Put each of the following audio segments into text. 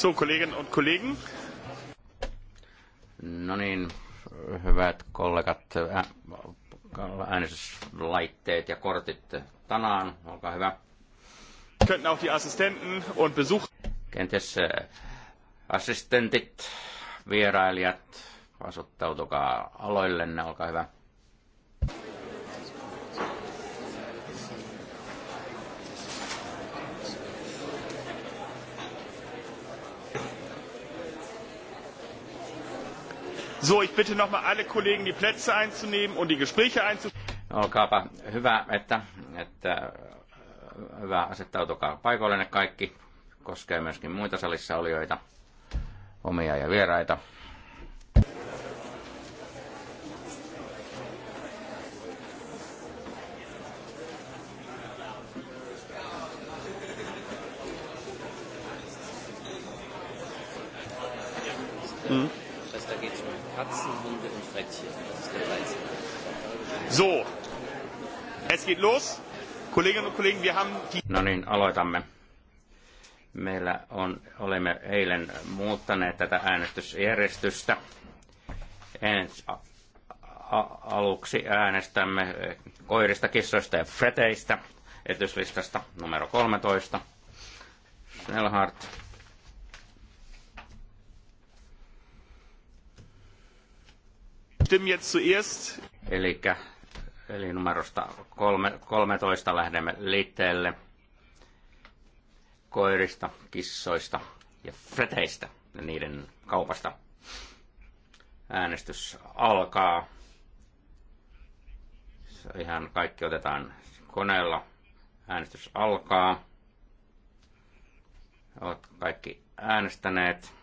So, Kolleginnen und Kollegen. No niin, hyvät kollegat, äh, äänestyslaitteet ja kortit tänään, olkaa hyvä. Könnten auch die Assistenten und Besuch... Kenties äh, assistentit, vierailijat, asuttautukaa aloillenne, olkaa hyvä. So, ich bitte nochmal alle Kollegen, die Plätze einzunehmen und die Gespräche einzunehmen. Olkaapa hyvä, että, että äh, hyvä asettautukaa kaikki. Koskee myöskin muita salissa olijoita, omia ja vieraita. Mm. Katzenhunde und Frettchen. So, es geht los. Kolleginnen und Kollegen, wir haben die... No niin, aloitamme. Meillä on, olemme eilen muuttaneet tätä äänestysjärjestystä. Ens, a, a, aluksi äänestämme koirista, kissoista ja freteistä etyslistasta numero 13. Snellhardt. zuerst. Eli, eli numerosta kolme, 13 lähdemme liitteelle koirista, kissoista ja freteistä ja niiden kaupasta. Äänestys alkaa. Ihan kaikki otetaan koneella. Äänestys alkaa. Olet kaikki äänestäneet.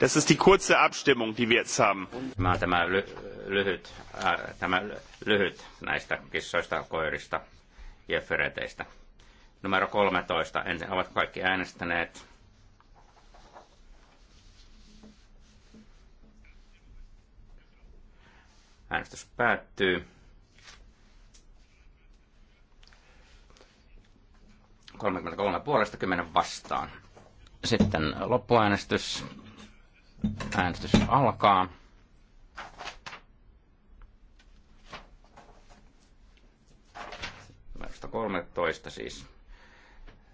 Das ist die kurze Abstimmung, die wir jetzt haben. Äh, tämä, lyhyt, ja Numero 13. Ensin ovat kaikki äänestäneet. Äänestys päättyy. puolesta kymmenen vastaan. Sitten loppuäänestys. Äänestys alkaa. Numerosta 13 siis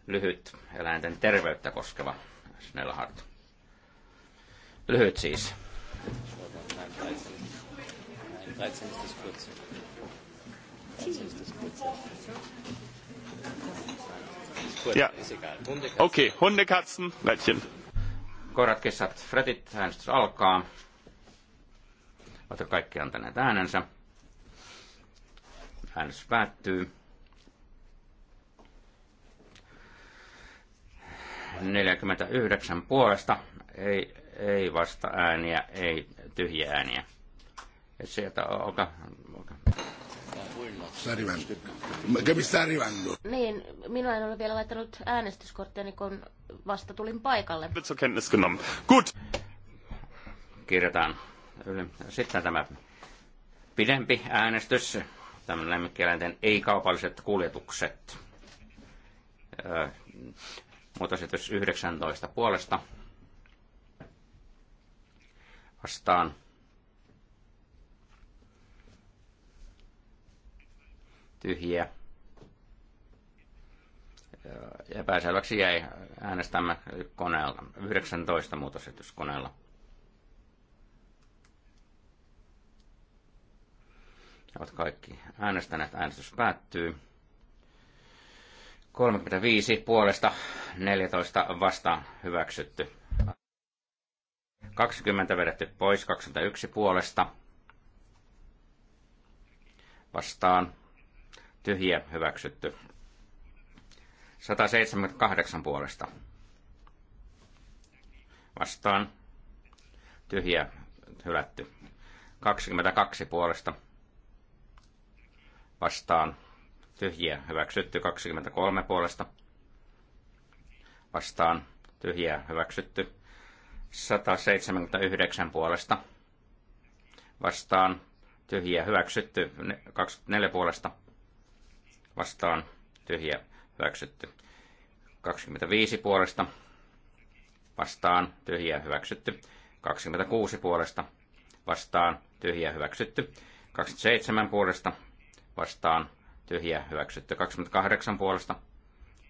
lyhyt eläinten terveyttä koskeva Snellhart. Lyhyt siis. 13 ja. Okei, okay. Hunde, Katzen, Mädchen. Koirat, kissat, fretit, äänestys alkaa. Oletko kaikki antaneet äänensä? Äänestys päättyy. 49 puolesta, ei, ei vasta ääniä, ei tyhjä ääniä. Et sieltä, olkaa, olkaa. Sta arrivando. Che sta arrivando. Niin, minä en ole vielä laittanut niin kun vasta tulin paikalle. Good. Kirjataan. Sitten tämä pidempi äänestys, tämmöinen lemmikkieläinten ei-kaupalliset kuljetukset. Muutosesitys 19 puolesta vastaan tyhjiä. Epäselväksi jäi. Äänestämme koneella. 19 muutosesitys koneella. Ovat kaikki äänestäneet. Äänestys päättyy. 35 puolesta, 14 vastaan hyväksytty. 20 vedetty pois, 21 puolesta vastaan tyhjä hyväksytty. 178 puolesta. Vastaan tyhjä hylätty. 22 puolesta. Vastaan tyhjiä hyväksytty 23 puolesta. Vastaan tyhjiä hyväksytty 179 puolesta. Vastaan tyhjiä hyväksytty 24 puolesta vastaan tyhjä hyväksytty. 25 puolesta vastaan tyhjä hyväksytty. 26 puolesta vastaan tyhjä hyväksytty. 27 puolesta vastaan tyhjä hyväksytty. 28 puolesta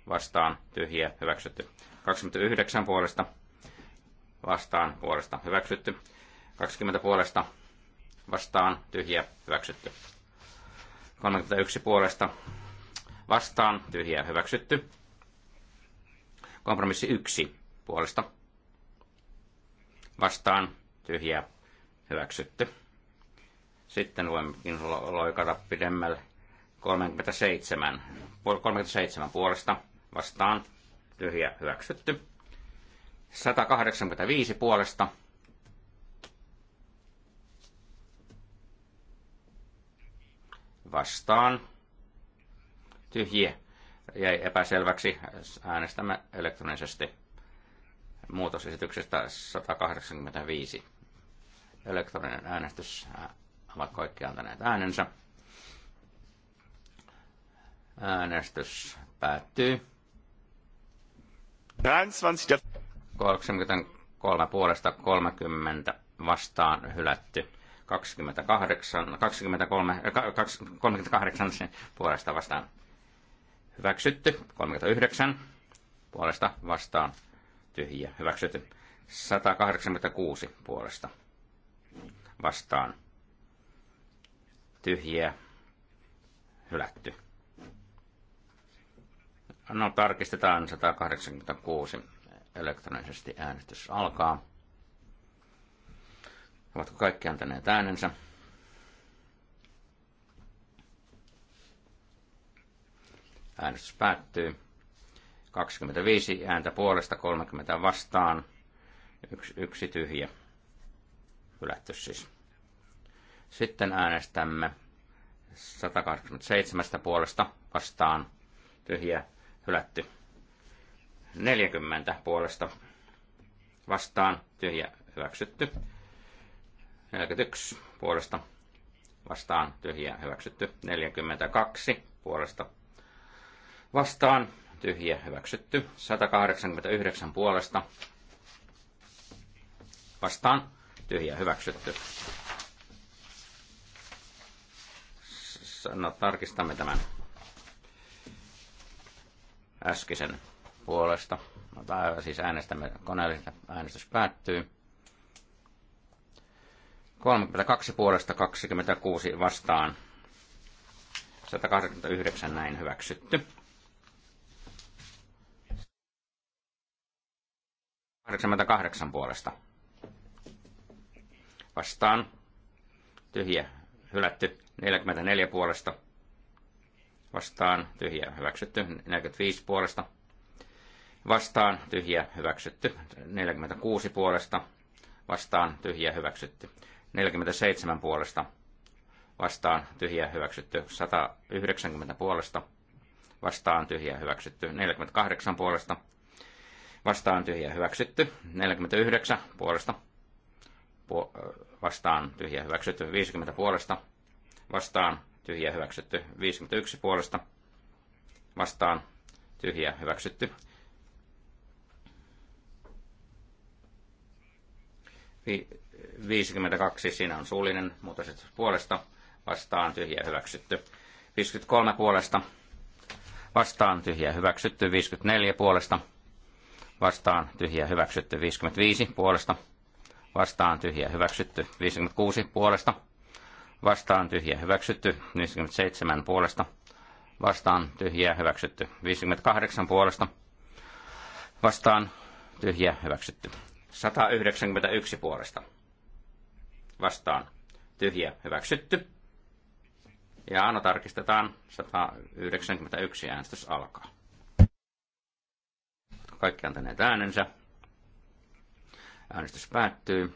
vastaan tyhjä hyväksytty. 29 puolesta vastaan puolesta hyväksytty. 20 puolesta vastaan tyhjä hyväksytty. 31 puolesta vastaan tyhjää hyväksytty. Kompromissi 1 puolesta vastaan tyhjää hyväksytty. Sitten voimmekin loikata pidemmälle 37, 37 puolesta vastaan tyhjä hyväksytty. 185 puolesta vastaan tyhjiä jäi epäselväksi. Äänestämme elektronisesti muutosesityksestä 185. Elektroninen äänestys ovat kaikki antaneet äänensä. Äänestys päättyy. 33 puolesta 30 vastaan hylätty. 28, 23, 28 puolesta vastaan hyväksytty. 39 puolesta vastaan tyhjiä hyväksytty. 186 puolesta vastaan tyhjiä hylätty. No tarkistetaan 186 elektronisesti äänestys alkaa. Ovatko kaikki antaneet äänensä? Äänestys päättyy. 25 ääntä puolesta, 30 vastaan, yksi, yksi tyhjä. Hylätty siis. Sitten äänestämme 187 puolesta vastaan, tyhjä, hylätty. 40 puolesta vastaan, tyhjä, hyväksytty. 41 puolesta vastaan, tyhjä, hyväksytty. 42 puolesta vastaan, tyhjä hyväksytty. 189 puolesta vastaan, tyhjä hyväksytty. No, tarkistamme tämän äskisen puolesta. No, tämä siis äänestämme koneellista. Äänestys päättyy. 32 puolesta 26 vastaan. 189 näin hyväksytty. 88 puolesta. Vastaan. Tyhjä. Hylätty. 44 puolesta. Vastaan. Tyhjä. Hyväksytty. 45 puolesta. Vastaan. Tyhjä. Hyväksytty. 46 puolesta. Vastaan. Tyhjä. Hyväksytty. 47 puolesta. Vastaan. Tyhjä. Hyväksytty. 190 puolesta. Vastaan. Tyhjä. Hyväksytty. 48 puolesta vastaan tyhjä hyväksytty. 49 puolesta Puo- vastaan tyhjä hyväksytty. 50 puolesta vastaan tyhjä hyväksytty. 51 puolesta vastaan tyhjä hyväksytty. 52, siinä on suullinen muutosesitys puolesta, vastaan tyhjä hyväksytty. 53 puolesta, vastaan tyhjä hyväksytty. 54 puolesta, vastaan tyhjä hyväksytty 55 puolesta, vastaan tyhjä hyväksytty 56 puolesta, vastaan tyhjä hyväksytty 57 puolesta, vastaan tyhjä hyväksytty 58 puolesta, vastaan tyhjä hyväksytty 191 puolesta, vastaan tyhjä hyväksytty. Ja Anno tarkistetaan 191 äänestys alkaa kaikki antaneet äänensä. Äänestys päättyy.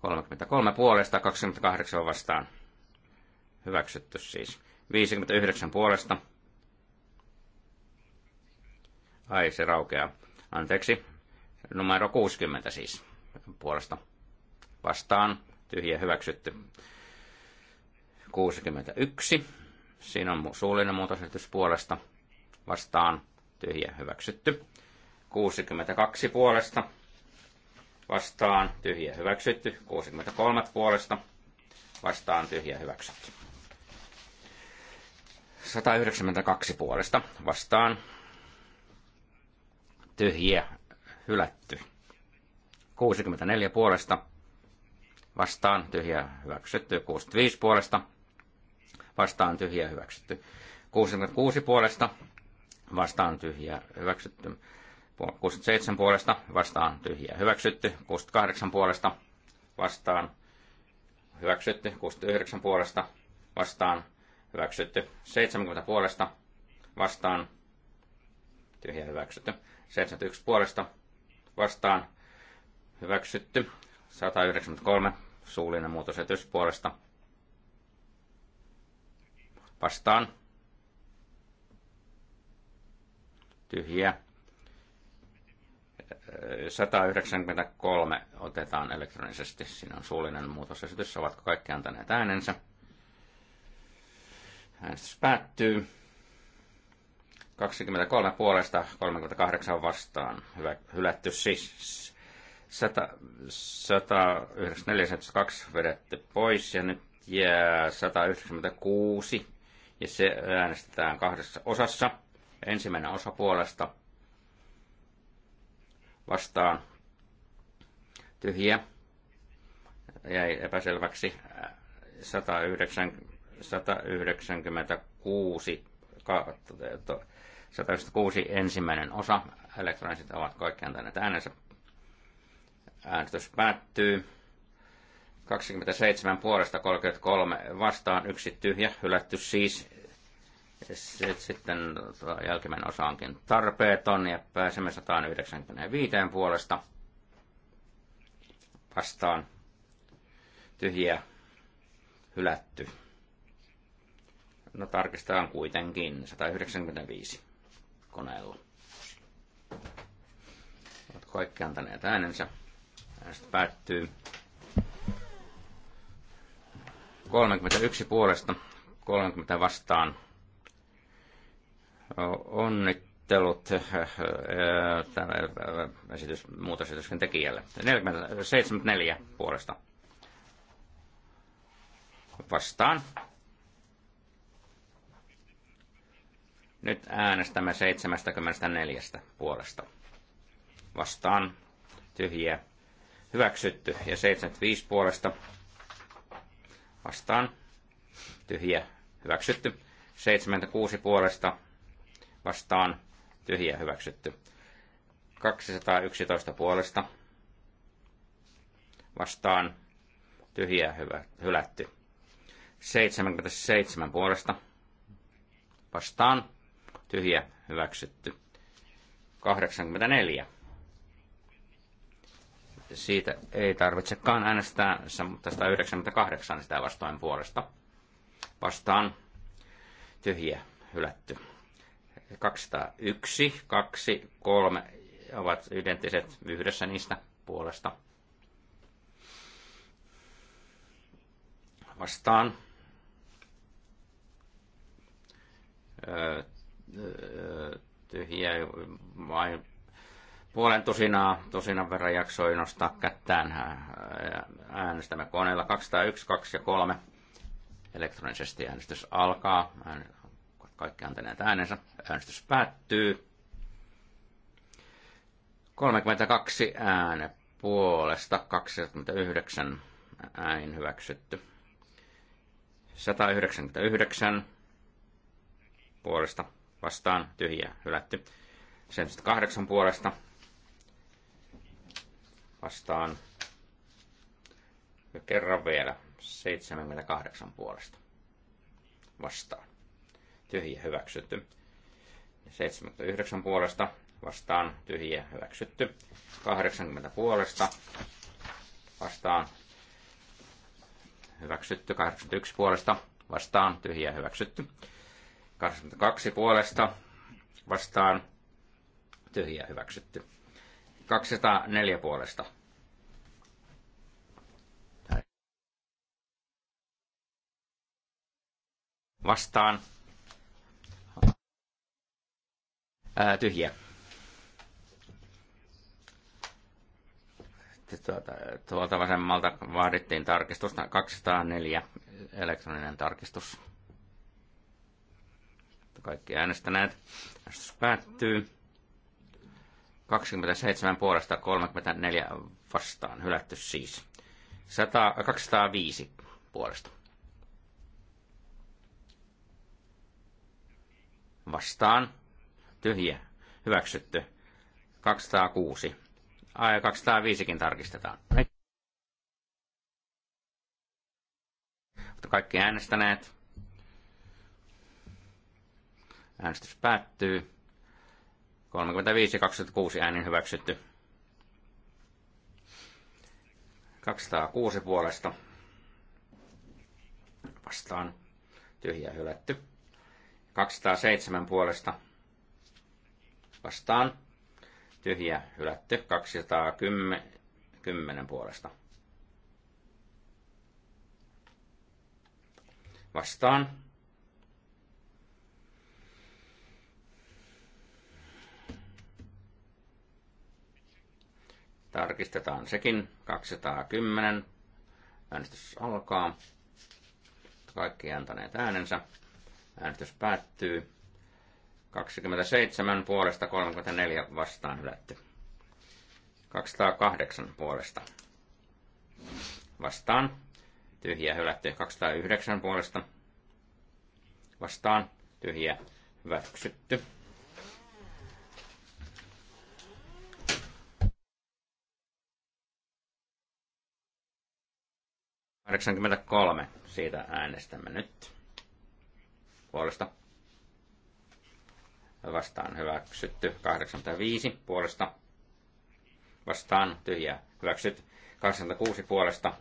33 puolesta, 28 vastaan. Hyväksytty siis. 59 puolesta. Ai, se raukeaa. Anteeksi. Numero 60 siis puolesta. Vastaan. Tyhjä hyväksytty. 61. Siinä on suullinen muutosesitys puolesta. Vastaan. Tyhjä hyväksytty. 62 puolesta vastaan tyhjä hyväksytty. 63 puolesta vastaan tyhjä hyväksytty. 192 puolesta vastaan tyhjiä hylätty. 64 puolesta vastaan tyhjä hyväksytty. 65 puolesta vastaan tyhjä hyväksytty. 66 puolesta vastaan tyhjä hyväksytty. 67 puolesta vastaan tyhjiä hyväksytty, 68 puolesta vastaan hyväksytty, 69 puolesta vastaan hyväksytty, 70 puolesta vastaan tyhjiä hyväksytty, 71 puolesta vastaan hyväksytty, 193 suullinen muutosetys puolesta vastaan tyhjiä 193 otetaan elektronisesti. Siinä on suullinen muutosesitys. Ovatko kaikki antaneet äänensä? Äänestys päättyy. 23 puolesta, 38 vastaan. Hyvä, hylätty siis. 194,72 194, vedetty pois ja nyt jää 196 ja se äänestetään kahdessa osassa. Ensimmäinen osa puolesta vastaan tyhjiä. Jäi epäselväksi 196, 196 ensimmäinen osa. Elektroniset ovat kaikki tänne äänensä. Äänestys päättyy. 27 puolesta 33 vastaan yksi tyhjä, hylätty siis sitten jälkimmäinen osa onkin tarpeeton ja pääsemme 195 puolesta vastaan tyhjiä hylätty. No tarkistetaan kuitenkin 195 koneella. Ovat kaikki antaneet äänensä. Äänestä päättyy. 31 puolesta, 30 vastaan, onnittelut äh, äh, esitys, muutosesityksen tekijälle. 74 puolesta vastaan. Nyt äänestämme 74 puolesta vastaan. Tyhjiä hyväksytty ja 75 puolesta vastaan. Tyhjiä hyväksytty. 76 puolesta vastaan tyhjä hyväksytty. 211 puolesta vastaan tyhjä hyvä, hylätty. 77 puolesta vastaan tyhjä hyväksytty. 84. Siitä ei tarvitsekaan äänestää, mutta 198 sitä vastoin puolesta. Vastaan tyhjä hylätty. 201, 2, 3 ovat identtiset yhdessä niistä puolesta. Vastaan. Tyhjiä vain puolen tusinaa, tusinan verran jaksoi nostaa kättään. Äänestämme koneella 201, 2 ja 3. Elektronisesti äänestys alkaa. Äänestys kaikki antaneet äänensä. Äänestys päättyy. 32 ääne puolesta, 29 ääin hyväksytty. 199 puolesta vastaan tyhjä hylätty. 78 puolesta vastaan ja kerran vielä 78 puolesta vastaan tyhjiä hyväksytty. 79 puolesta vastaan tyhjiä hyväksytty. 80 puolesta vastaan hyväksytty. 81 puolesta vastaan tyhjiä hyväksytty. 82 puolesta vastaan tyhjiä hyväksytty. 204 puolesta. Vastaan Ää, tyhjiä. Tuolta, tuolta vasemmalta vaadittiin tarkistusta 204, elektroninen tarkistus. Kaikki äänestäneet. Äänestys päättyy. 27 puolesta 34 vastaan. Hylätty siis. 100, 205 puolesta. Vastaan tyhjä, hyväksytty. 206. Ai, 205kin tarkistetaan. Mutta kaikki äänestäneet. Äänestys päättyy. 35 26 äänin hyväksytty. 206 puolesta vastaan tyhjä hylätty. 207 puolesta vastaan. Tyhjä hylätty 210 puolesta. Vastaan. Tarkistetaan sekin. 210. Äänestys alkaa. Kaikki antaneet äänensä. Äänestys päättyy. 27 puolesta 34 vastaan hylätty. 208 puolesta vastaan. Tyhjä hylätty. 209 puolesta vastaan. Tyhjä hyväksytty. Kahdeksankymmentäkolme. Siitä äänestämme nyt. Puolesta vastaan hyväksytty 85 puolesta vastaan tyhjää hyväksytty 86 puolesta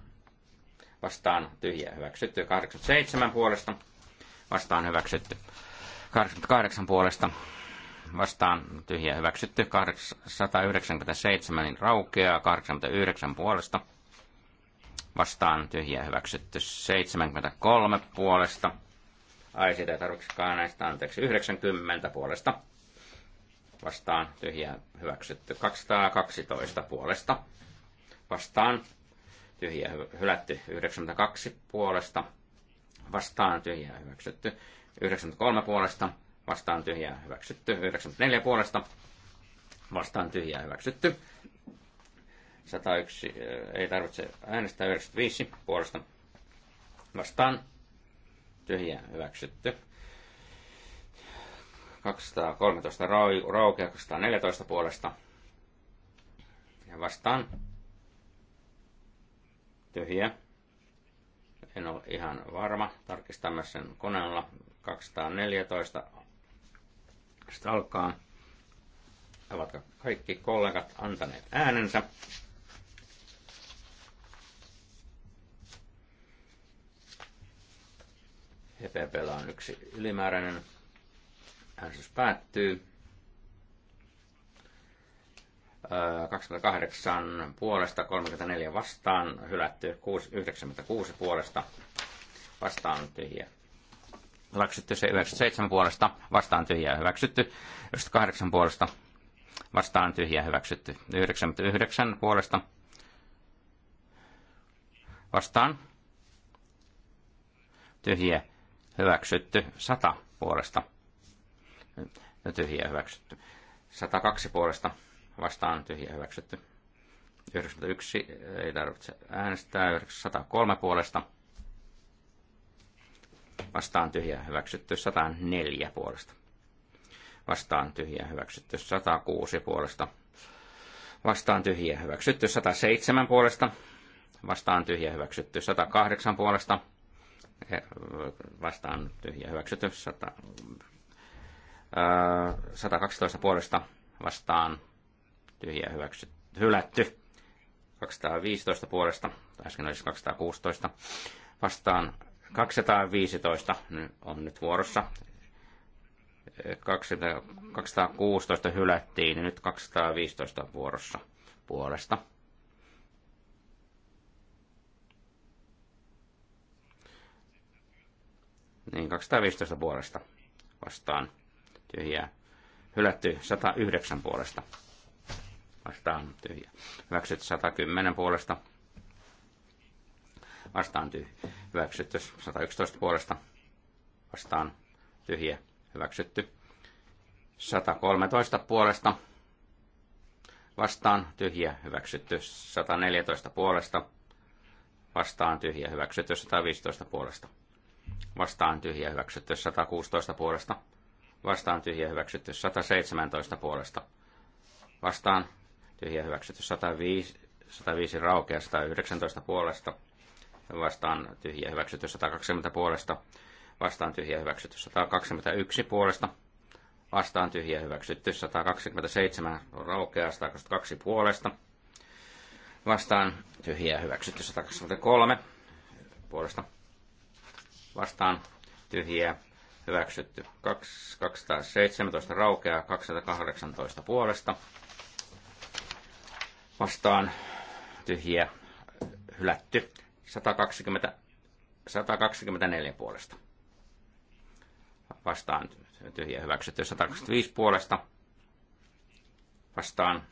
vastaan tyhjää hyväksytty 87 puolesta vastaan hyväksytty 88 puolesta vastaan tyhjä hyväksytty 197 niin raukeaa 89 puolesta vastaan tyhjä hyväksytty 73 puolesta Ai sitä ei tarvitsekaan näistä anteeksi. 90 puolesta vastaan tyhjää hyväksytty. 212 puolesta vastaan tyhjää hylätty. 92 puolesta vastaan tyhjää hyväksytty. 93 puolesta vastaan tyhjää hyväksytty. 94 puolesta vastaan tyhjää hyväksytty. 101 ei tarvitse äänestää 95 puolesta vastaan tyhjä hyväksytty. 213 raukea, 214 puolesta. Ja vastaan tyhjä. En ole ihan varma. Tarkistamme sen koneella. 214 sitten alkaa. Ovatko kaikki kollegat antaneet äänensä? EPPllä on yksi ylimääräinen. Äänestys päättyy. 28 puolesta, 34 vastaan, hylätty 96 puolesta, vastaan tyhjä. Hyväksytty se 97 puolesta, vastaan tyhjä hyväksytty, 98 puolesta, vastaan tyhjä hyväksytty, 99 puolesta, vastaan tyhjä hyväksytty. 100 puolesta tyhjiä hyväksytty. 102 puolesta vastaan tyhjiä hyväksytty. 91 ei tarvitse äänestää. 103 puolesta vastaan tyhjä hyväksytty 104 puolesta. Vastaan tyhjä hyväksytty 106 puolesta. Vastaan tyhjä hyväksytty 107 puolesta. Vastaan tyhjä hyväksytty 108 puolesta vastaan tyhjä hyväksytty. 100, 112 puolesta vastaan tyhjä hyväksytty. Hylätty. 215 puolesta, äsken olisi siis 216 vastaan 215 on nyt vuorossa. 216 hylättiin, niin nyt 215 vuorossa puolesta Niin 215 puolesta vastaan tyhjää. Hylätty 109 puolesta vastaan tyhjää. Hyväksytty 110 puolesta vastaan tyhjää. Hyväksytty 111 puolesta vastaan tyhjä. Hyväksytty 113 puolesta vastaan tyhjä. Hyväksytty 114 puolesta vastaan tyhjä. Hyväksytty 115 puolesta vastaan tyhjä hyväksytty 116 puolesta, vastaan tyhjä hyväksytty 117 puolesta, vastaan tyhjä hyväksytty 105, 105 raukea 119 puolesta, vastaan tyhjä hyväksytty 120 puolesta, vastaan tyhjä hyväksytty 121 puolesta, vastaan tyhjä hyväksytty 127 raukea 122 puolesta, vastaan tyhjä hyväksytty 123 puolesta, vastaan tyhjiä hyväksytty. 217 raukeaa 218 puolesta vastaan tyhjiä hylätty. 120, 124 puolesta vastaan tyhjiä hyväksytty. 125 puolesta vastaan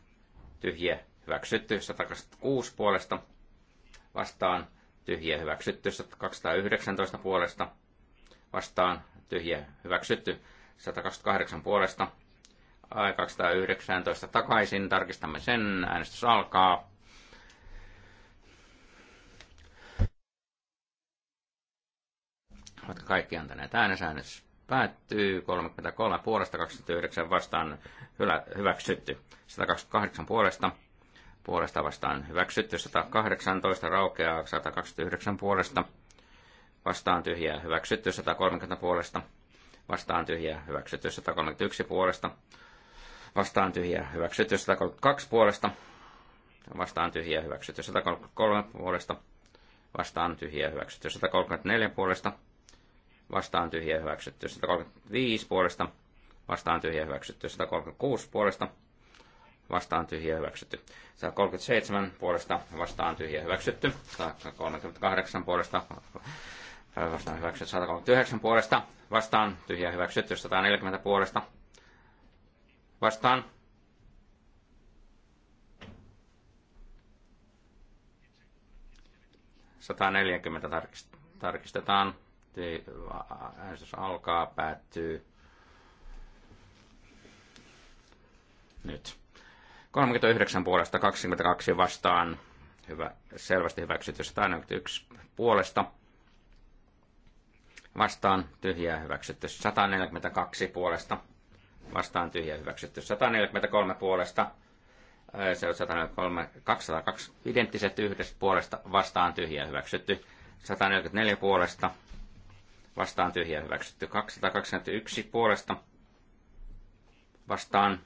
tyhjiä hyväksytty. 126 puolesta vastaan tyhjä hyväksytty, 219 puolesta vastaan tyhjä hyväksytty, 128 puolesta, 219 takaisin, tarkistamme sen, äänestys alkaa. Oletko kaikki antaneet äänensä, äänestys päättyy, 33 puolesta, 29 vastaan hyväksytty, 128 puolesta, puolesta vastaan hyväksytty, 118 raukeaa 129 puolesta, vastaan tyhjää hyväksytty 130 puolesta, vastaan tyhjää hyväksytty 131 puolesta, vastaan tyhjää hyväksytty 132 puolesta, vastaan tyhjää hyväksytty 133 puolesta, vastaan tyhjää hyväksytty 134 puolesta, vastaan tyhjää hyväksytty 135 puolesta, vastaan tyhjää hyväksytty 136 puolesta, vastaan tyhjä hyväksytty. 137 puolesta vastaan tyhjä hyväksytty. 138 puolesta vastaan hyväksytty. 139 puolesta vastaan tyhjä hyväksytty. 140 puolesta vastaan neljäkymmentä tarkistetaan. Äänestys alkaa, päättyy. Nyt. 39 puolesta 22 vastaan hyvä, selvästi hyväksytty 141 puolesta vastaan tyhjää hyväksytty 142 puolesta vastaan tyhjää hyväksytty 143 puolesta äh, se on 143, 202 identtiset yhdestä puolesta vastaan tyhjää hyväksytty 144 puolesta vastaan tyhjää hyväksytty 221 puolesta vastaan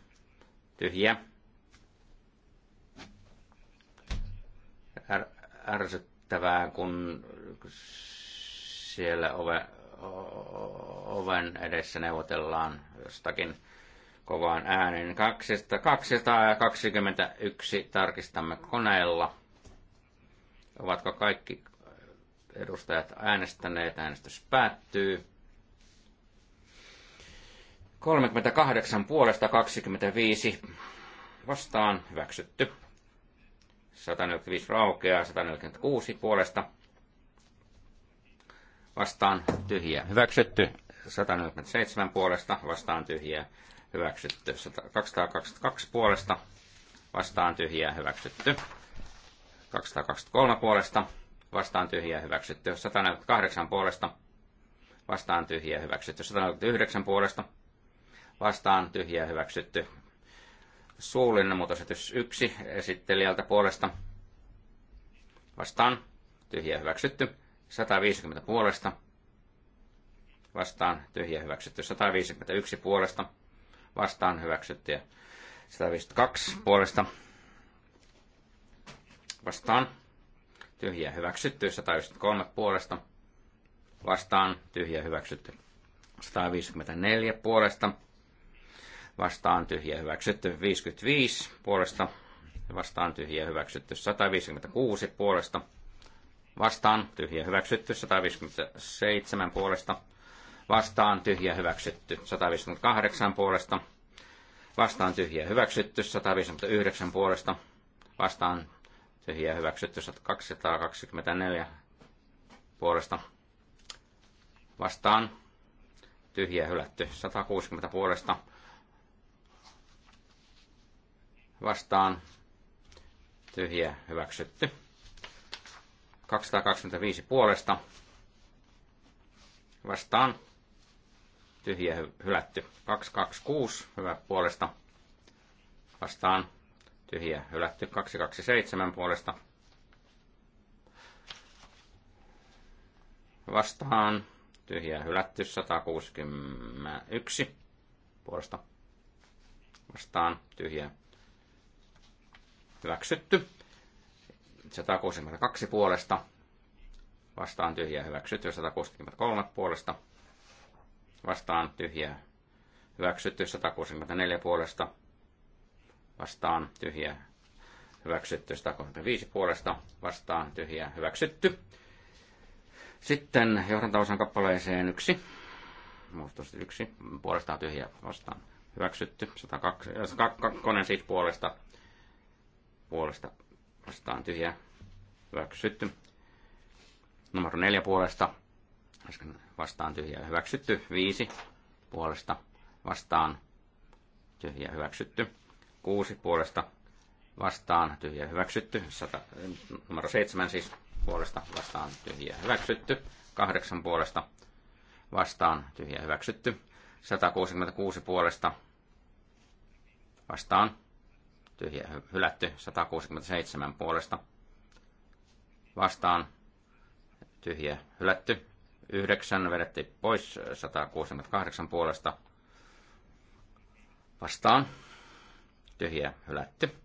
tyhjää ärsyttävää, kun siellä ove, oven edessä neuvotellaan jostakin kovaan äänen. 221 tarkistamme koneella. Ovatko kaikki edustajat äänestäneet? Äänestys päättyy. 38 puolesta 25 vastaan hyväksytty. 145 raukeaa, 146 puolesta vastaan tyhjiä. Hyväksytty 147 puolesta vastaan tyhjiä. Hyväksytty 222 puolesta vastaan tyhjiä. Hyväksytty 223 puolesta vastaan tyhjiä. Hyväksytty 148 puolesta vastaan tyhjiä. Hyväksytty 149 puolesta vastaan tyhjiä. Hyväksytty Suullinen muutosesitys yksi esittelijältä puolesta. Vastaan. Tyhjä hyväksytty. 150 puolesta. Vastaan. Tyhjä hyväksytty. 151 puolesta. Vastaan hyväksytty. 152 puolesta. Vastaan. Tyhjä hyväksytty. 153 puolesta. Vastaan. Tyhjä hyväksytty. 154 puolesta vastaan tyhjä hyväksytty 55 puolesta, vastaan tyhjä hyväksytty 156 puolesta, vastaan tyhjä hyväksytty 157 puolesta, vastaan tyhjä hyväksytty 158 puolesta, vastaan tyhjä hyväksytty 159 puolesta, vastaan tyhjä hyväksytty 224 puolesta, vastaan tyhjä hylätty 160 puolesta, vastaan tyhjä hyväksytty. 225 puolesta vastaan tyhjä hylätty. 226 hyvä puolesta vastaan tyhjä hylätty. 227 puolesta vastaan tyhjä hylätty. 161 puolesta vastaan tyhjä hyväksytty. 162 puolesta vastaan tyhjää hyväksytty, 163 puolesta vastaan tyhjää hyväksytty, 164 puolesta vastaan tyhjää hyväksytty, 135 puolesta vastaan tyhjää hyväksytty. Sitten johdantaosan kappaleeseen yksi. Muistus yksi. Puolestaan tyhjä vastaan hyväksytty. 102, 2 äh, siis puolesta puolesta vastaan tyhjä hyväksytty. Numero neljä puolesta vastaan tyhjä hyväksytty. Viisi puolesta vastaan tyhjä hyväksytty. Kuusi puolesta vastaan tyhjä hyväksytty. Sata, numero seitsemän siis puolesta vastaan tyhjä hyväksytty. Kahdeksan puolesta vastaan tyhjä. hyväksytty. 166 puolesta vastaan tyhjä, hylätty 167 puolesta vastaan tyhjä hylätty. 9 vedetti pois 168 puolesta vastaan tyhjä hylätty.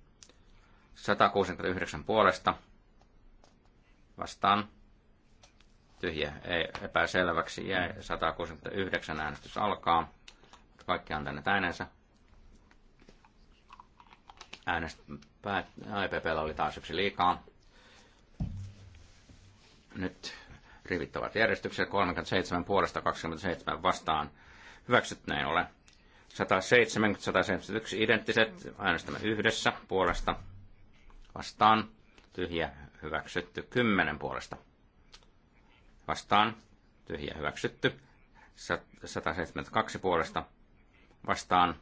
169 puolesta vastaan tyhjä ei epäselväksi jäi 169 äänestys alkaa. Kaikki antaneet äänensä. Äänest... Päät... IPPllä oli taas yksi liikaa. Nyt rivit ovat järjestyksessä 37 puolesta 27 vastaan. Hyväksyt näin ole. 170, 171 identtiset. Äänestämme yhdessä puolesta vastaan. Tyhjä hyväksytty 10 puolesta vastaan. Tyhjä hyväksytty. 172 puolesta vastaan.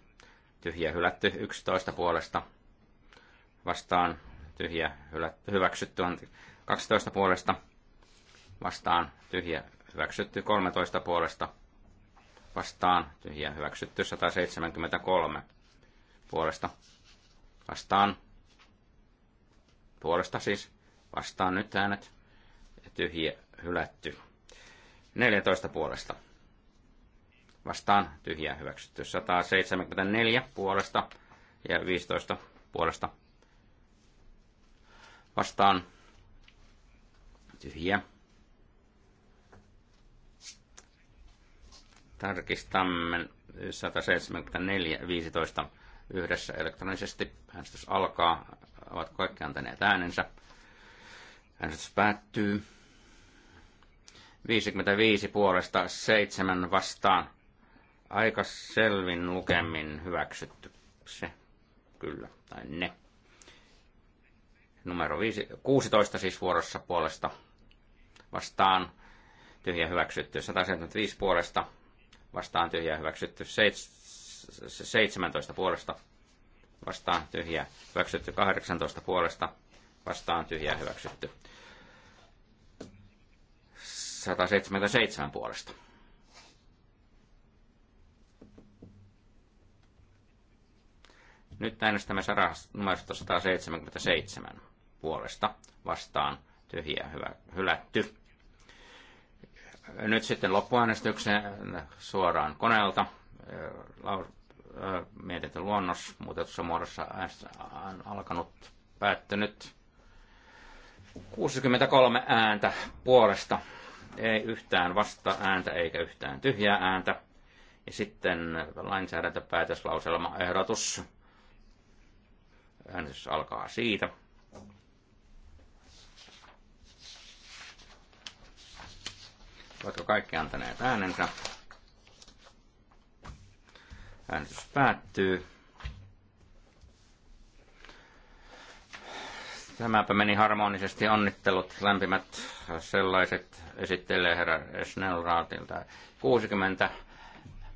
Tyhjä hylätty 11 puolesta vastaan tyhjä hyväksytty on 12 puolesta vastaan tyhjä hyväksytty 13 puolesta vastaan tyhjä hyväksytty 173 puolesta vastaan puolesta siis vastaan nyt äänet tyhjä hylätty 14 puolesta vastaan tyhjä hyväksytty 174 puolesta ja 15 puolesta vastaan tyhjä. Tarkistamme 174.15 yhdessä elektronisesti. Äänestys alkaa. ovat kaikki antaneet äänensä? Äänestys päättyy. 55 puolesta 7 vastaan. Aika selvin lukemin hyväksytty se, kyllä, tai ne. Numero 5, 16 siis vuorossa puolesta vastaan tyhjä hyväksytty. 175 puolesta vastaan tyhjä hyväksytty. 17 puolesta vastaan tyhjä hyväksytty. 18 puolesta vastaan tyhjä hyväksytty. 177 puolesta. Nyt äänestämme numerosta 177 puolesta vastaan tyhjä hyvä, hylätty. Nyt sitten loppuäänestykseen suoraan koneelta. Mietintö luonnos muutetussa muodossa on alkanut, päättynyt. 63 ääntä puolesta, ei yhtään vasta ääntä eikä yhtään tyhjää ääntä. Ja sitten lainsäädäntöpäätöslauselma ehdotus. Äänestys alkaa siitä. Oletko kaikki antaneet äänensä? Äänestys päättyy. Tämäpä meni harmonisesti. Onnittelut lämpimät sellaiset esittelee herra Snellraatilta. 60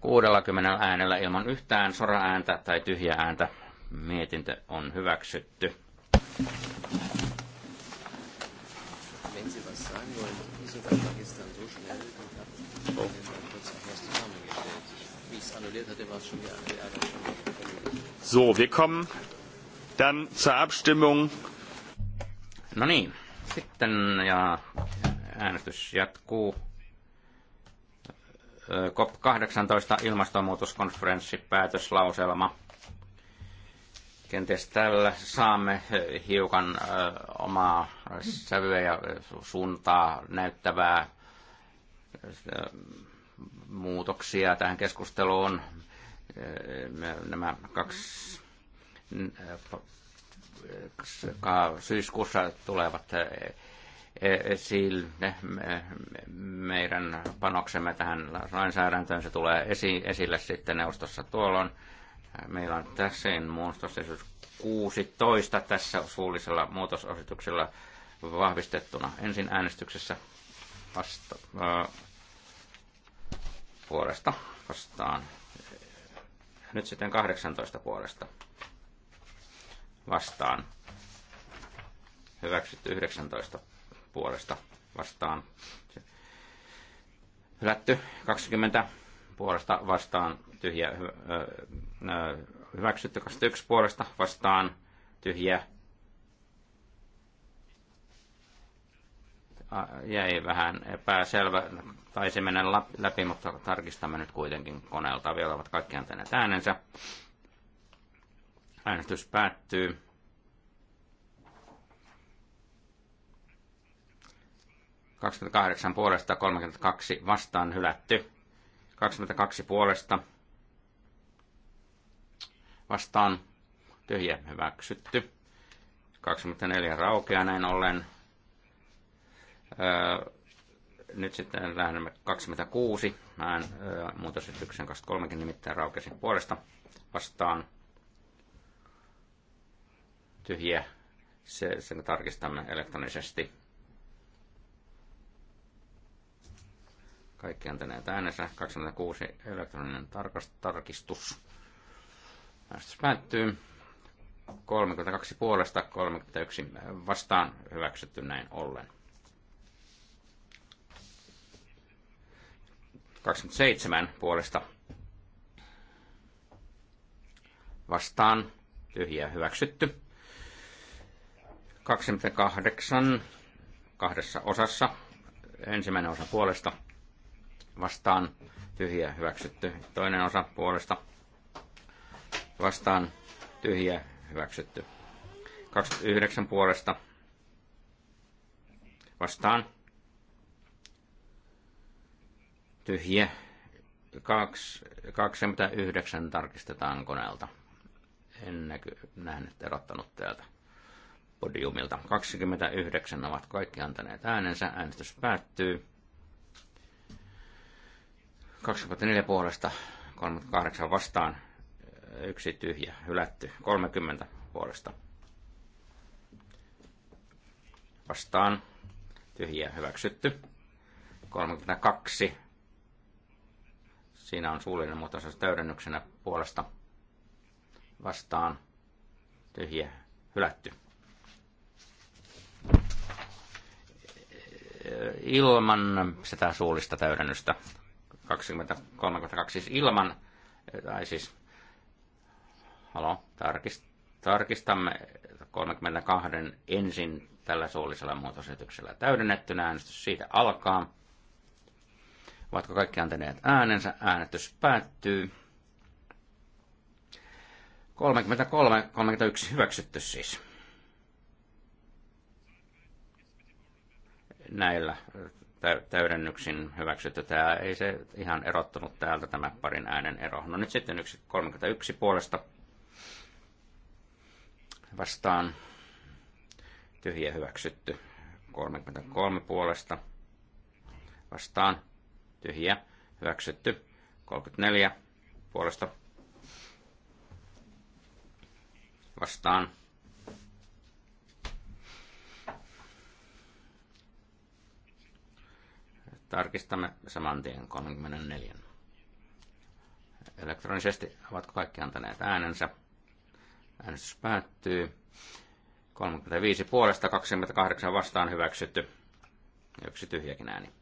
60 äänellä ilman yhtään soraääntä ääntä tai tyhjää ääntä mietintö on hyväksytty. Wenn Sie was sagen wollen, på. So, wir kommen dann zur Abstimmung. No niin, sitten ja äänestys jatkuu. COP18 ilmastonmuutoskonferenssi päätöslauselma. Kenties tällä saamme hiukan omaa sävyä ja suuntaa näyttävää muutoksia tähän keskusteluun. Nämä kaksi syyskuussa tulevat esille meidän panoksemme tähän lainsäädäntöön. Se tulee esille sitten neuvostossa tuolloin. Meillä on tässä muutosesitys siis 16 tässä suullisella muutososituksella vahvistettuna ensin äänestyksessä vasta, äh, puolesta vastaan. Nyt sitten 18 puolesta vastaan. Hyväksytty 19 puolesta vastaan. Hylätty 20 puolesta vastaan. Tyhjä, hyväksytty 21 puolesta vastaan. Tyhjä jäi vähän epäselvä, taisi mennä läpi, mutta tarkistamme nyt kuitenkin koneelta. Vielä ovat kaikki antaneet äänensä. Äänestys päättyy. Kaksikymmentäkahdeksan puolesta, 32 vastaan hylätty. 22 puolesta vastaan tyhjä hyväksytty. 24 raukeaa näin ollen. Öö, nyt sitten lähdemme 26. Mä en muutosesityksen 23 nimittäin raukesin puolesta vastaan tyhjä. Se, sen tarkistamme elektronisesti. Kaikki antaneet äänensä. 26 elektroninen tarkistus. Äänestys päättyy. 32 puolesta, 31 vastaan hyväksytty näin ollen. 27 puolesta vastaan tyhjä hyväksytty. 28 kahdessa osassa. Ensimmäinen osa puolesta vastaan tyhjä hyväksytty. Toinen osa puolesta vastaan tyhjä hyväksytty. 29 puolesta vastaan tyhjä. 29 tarkistetaan koneelta. En näky, nähnyt erottanut täältä podiumilta. 29 ovat kaikki antaneet äänensä. Äänestys päättyy. 24 puolesta, 38 vastaan, yksi tyhjä, hylätty. 30 puolesta vastaan, tyhjä, hyväksytty. 32 Siinä on suullinen muotoisuus täydennyksenä puolesta vastaan tyhjä hylätty. Ilman sitä suullista täydennystä 23.2 ilman, tai siis, halo, tarkist, tarkistamme 32 ensin tällä suullisella muutosesityksellä täydennettynä äänestys siitä alkaa. Ovatko kaikki antaneet äänensä? Äänestys päättyy. 33, 31 hyväksytty siis. Näillä täydennyksin hyväksytty. Tämä ei se ihan erottunut täältä tämä parin äänen ero. No nyt sitten yksi 31 puolesta vastaan tyhjä hyväksytty. 33 puolesta vastaan tyhjiä, hyväksytty. 34 puolesta vastaan. Tarkistamme saman tien 34. Elektronisesti ovatko kaikki antaneet äänensä. Äänestys päättyy. 35 puolesta, 28 vastaan hyväksytty. Yksi tyhjäkin ääni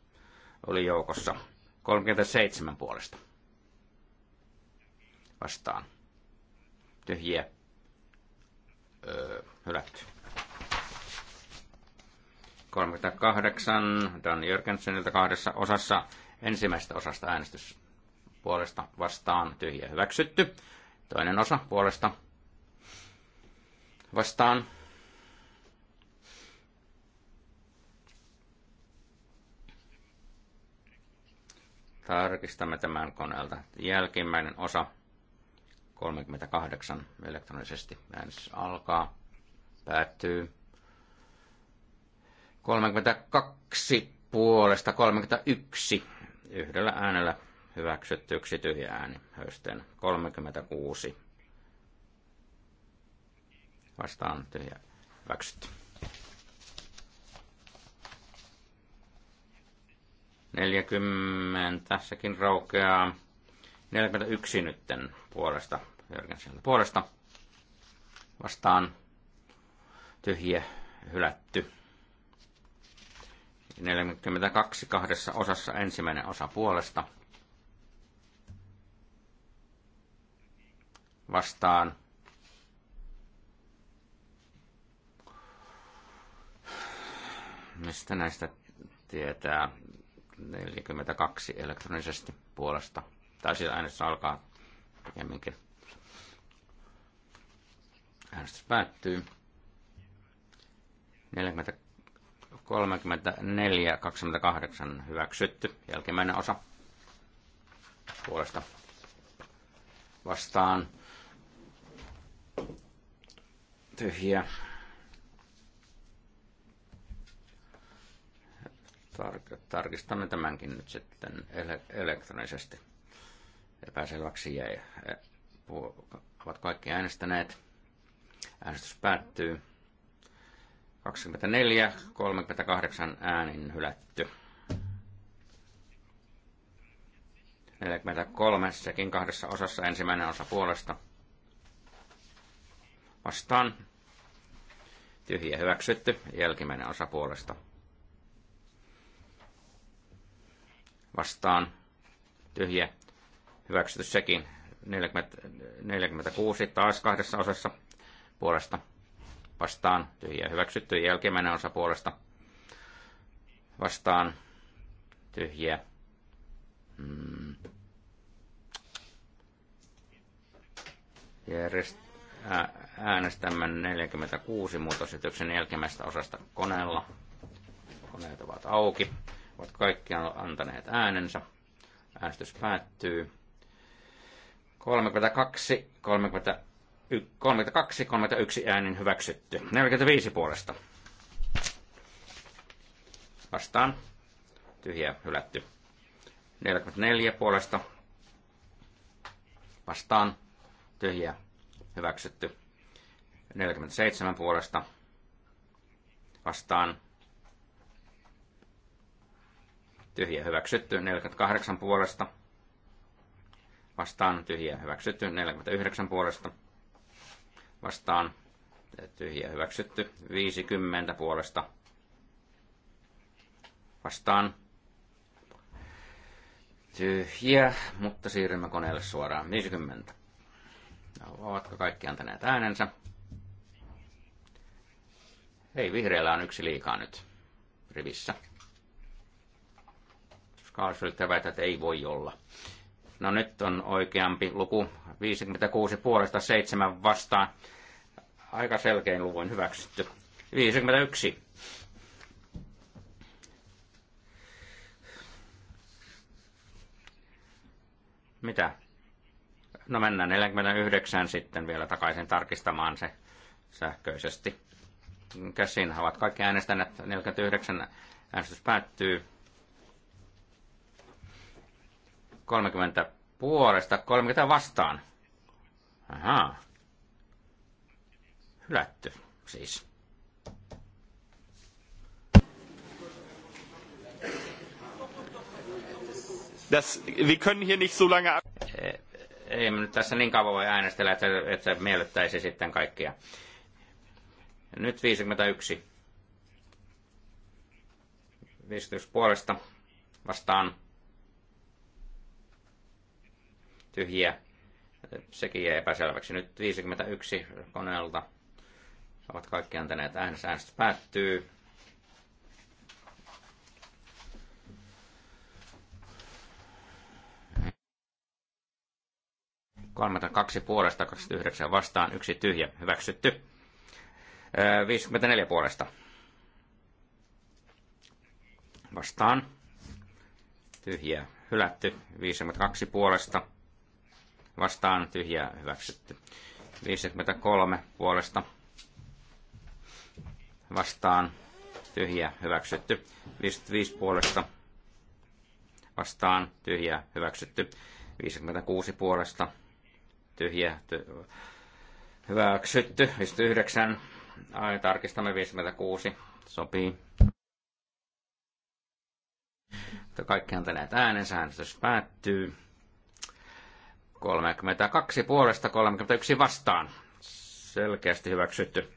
oli joukossa. 37 puolesta. Vastaan. Tyhjiä. Öö, hylätty. 38 Dan Jörgensenilta kahdessa osassa. Ensimmäisestä osasta äänestys puolesta vastaan tyhjä hyväksytty. Toinen osa puolesta vastaan Tarkistamme tämän koneelta. Jälkimmäinen osa 38 elektronisesti. Äänestys alkaa. Päättyy. 32 puolesta 31 yhdellä äänellä hyväksytty yksi tyhjä ääni höysten 36 vastaan tyhjä hyväksytty. 40 tässäkin raukeaa. 41 nytten puolesta, Jörgen sieltä puolesta. Vastaan tyhjä, hylätty. 42 kahdessa osassa ensimmäinen osa puolesta. Vastaan mistä näistä tietää. 42 elektronisesti puolesta. Tai siis äänestys alkaa pikemminkin. Äänestys päättyy. 40, 34, 28 hyväksytty. Jälkimmäinen osa puolesta vastaan. Tyhjä tarkistamme tämänkin nyt sitten elektronisesti. Epäselväksi jäi. E, ovat kaikki äänestäneet. Äänestys päättyy. 24, 38 äänin hylätty. 43, sekin kahdessa osassa ensimmäinen osa puolesta. Vastaan. Tyhjä hyväksytty, jälkimmäinen osa puolesta. vastaan tyhjä hyväksytty sekin. 40, 46 taas kahdessa osassa puolesta vastaan tyhjä hyväksytty. Jälkimmäinen osa puolesta vastaan tyhjä. Mm. Järjest, ä, äänestämme 46 muutosityksen jälkimmäistä osasta koneella. Koneet ovat auki. Ovat kaikki antaneet äänensä. Äänestys päättyy. 32, 31, 32, 31 äänin hyväksytty. 45 puolesta. Vastaan. Tyhjä hylätty. 44 puolesta. Vastaan. Tyhjä hyväksytty. 47 puolesta. Vastaan. tyhjä hyväksytty 48 puolesta. Vastaan tyhjä hyväksytty 49 puolesta. Vastaan tyhjä hyväksytty 50 puolesta. Vastaan tyhjä, mutta siirrymme koneelle suoraan 50. No, ovatko kaikki antaneet äänensä? Ei, vihreällä on yksi liikaa nyt rivissä kaasulittävät, että ei voi olla. No nyt on oikeampi luku, 56 puolesta 7 vastaan. Aika selkein luvun hyväksytty. 51. Mitä? No mennään 49 sitten vielä takaisin tarkistamaan se sähköisesti. Käsin ovat kaikki äänestäneet. 49 äänestys päättyy. 30 puolesta, 30 vastaan. Ahaa. Hylätty siis. Das, wir können hier nicht so lange... Ei me nyt tässä niin kauan voi äänestellä, että, että miellyttäisi sitten kaikkia. Nyt 51. 51 puolesta vastaan tyhjiä. Sekin jäi epäselväksi. Nyt 51 koneelta ovat kaikki antaneet äänestä. Äänestys päättyy. kaksi puolesta, 29 vastaan, yksi tyhjä, hyväksytty. 54 puolesta. Vastaan. Tyhjä, hylätty. 52 puolesta vastaan tyhjää hyväksytty. 53 puolesta vastaan tyhjä hyväksytty. 55 puolesta vastaan tyhjä hyväksytty. 56 puolesta tyhjä ty- hyväksytty. 59 Ai, tarkistamme 56. Sopii. Kaikki tänään äänensä. Äänestys päättyy. 32 puolesta 31 vastaan. Selkeästi hyväksytty.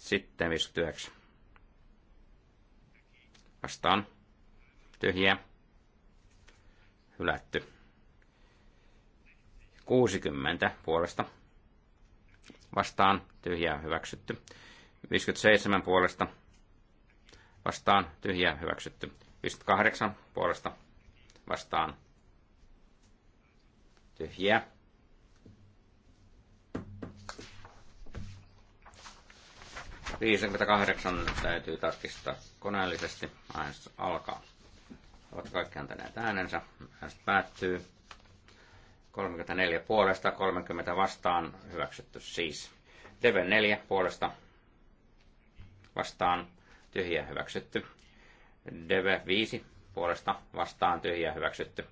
Sitten 59. Vastaan. Tyhjiä. Hylätty. 60 puolesta. Vastaan. Tyhjää hyväksytty. 57 puolesta. Vastaan. Tyhjää hyväksytty. 58 puolesta vastaan tyhjiä. kahdeksan täytyy tarkistaa koneellisesti. Äänestys alkaa. Ovat kaikki antaneet äänensä. Äänestys päättyy. 34 puolesta, 30 vastaan, hyväksytty siis. tv 4 puolesta vastaan, tyhjä hyväksytty. dv 5 puolesta vastaan tyhjä hyväksytty.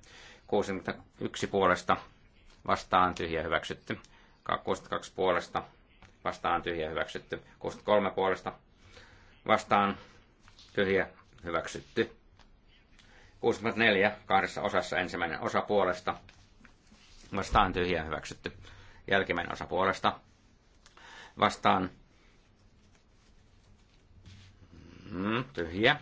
61 puolesta vastaan tyhjä hyväksytty. 62 puolesta vastaan tyhjä hyväksytty. 63 puolesta vastaan tyhjä hyväksytty. 64 kahdessa osassa ensimmäinen osa puolesta vastaan tyhjä hyväksytty. Jälkimmäinen osa puolesta vastaan mm, tyhjä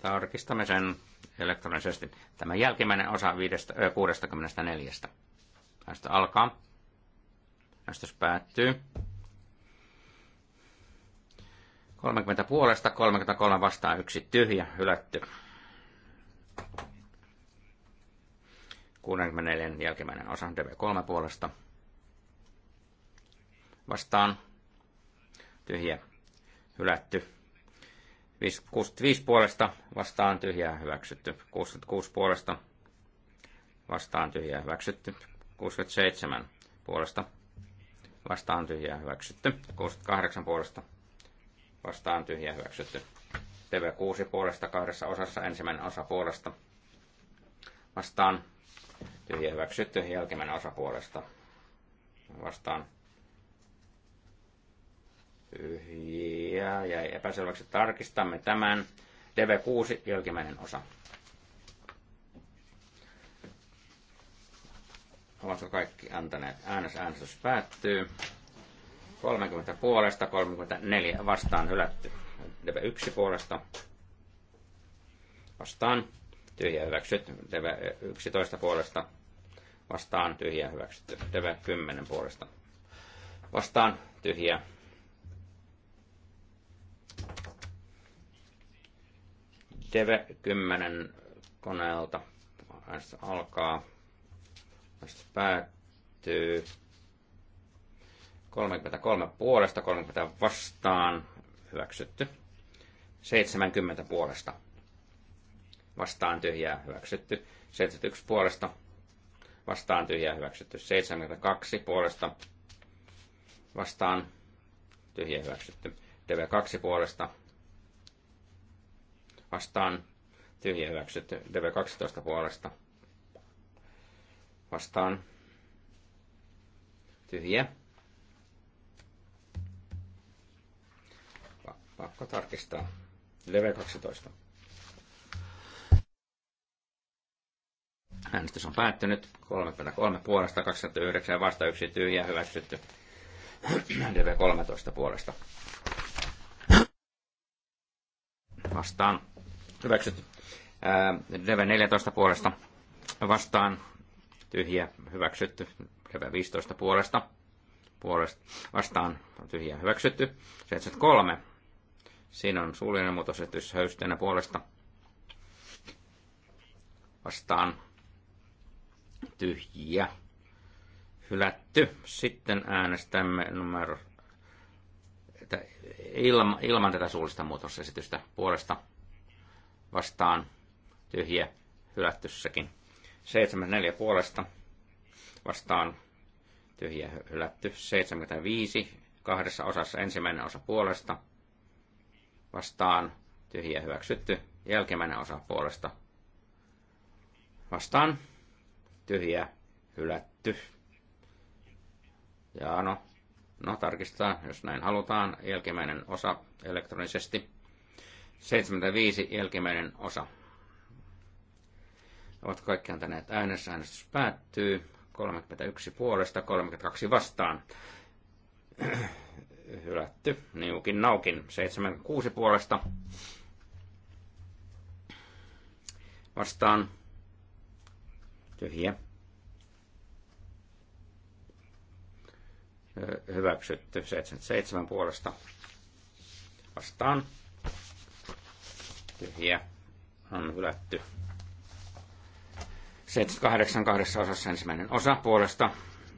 Tarkistamme sen elektronisesti. Tämä jälkimmäinen osa 64. Tästä alkaa. Äänestys päättyy. 30 puolesta, 33 vastaan, yksi tyhjä, hylätty. 64 jälkimmäinen osa DV3 puolesta. Vastaan tyhjä, hylätty. 65 puolesta vastaan tyhjää hyväksytty. 66 puolesta vastaan tyhjää hyväksytty. 67 puolesta vastaan tyhjää hyväksytty. 68 puolesta vastaan tyhjää hyväksytty. TV6 puolesta kahdessa osassa ensimmäinen osa puolesta vastaan tyhjää hyväksytty. Jälkimmäinen osa puolesta vastaan ja jäi epäselväksi tarkistamme tämän. DV6 jälkimmäinen osa. Ovatko kaikki antaneet äänes? Äänestys päättyy. 30 puolesta, 34 vastaan hylätty. DV1 puolesta vastaan tyhjä hyväksyt. DV11 puolesta vastaan tyhjä hyväksytty. DV10 puolesta vastaan tyhjä TV10 koneelta. Äänestys alkaa. Äänestys päättyy. 33 puolesta, 30 vastaan. Hyväksytty. 70 puolesta. Vastaan tyhjää hyväksytty. 71 puolesta. Vastaan tyhjää hyväksytty. 72 puolesta. Vastaan tyhjää hyväksytty. TV2 puolesta vastaan tyhjä hyväksyt DV12 puolesta vastaan tyhjä. Pakko tarkistaa. DV12. Äänestys on päättynyt. 33 puolesta, 29 vasta yksi tyhjä hyväksytty. DV13 puolesta. Vastaan Hyväksytty. Deve 14 puolesta vastaan. Tyhjä hyväksytty. Deve 15 puolesta. puolesta vastaan tyhjä hyväksytty. 73. Siinä on suullinen muutosesitys höysteenä puolesta. Vastaan tyhjä hylätty. Sitten äänestämme numero ilman ilman tätä suullista muutosesitystä puolesta vastaan tyhjä hylättyssäkin. 74 puolesta vastaan tyhjä hylätty. 75 kahdessa osassa ensimmäinen osa puolesta vastaan tyhjä hyväksytty. Jälkimmäinen osa puolesta vastaan tyhjä hylätty. Ja no, no tarkistetaan, jos näin halutaan, jälkimmäinen osa elektronisesti. 75 jälkimmäinen osa. Ovat kaikki antaneet äänessä. Äänestys päättyy. 31 puolesta, 32 vastaan. Hylätty. Niukin naukin. 76 puolesta. Vastaan. Tyhjä. Hyväksytty. 77 puolesta. Vastaan tyhjä, on hylätty. 78 osassa ensimmäinen osa puolesta,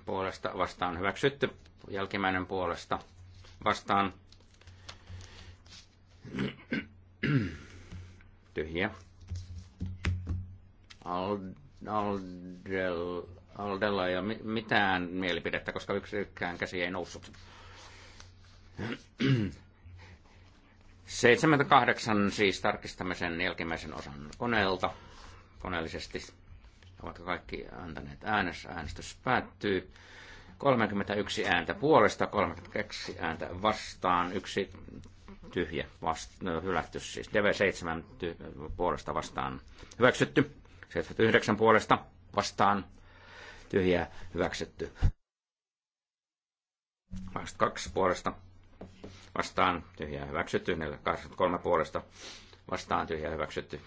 puolesta vastaan hyväksytty, jälkimmäinen puolesta vastaan Ald, Aldel, Aldella ei ole mitään mielipidettä, koska yksikään käsi ei noussut. 78 siis tarkistamme sen jälkimmäisen osan koneelta, koneellisesti. Ovatko kaikki antaneet äänessä? Äänestys päättyy. 31 ääntä puolesta, 32 ääntä vastaan, yksi tyhjä vasta, no, hylätty siis. DV7 ty- puolesta vastaan hyväksytty, 79 puolesta vastaan tyhjä hyväksytty. 22 puolesta vastaan tyhjää hyväksytty, 483 puolesta vastaan tyhjää hyväksytty.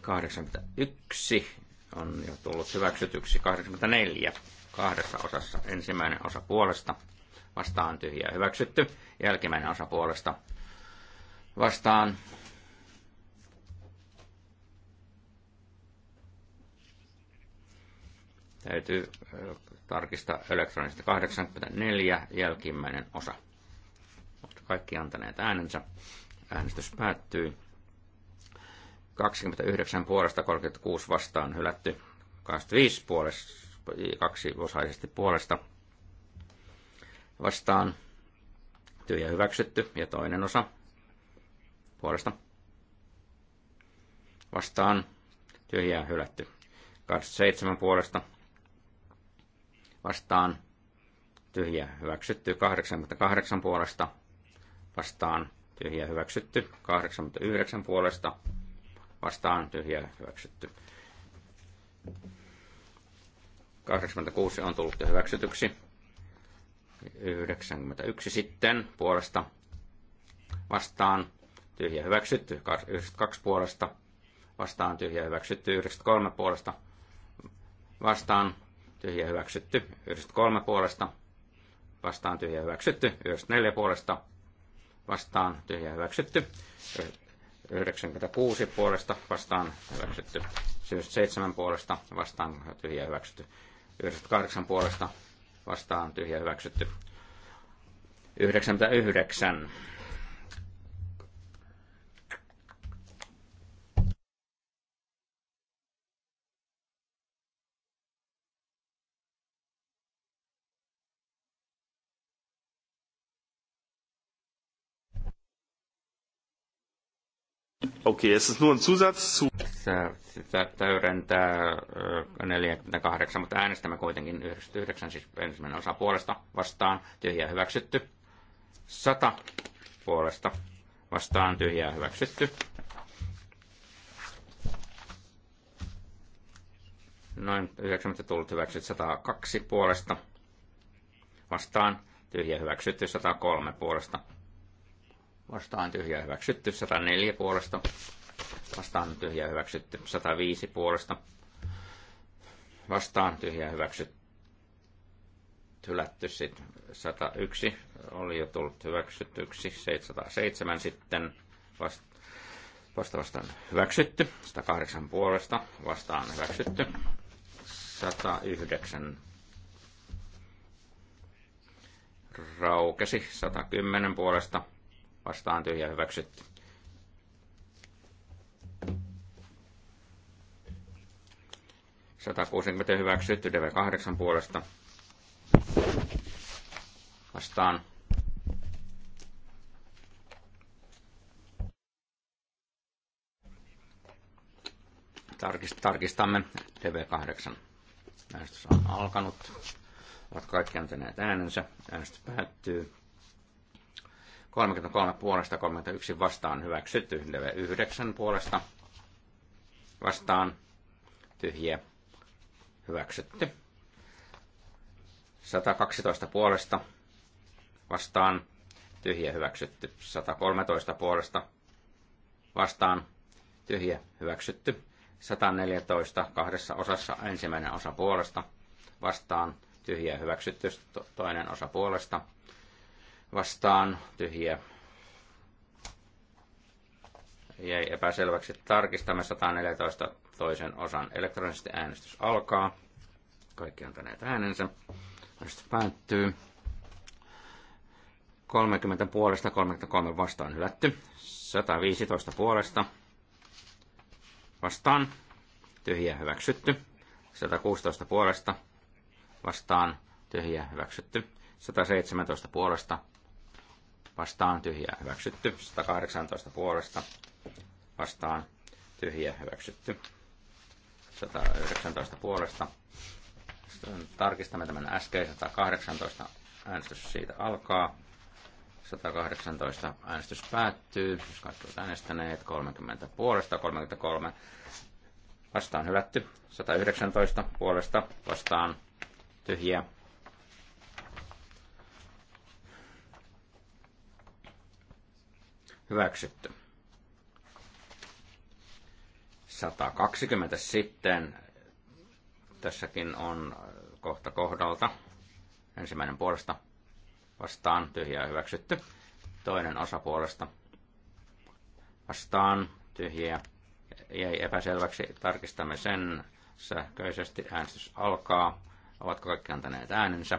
81 on jo tullut hyväksytyksi, 84 kahdessa osassa. Ensimmäinen osa puolesta vastaan tyhjää hyväksytty, jälkimmäinen osa puolesta vastaan täytyy tarkista elektronista 84 jälkimmäinen osa. Mutta kaikki antaneet äänensä. Äänestys päättyy. 29 puolesta 36 vastaan hylätty. 25 puolesta, kaksi osaisesti puolesta vastaan. Tyhjä hyväksytty ja toinen osa puolesta vastaan. Tyhjää hylätty. 27 puolesta vastaan tyhjä hyväksytty 88 puolesta vastaan tyhjä hyväksytty 89 puolesta vastaan tyhjä hyväksytty. 86 on tullut jo hyväksytyksi. 91 sitten puolesta vastaan tyhjä hyväksytty. 92 puolesta vastaan tyhjä hyväksytty. 93 puolesta vastaan tyhjä hyväksytty. 93 puolesta vastaan tyhjä hyväksytty. 94 puolesta vastaan tyhjä hyväksytty. 96 puolesta vastaan hyväksytty. 97 puolesta vastaan tyhjä hyväksytty. 98 puolesta vastaan tyhjä hyväksytty. 99 Okei, okay, nuon zusatsu. Sitä täydentää 48, mutta äänestämme kuitenkin 99, siis ensimmäinen osa puolesta vastaan, tyhjää hyväksytty. 100 puolesta vastaan, tyhjää hyväksytty. Noin 90 tullut hyväksytty 102 puolesta vastaan, tyhjä hyväksytty 103 puolesta vastaan tyhjä hyväksytty, 104 puolesta, vastaan tyhjä hyväksytty, 105 puolesta, vastaan tyhjä hyväksytty, hylätty sitten 101 oli jo tullut hyväksytyksi, 707 sitten vasta, vasta vastaan hyväksytty, 108 puolesta vastaan hyväksytty, 109 raukesi 110 puolesta vastaan tyhjä hyväksytty. Satakuusikymmentä hyväksytty DV8 puolesta vastaan tarkistamme TV8. Äänestys on alkanut. Ovat kaikki antaneet äänensä. Äänestys päättyy. 33 puolesta, 31 vastaan hyväksytty, 9 puolesta vastaan tyhjiä hyväksytty. 112 puolesta vastaan tyhjä hyväksytty. 113 puolesta vastaan tyhjä hyväksytty. 114 kahdessa osassa ensimmäinen osa puolesta vastaan tyhjä hyväksytty. Toinen osa puolesta vastaan tyhjä. Jäi epäselväksi. Tarkistamme 114 toisen osan. Elektronisesti äänestys alkaa. Kaikki antaneet äänensä. Äänestys päättyy. 30 puolesta, 33 vastaan hylätty. 115 puolesta vastaan. Tyhjä hyväksytty. 116 puolesta vastaan. Tyhjä hyväksytty. 117 puolesta vastaan tyhjää hyväksytty. 118 puolesta vastaan tyhjää hyväksytty. 119 puolesta. Sitten tarkistamme tämän äskeisen 118 äänestys siitä alkaa. 118 äänestys päättyy. Jos kaikki ovat äänestäneet, 30 puolesta, 33 vastaan hylätty. 119 puolesta vastaan tyhjiä Hyväksytty. 120 sitten. Tässäkin on kohta kohdalta. Ensimmäinen puolesta vastaan tyhjää hyväksytty. Toinen osa puolesta vastaan tyhjää jäi epäselväksi. Tarkistamme sen sähköisesti. Äänestys alkaa. Ovatko kaikki antaneet äänensä?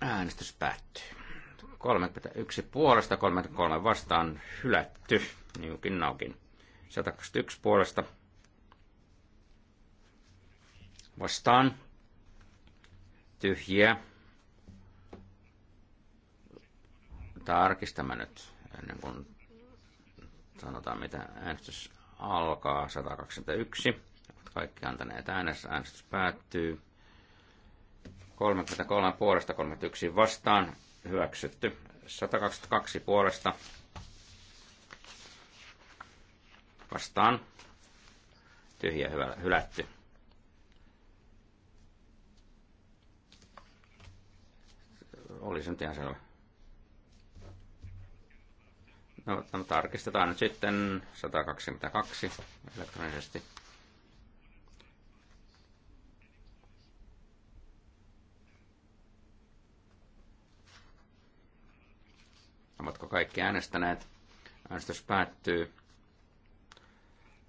Äänestys päättyy. 31 puolesta, 33 vastaan hylätty, niukin naukin. 121 puolesta vastaan tyhjiä. Tarkistamme nyt ennen kuin sanotaan mitä äänestys alkaa. 121. kaikki antaneet äänestys. Äänestys päättyy. 33 puolesta 31 vastaan hyväksytty. 122 puolesta vastaan tyhjä hyvä, hylätty. Oli se nyt ihan selvä. No, no tarkistetaan nyt sitten 122 elektronisesti. Ovatko kaikki äänestäneet? Äänestys päättyy.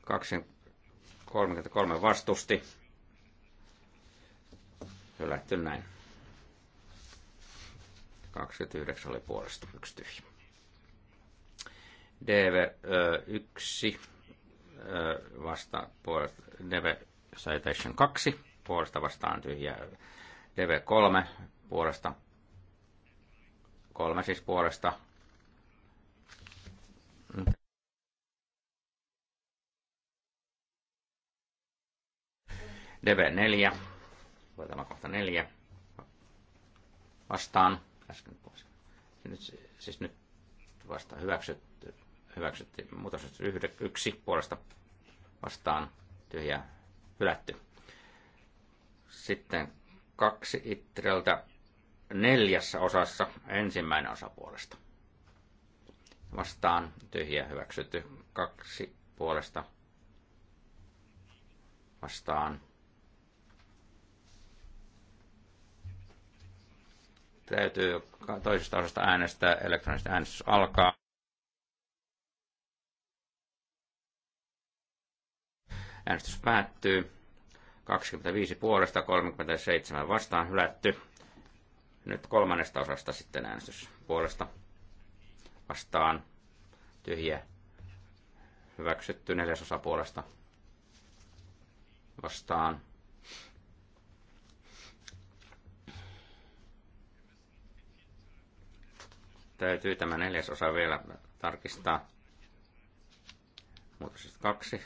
233 vastusti. Hylätty näin. 29 oli puolesta, yksi tyhjä. DV1 vasta puolesta, DV Citation 2 puolesta vastaan tyhjä. DV3 puolesta, kolme siis puolesta DV4, luetaan kohta 4, vastaan, äsken pois. Nyt, siis nyt vasta hyväksytty, hyväksytti muutos yksi puolesta vastaan tyhjä hylätty. Sitten kaksi itseltä neljässä osassa ensimmäinen osa puolesta. Vastaan tyhjä hyväksytty kaksi puolesta. Vastaan Täytyy toisesta osasta äänestää. Elektronisesti äänestys alkaa. Äänestys päättyy. 25 puolesta, 37 vastaan hylätty. Nyt kolmannesta osasta sitten äänestys puolesta vastaan tyhjä hyväksytty neljäsosa puolesta vastaan Täytyy tämä neljäsosa vielä tarkistaa. Muutos kaksi.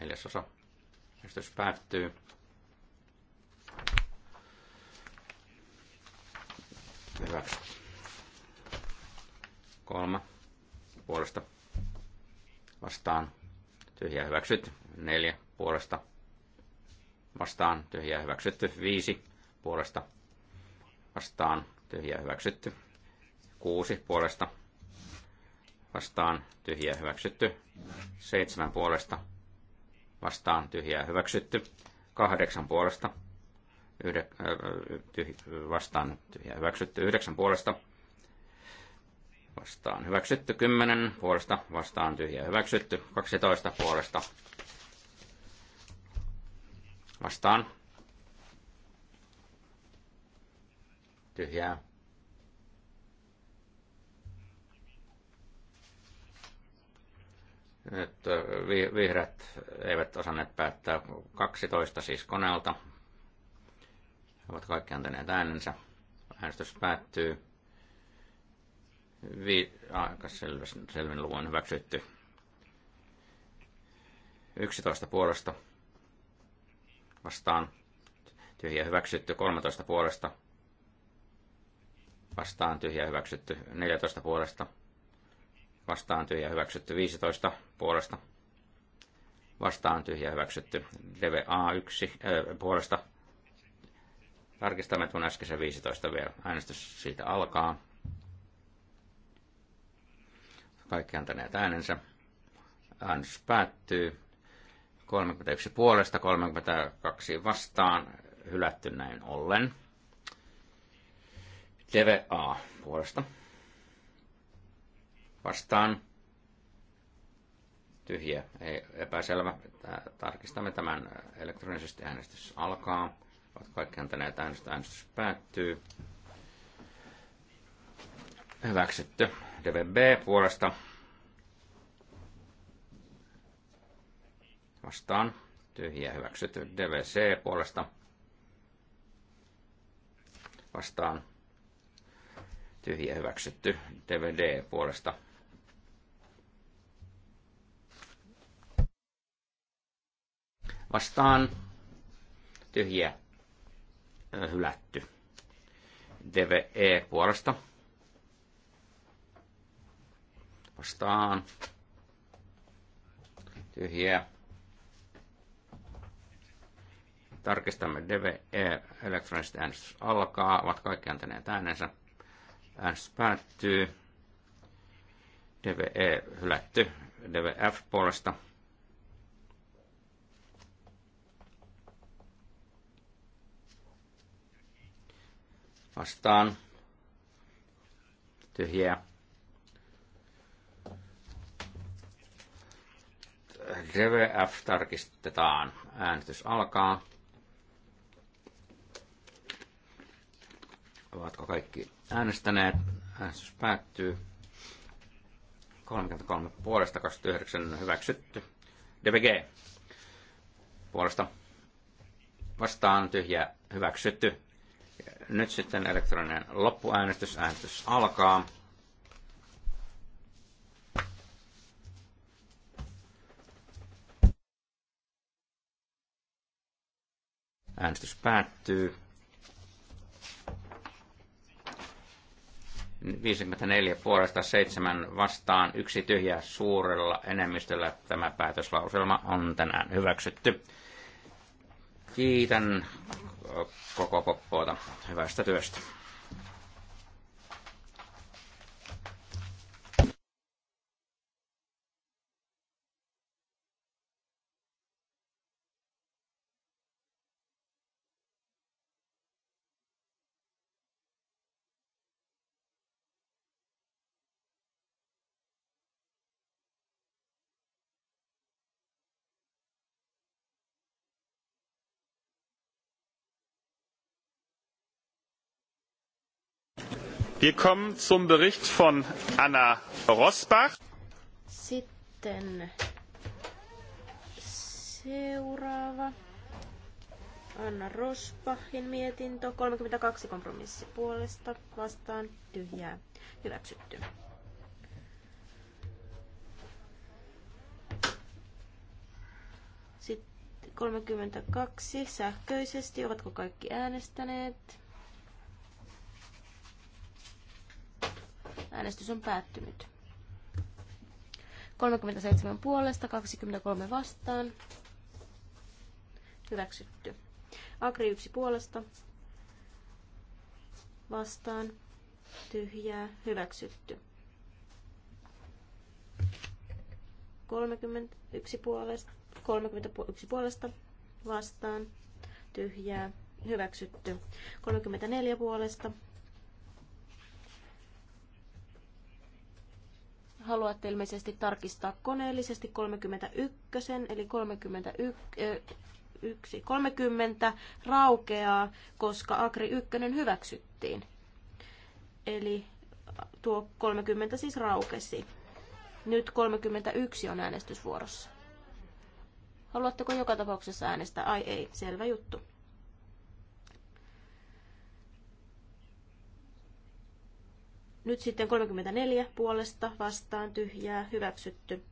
Neljäsosa. Äänestys päättyy. Hyvä. Kolme. Puolesta. Vastaan. Tyhjä hyväksytty. Neljä. Puolesta. Vastaan. Tyhjä hyväksytty. Viisi. Puolesta. Vastaan. Tyhjä hyväksytty. 6 puolesta vastaan tyhjä hyväksytty. 7 puolesta vastaan tyhjä hyväksytty. 8 puolesta yhde, äh, tyhj, vastaan tyhjä hyväksytty. 9 puolesta vastaan hyväksytty. 10 puolesta vastaan tyhjä hyväksytty. 12 puolesta vastaan tyhjää Nyt vihreät eivät osanneet päättää 12 siis koneelta. He ovat kaikki antaneet äänensä. Äänestys päättyy. Vi- aika selvä, selvin luvun hyväksytty. 11 puolesta vastaan. Tyhjä hyväksytty 13 puolesta vastaan. Tyhjä hyväksytty 14 puolesta vastaan tyhjä hyväksytty 15 puolesta vastaan tyhjä hyväksytty DVA1 äh, puolesta. Tarkistamme tuon äskeisen 15 vielä. Äänestys siitä alkaa. Kaikki antaneet äänensä. Äänestys päättyy. 31 puolesta, 32 vastaan. Hylätty näin ollen. DVA puolesta vastaan tyhjä, ei, epäselvä. Tarkistamme tämän elektronisesti. Äänestys alkaa. Ovat kaikki antaneet äänestä. Äänestys päättyy. Hyväksytty. DVB puolesta. Vastaan. Tyhjä hyväksytty. DVC puolesta. Vastaan. Tyhjä hyväksytty. DVD puolesta vastaan tyhjiä hylätty. DVE e puolesta vastaan tyhjiä. Tarkistamme DVE, e. elektroniset äänestys alkaa, ovat kaikki antaneet äänensä. Äänestys päättyy. DVE e hylätty. DVF puolesta vastaan tyhjää. RevF tarkistetaan. Äänitys alkaa. Ovatko kaikki äänestäneet? Äänestys päättyy. 33 puolesta 29 hyväksytty. DVG puolesta vastaan tyhjä hyväksytty. Nyt sitten elektroninen loppuäänestys. Äänestys alkaa. Äänestys päättyy. 54 puolesta 7 vastaan yksi tyhjä suurella enemmistöllä tämä päätöslauselma on tänään hyväksytty. Kiitän koko poppoota hyvästä työstä. Wir kommen zum Bericht von Anna Rosbach. Sitten seuraava. Anna Rosbachin mietintö. 32 kompromissi puolesta vastaan tyhjää hyväksytty. Sitten 32 sähköisesti. Ovatko kaikki äänestäneet? Äänestys on päättynyt. 37 puolesta, 23 vastaan. Hyväksytty. Agri 1 puolesta. Vastaan. Tyhjää. Hyväksytty. 31 puolesta, 31 puolesta vastaan, tyhjää, hyväksytty. 34 puolesta Haluatte ilmeisesti tarkistaa koneellisesti 31, eli 31, 30 eh, raukeaa, koska Agri 1 hyväksyttiin. Eli tuo 30 siis raukesi. Nyt 31 on äänestysvuorossa. Haluatteko joka tapauksessa äänestää? Ai ei, selvä juttu. Nyt sitten 34 puolesta vastaan tyhjää hyväksytty.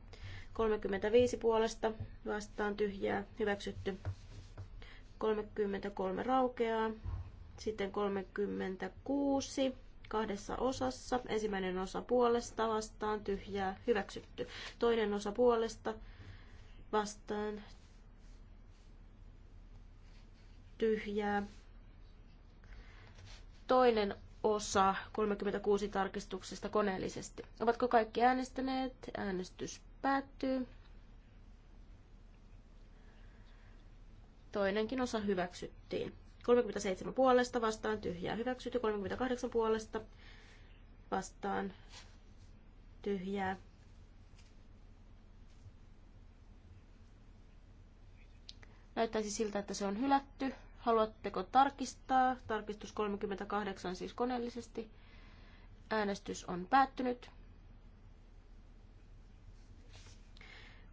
35 puolesta vastaan tyhjää hyväksytty. 33 raukeaa. Sitten 36 kahdessa osassa. Ensimmäinen osa puolesta vastaan tyhjää hyväksytty. Toinen osa puolesta vastaan tyhjää. Toinen osa 36 tarkistuksesta koneellisesti. Ovatko kaikki äänestäneet? Äänestys päättyy. Toinenkin osa hyväksyttiin. 37 puolesta vastaan tyhjää hyväksytty, 38 puolesta vastaan tyhjää. Näyttäisi siltä, että se on hylätty. Haluatteko tarkistaa? Tarkistus 38 siis koneellisesti. Äänestys on päättynyt.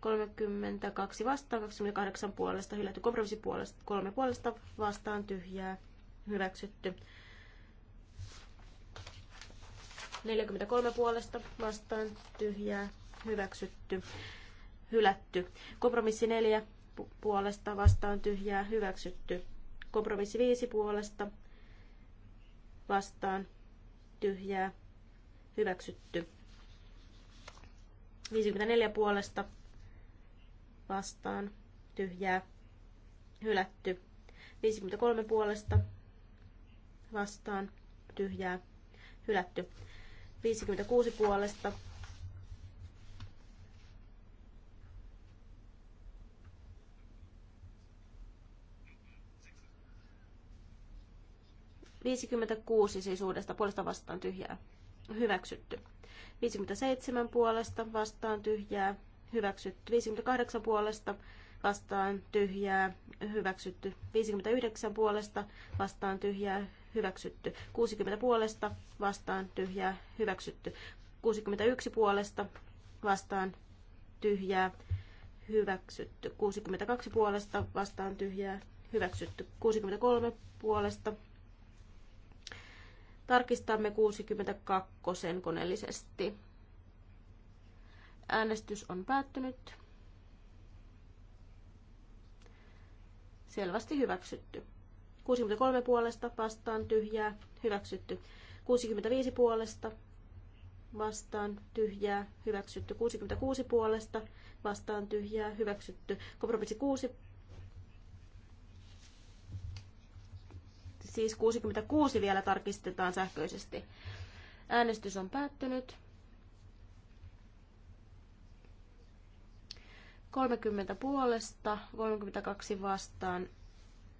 32 vastaan, 28 puolesta, hylätty kompromissi puolesta, 3 puolesta vastaan, tyhjää, hyväksytty. 43 puolesta vastaan, tyhjää, hyväksytty, hylätty. Kompromissi 4 puolesta vastaan, tyhjää, hyväksytty. Kompromissi viisi puolesta vastaan tyhjää hyväksytty. 54 puolesta vastaan tyhjää hylätty. 53 puolesta vastaan tyhjää hylätty. 56 puolesta 56 sisuudesta puolesta vastaan tyhjää hyväksytty. 57 puolesta vastaan tyhjää hyväksytty. 58 puolesta vastaan tyhjää hyväksytty. 59 puolesta vastaan tyhjää hyväksytty. 60 puolesta vastaan tyhjää hyväksytty. 61 puolesta vastaan tyhjää hyväksytty. 62 puolesta vastaan tyhjää hyväksytty. 63 puolesta Tarkistamme 62 koneellisesti. Äänestys on päättynyt. Selvästi hyväksytty. 63 puolesta vastaan tyhjää, hyväksytty. 65 puolesta vastaan tyhjää, hyväksytty. 66 puolesta vastaan tyhjää, hyväksytty. Kompromissi 6 siis 66 vielä tarkistetaan sähköisesti. Äänestys on päättynyt. 30 puolesta, 32 vastaan.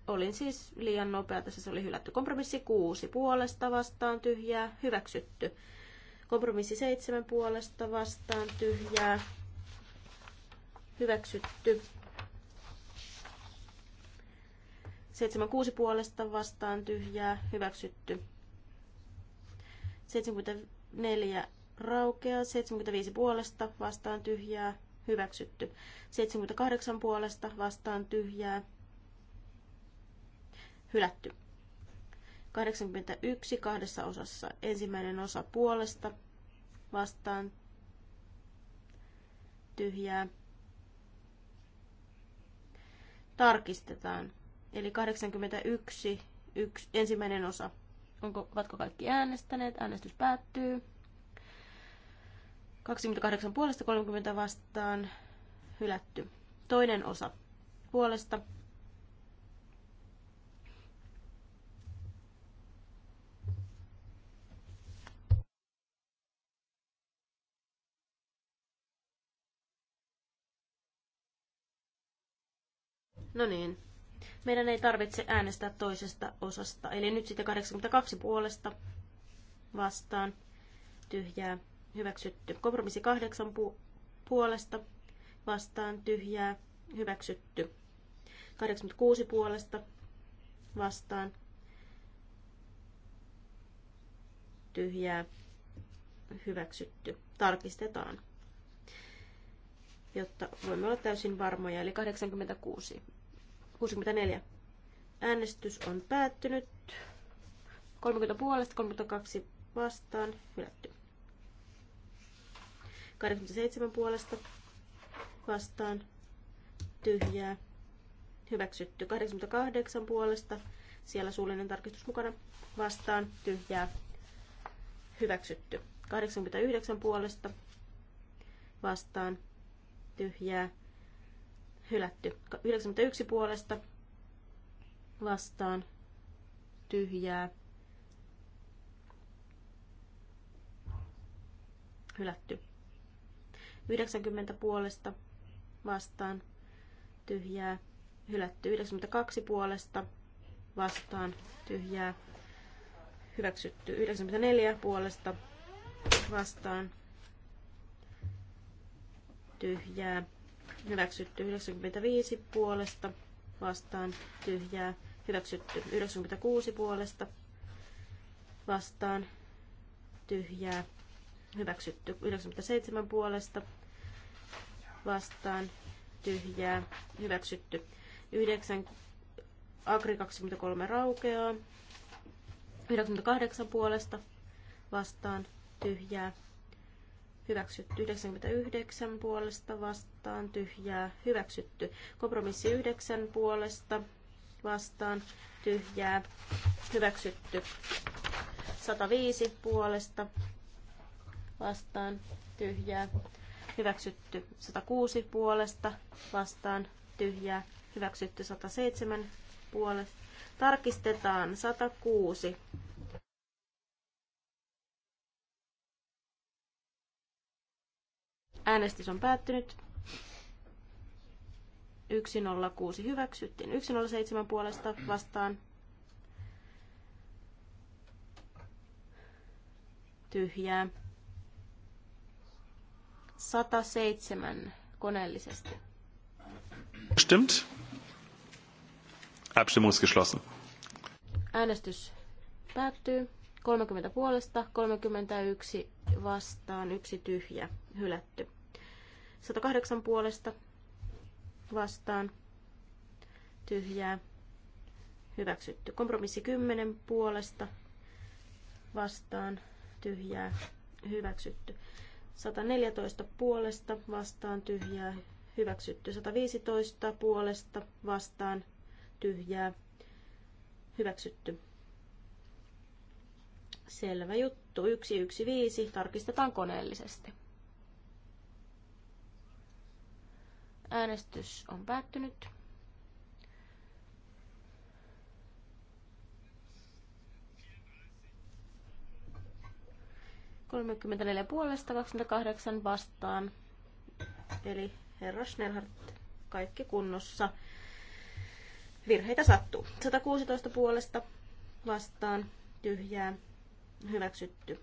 Olin siis liian nopea, tässä se oli hylätty. Kompromissi 6 puolesta vastaan tyhjää, hyväksytty. Kompromissi 7 puolesta vastaan tyhjää, hyväksytty. 76 puolesta vastaan tyhjää, hyväksytty. 74 raukeaa, 75 puolesta vastaan tyhjää, hyväksytty. 78 puolesta vastaan tyhjää, hylätty. 81 kahdessa osassa ensimmäinen osa puolesta vastaan tyhjää. Tarkistetaan Eli 81, yksi, ensimmäinen osa. Onko, ovatko kaikki äänestäneet? Äänestys päättyy. 28 puolesta 30 vastaan hylätty. Toinen osa puolesta. No niin, meidän ei tarvitse äänestää toisesta osasta. Eli nyt sitten 82 puolesta vastaan tyhjää hyväksytty. Kompromissi 8 pu- puolesta vastaan tyhjää hyväksytty. 86 puolesta vastaan tyhjää hyväksytty. Tarkistetaan, jotta voimme olla täysin varmoja. Eli 86 64. Äänestys on päättynyt. 30 puolesta, 32 vastaan, hylätty. 87 puolesta vastaan, tyhjää, hyväksytty. 88 puolesta, siellä suullinen tarkistus mukana, vastaan, tyhjää, hyväksytty. 89 puolesta, vastaan, tyhjää, hylätty. 91 puolesta vastaan tyhjää hylätty. 90 puolesta vastaan tyhjää hylätty. 92 puolesta vastaan tyhjää hyväksytty. 94 puolesta vastaan tyhjää Hyväksytty 95 puolesta vastaan tyhjää. Hyväksytty 96 puolesta vastaan tyhjää. Hyväksytty 97 puolesta vastaan tyhjää. Hyväksytty 9 Agri 23 raukeaa. 98 puolesta vastaan tyhjää hyväksytty. 99 puolesta vastaan tyhjää, hyväksytty. Kompromissi 9 puolesta vastaan tyhjää, hyväksytty. 105 puolesta vastaan tyhjää, hyväksytty. 106 puolesta vastaan tyhjää, hyväksytty. 107 puolesta. Tarkistetaan 106 Äänestys on päättynyt. 106 hyväksyttiin. 107 puolesta vastaan. Tyhjää. 107 koneellisesti. Stimmt. Abstimmung ist geschlossen. Äänestys päättyy. 30 puolesta, 31 vastaan, yksi tyhjä, hylätty. 108 puolesta vastaan tyhjää hyväksytty. Kompromissi 10 puolesta vastaan tyhjää hyväksytty. 114 puolesta vastaan tyhjää hyväksytty. 115 puolesta vastaan tyhjää hyväksytty. Selvä juttu. 115 tarkistetaan koneellisesti. Äänestys on päättynyt. Kolmekymmentäneljä puolesta, 28 vastaan. Eli herra Schnellhardt, kaikki kunnossa. Virheitä sattuu. 116 puolesta vastaan, tyhjää, hyväksytty.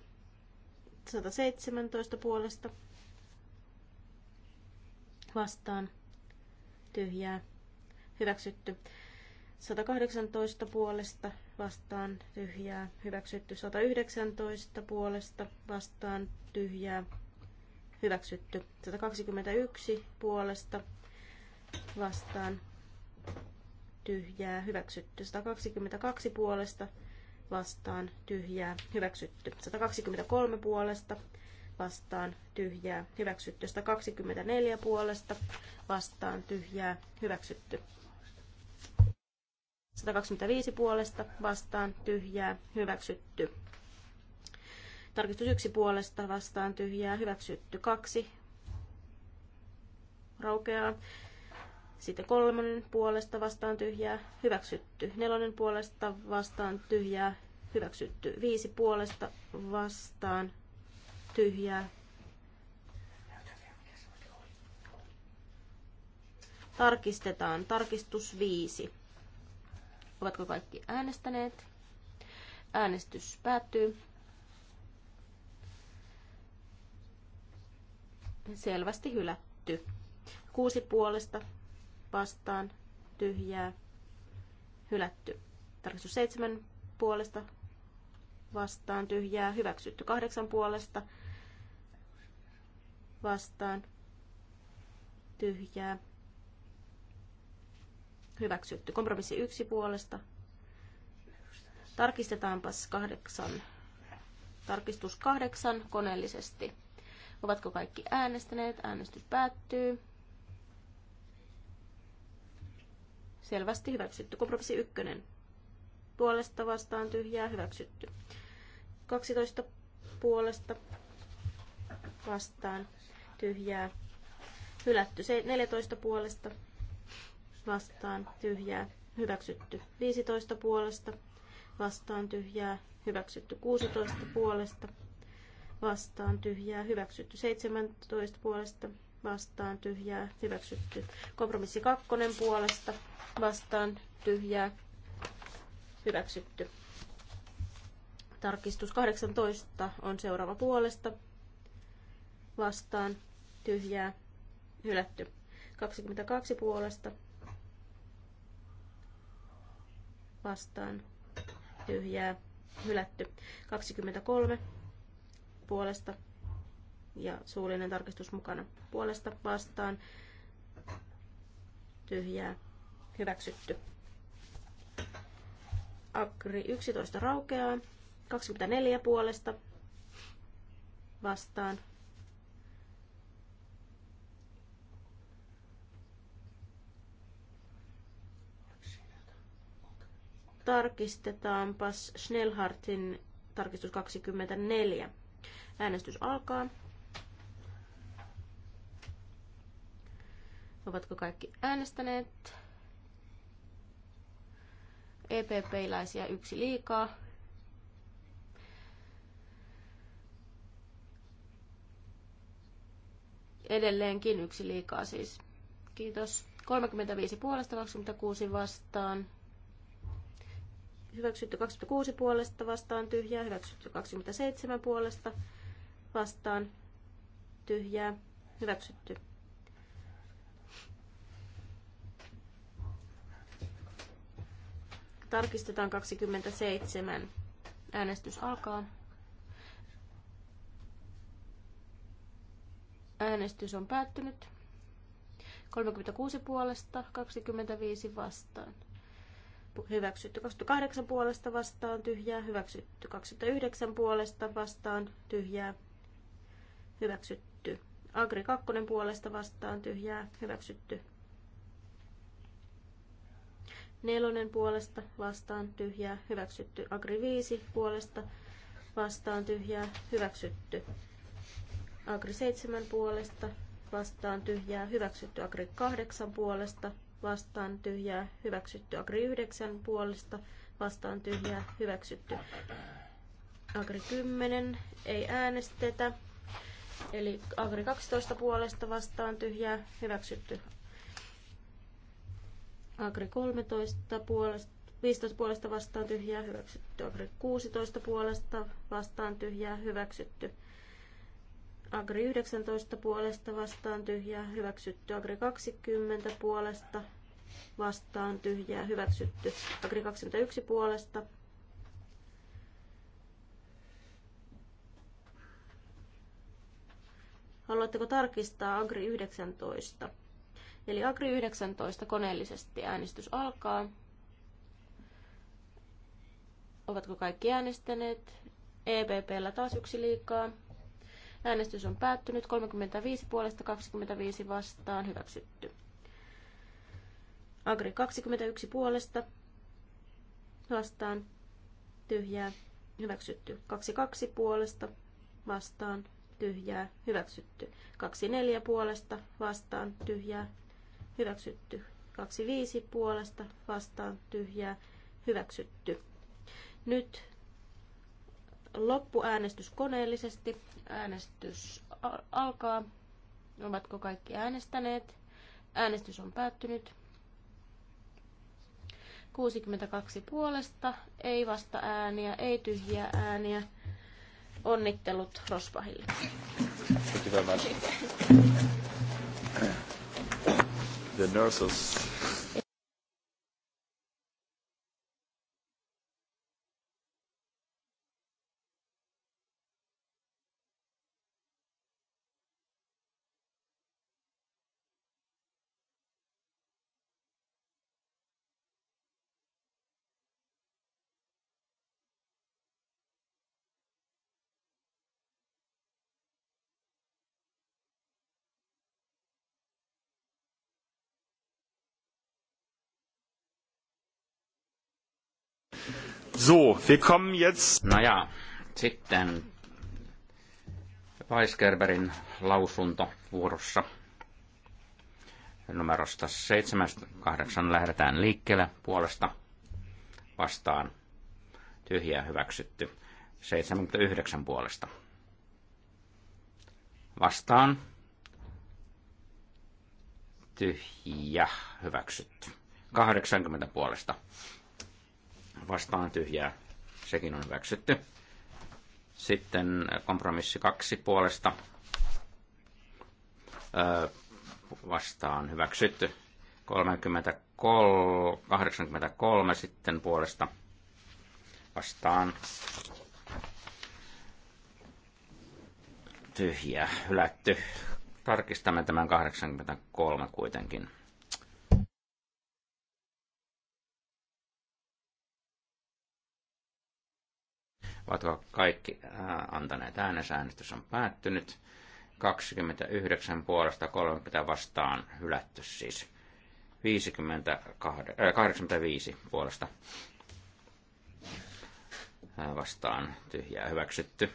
117 puolesta vastaan tyhjää hyväksytty. 118 puolesta vastaan tyhjää hyväksytty. 119 puolesta vastaan tyhjää hyväksytty. 121 puolesta vastaan tyhjää hyväksytty. 122 puolesta vastaan tyhjää hyväksytty. 123 puolesta vastaan tyhjää hyväksytty. 124 puolesta vastaan tyhjää hyväksytty. 125 puolesta vastaan tyhjää hyväksytty. Tarkistus 1 puolesta vastaan tyhjää hyväksytty. 2 raukeaa. Sitten kolmannen puolesta vastaan tyhjää hyväksytty. Nelonen puolesta vastaan tyhjää hyväksytty. Viisi puolesta vastaan tyhjää. Tarkistetaan. Tarkistus 5. Ovatko kaikki äänestäneet? Äänestys päättyy. Selvästi hylätty. Kuusi puolesta vastaan tyhjää. Hylätty. Tarkistus seitsemän puolesta vastaan tyhjää. Hyväksytty kahdeksan puolesta vastaan tyhjää hyväksytty. Kompromissi yksi puolesta. Tarkistetaanpas kahdeksan. Tarkistus kahdeksan koneellisesti. Ovatko kaikki äänestäneet? Äänestys päättyy. Selvästi hyväksytty. Kompromissi ykkönen. Puolesta vastaan tyhjää hyväksytty. 12 puolesta vastaan tyhjää, hylätty 14 puolesta, vastaan tyhjää, hyväksytty 15 puolesta, vastaan tyhjää, hyväksytty 16 puolesta, vastaan tyhjää, hyväksytty 17 puolesta, vastaan tyhjää, hyväksytty kompromissi 2 puolesta, vastaan tyhjää, hyväksytty. Tarkistus 18 on seuraava puolesta, vastaan tyhjää, hylätty. 22 puolesta vastaan, tyhjää, hylätty. 23 puolesta ja suullinen tarkistus mukana puolesta vastaan, tyhjää, hyväksytty. akri 11 raukeaa, 24 puolesta vastaan, Tarkistetaanpas Schnellhartin tarkistus 24. Äänestys alkaa. Ovatko kaikki äänestäneet? EPP-läisiä yksi liikaa. Edelleenkin yksi liikaa siis. Kiitos. 35 puolesta, 26 vastaan, hyväksytty 26 puolesta vastaan tyhjää, hyväksytty 27 puolesta vastaan tyhjää, hyväksytty. Tarkistetaan 27. Äänestys alkaa. Äänestys on päättynyt. 36 puolesta, 25 vastaan hyväksytty 28 puolesta vastaan tyhjää, hyväksytty 29 puolesta vastaan tyhjää, hyväksytty Agri 2 puolesta vastaan tyhjää, hyväksytty nelonen puolesta vastaan tyhjää, hyväksytty Agri 5 puolesta vastaan tyhjää, hyväksytty Agri 7 puolesta vastaan tyhjää, hyväksytty Agri 8 puolesta vastaan tyhjää hyväksytty. Agri 9 puolesta vastaan tyhjää hyväksytty. Agri 10 ei äänestetä. Eli Agri 12 puolesta vastaan tyhjää hyväksytty. Agri 13 puolesta, 15 puolesta vastaan tyhjää hyväksytty. Agri 16 puolesta vastaan tyhjää hyväksytty. Agri 19 puolesta vastaan tyhjää hyväksytty. Agri 20 puolesta vastaan tyhjää hyväksytty. Agri 21 puolesta Haluatteko tarkistaa Agri 19? Eli Agri 19 koneellisesti äänestys alkaa. Ovatko kaikki äänestäneet? EPPllä taas yksi liikaa. Äänestys on päättynyt 35 puolesta 25 vastaan hyväksytty. Agri 21 puolesta vastaan tyhjää hyväksytty. 22 puolesta vastaan tyhjää hyväksytty. 24 puolesta vastaan tyhjää hyväksytty. 25 puolesta vastaan tyhjää hyväksytty. Nyt loppuäänestys koneellisesti. Äänestys alkaa. Ovatko kaikki äänestäneet? Äänestys on päättynyt. 62 puolesta, ei vasta ääniä, ei tyhjiä ääniä. Onnittelut Rosbahille. The nurses So, wir kommen jetzt... No sitten Weisgerberin lausunto vuorossa. Numerosta 7-8 lähdetään liikkeelle puolesta vastaan. Tyhjää hyväksytty. 79 puolesta. Vastaan. Tyhjä hyväksytty. 80 puolesta vastaan tyhjää. Sekin on hyväksytty. Sitten kompromissi kaksi puolesta vastaan hyväksytty. 33, 83 sitten puolesta vastaan tyhjä, hylätty. Tarkistamme tämän 83 kuitenkin. Ovatko kaikki äh, antaneet äänensä? Äänestys on päättynyt. 29 puolesta 30 vastaan hylätty siis. äh, 85 puolesta äh, vastaan tyhjää hyväksytty.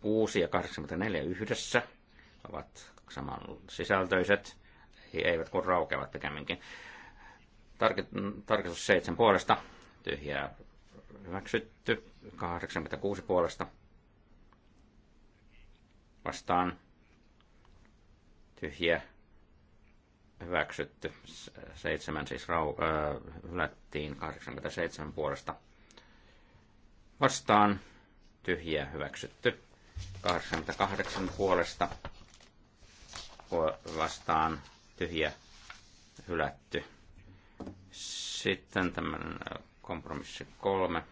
6 ja 84 yhdessä ovat saman sisältöiset, eivät kun raukeavat pikemminkin. Tarkistus 7 puolesta tyhjää hyväksytty 86 puolesta vastaan tyhjä hyväksytty. 7 siis rau, ö, hylättiin 87 puolesta vastaan tyhjä hyväksytty. 88 puolesta vastaan tyhjä hylätty. Sitten tämmöinen Kompromissi kolme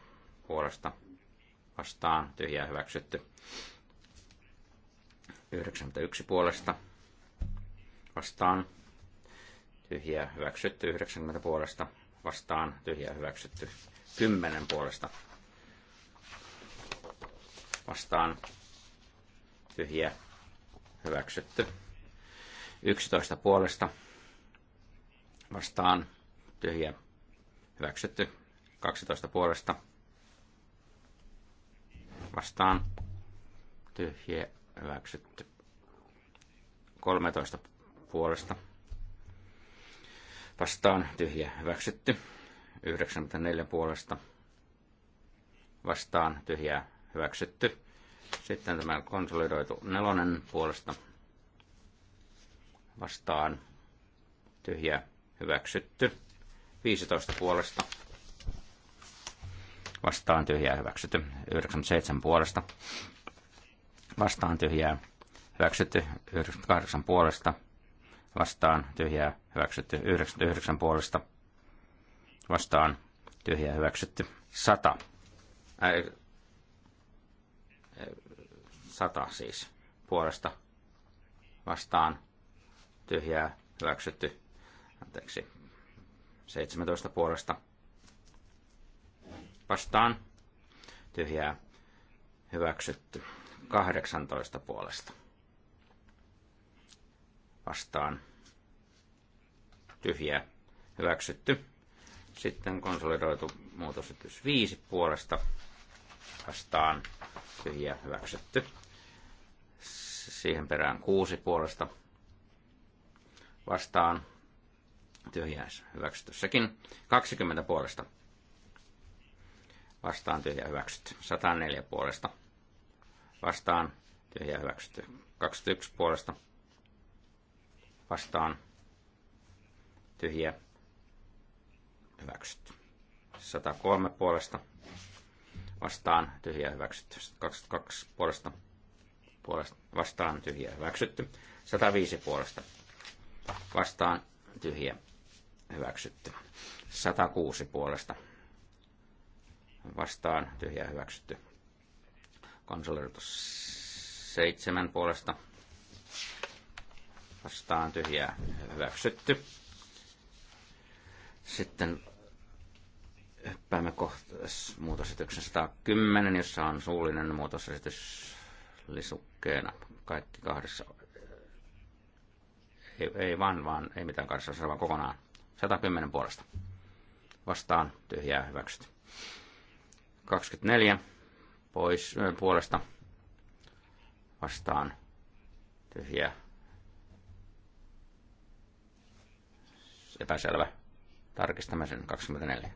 puolesta vastaan tyhjää hyväksytty. 91 puolesta vastaan tyhjää hyväksytty. 90 puolesta vastaan tyhjää hyväksytty. 10 puolesta vastaan tyhjää hyväksytty. 11 puolesta vastaan tyhjä hyväksytty. 12 puolesta vastaan tyhjä hyväksytty. 13 puolesta vastaan tyhjä hyväksytty. 94 puolesta vastaan tyhjä hyväksytty. Sitten tämä konsolidoitu nelonen puolesta vastaan tyhjä hyväksytty. 15 puolesta vastaan tyhjää hyväksytty. 97 puolesta vastaan tyhjää hyväksytty. 98 puolesta vastaan tyhjää hyväksytty. 99 puolesta vastaan tyhjää hyväksytty. 100. Ää, 100 siis puolesta vastaan tyhjää hyväksytty. Anteeksi. 17 puolesta vastaan tyhjää hyväksytty 18 puolesta vastaan tyhjää hyväksytty. Sitten konsolidoitu muutosesitys 5 puolesta vastaan tyhjää hyväksytty. Siihen perään 6 puolesta vastaan tyhjää hyväksytty sekin. 20 puolesta vastaan tyhjä hyväksytty. 104 puolesta vastaan tyhjä hyväksytty. 21 puolesta vastaan tyhjä hyväksytty. 103 puolesta vastaan tyhjä hyväksytty. 22 puolesta, puolesta vastaan tyhjä hyväksytty. 105 puolesta vastaan tyhjä hyväksytty. 106 puolesta vastaan tyhjää hyväksytty. Konsolidoitus seitsemän puolesta vastaan tyhjää hyväksytty. Sitten hyppäämme kohta muutosesityksen 110, jossa on suullinen muutosesitys lisukkeena. Kaikki kahdessa, ei, ei vaan, vaan ei mitään kahdessa, vaan kokonaan. 110 puolesta vastaan tyhjää hyväksytty. 24 pois puolesta vastaan tyhjä Epäselvä. Tarkistamme sen 24.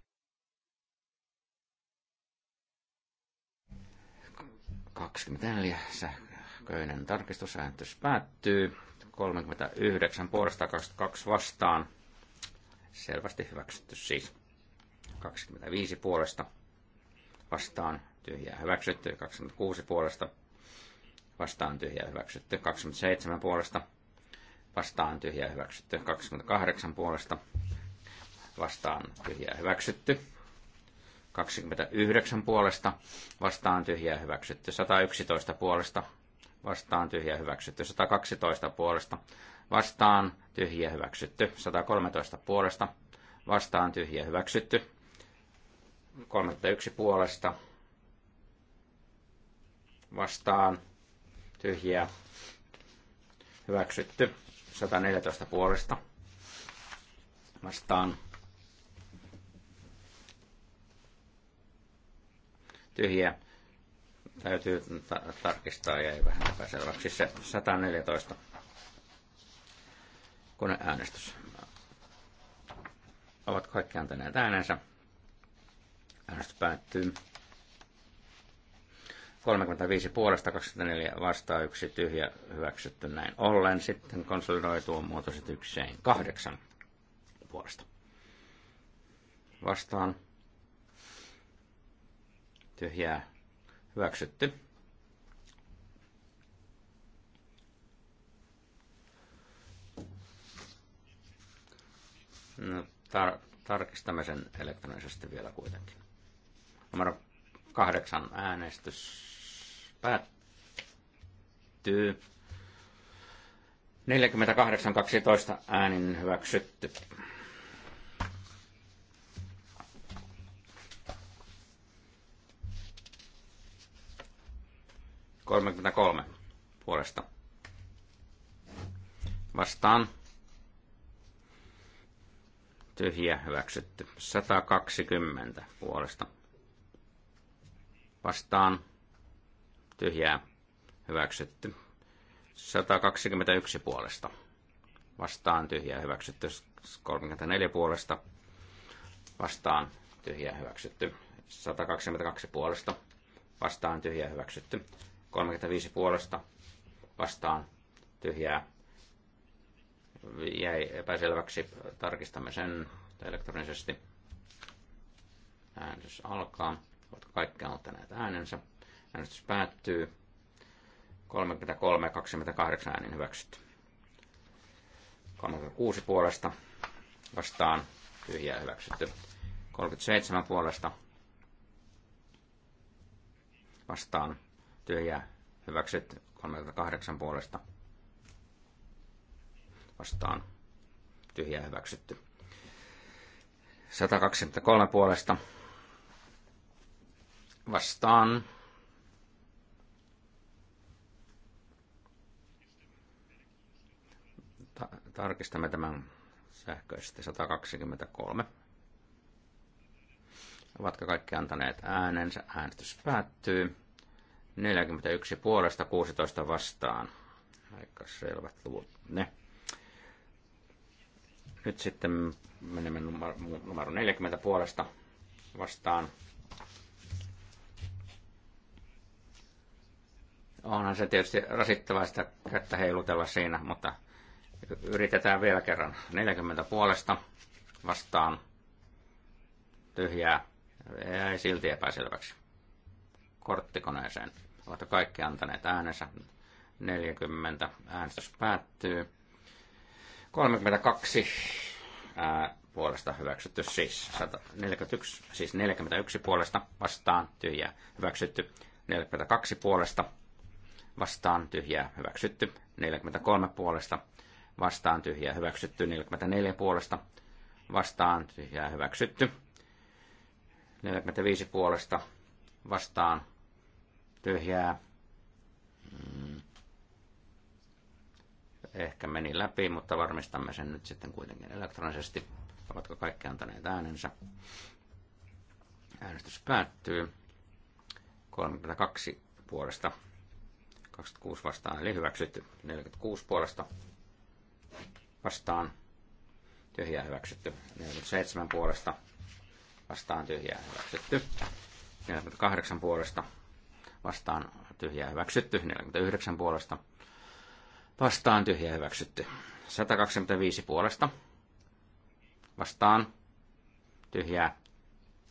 24. Sähköinen tarkistusääntys päättyy. 39 puolesta 22 vastaan. Selvästi hyväksytty siis. 25 puolesta vastaan tyhjää hyväksytty, 26 puolesta vastaan tyhjää hyväksytty, 27 puolesta vastaan tyhjää hyväksytty, 28 puolesta vastaan tyhjää hyväksytty, 29 puolesta vastaan tyhjää hyväksytty, 111 puolesta vastaan tyhjää hyväksytty, 112 puolesta vastaan tyhjää hyväksytty, 113 puolesta vastaan tyhjää hyväksytty, 31 puolesta vastaan tyhjiä hyväksytty 114 puolesta vastaan tyhjiä täytyy ta- tarkistaa ei vähän epäselväksi se 114 koneäänestys ovat kaikki antaneet äänensä Äänestys päättyy. 35 puolesta, 24 vastaa, yksi tyhjä hyväksytty näin ollen. Sitten konsolidoituu muutositykseen kahdeksan puolesta. Vastaan tyhjää hyväksytty. No, tar- tarkistamme sen elektronisesti vielä kuitenkin. Numero kahdeksan äänestys päättyy. 48-12 äänin hyväksytty. Kolmekymmentäkolme puolesta. Vastaan. Tyhjä hyväksytty. 120 puolesta vastaan tyhjää hyväksytty. 121 puolesta vastaan tyhjää hyväksytty. 34 puolesta vastaan tyhjää hyväksytty. 122 puolesta vastaan tyhjää hyväksytty. 35 puolesta vastaan tyhjää jäi epäselväksi. Tarkistamme sen elektronisesti. Äänestys alkaa. Ovatko kaikki antaneet äänensä? Äänestys päättyy. 33-28 äänin hyväksytty. 36 puolesta vastaan tyhjää hyväksytty. 37 puolesta vastaan tyhjää hyväksytty. 38 puolesta vastaan tyhjää hyväksytty. 123 puolesta vastaan. Ta- tarkistamme tämän sähköisesti 123. Ovatko kaikki antaneet äänensä? Äänestys päättyy. 41 puolesta 16 vastaan. Aika selvät luvut ne. Nyt sitten menemme numero 40 puolesta vastaan Onhan se tietysti rasittavaa sitä kättä heilutella siinä, mutta yritetään vielä kerran. 40 puolesta vastaan tyhjää. Ei silti epäselväksi. Korttikoneeseen. Ovat kaikki antaneet äänensä. 40 äänestys päättyy. 32 ää, puolesta hyväksytty siis 141, siis 41 puolesta vastaan tyhjää hyväksytty 42 puolesta vastaan tyhjää hyväksytty 43 puolesta, vastaan tyhjää hyväksytty 44 puolesta, vastaan tyhjää hyväksytty 45 puolesta, vastaan tyhjää. Mm. Ehkä meni läpi, mutta varmistamme sen nyt sitten kuitenkin elektronisesti. Ovatko kaikki antaneet äänensä? Äänestys päättyy. 32 puolesta 26 vastaan, eli hyväksytty. 46 puolesta vastaan, tyhjää hyväksytty. 47 puolesta vastaan, tyhjää hyväksytty. 48 puolesta vastaan, tyhjää hyväksytty. 49 puolesta vastaan, tyhjää hyväksytty. 125 puolesta vastaan, tyhjää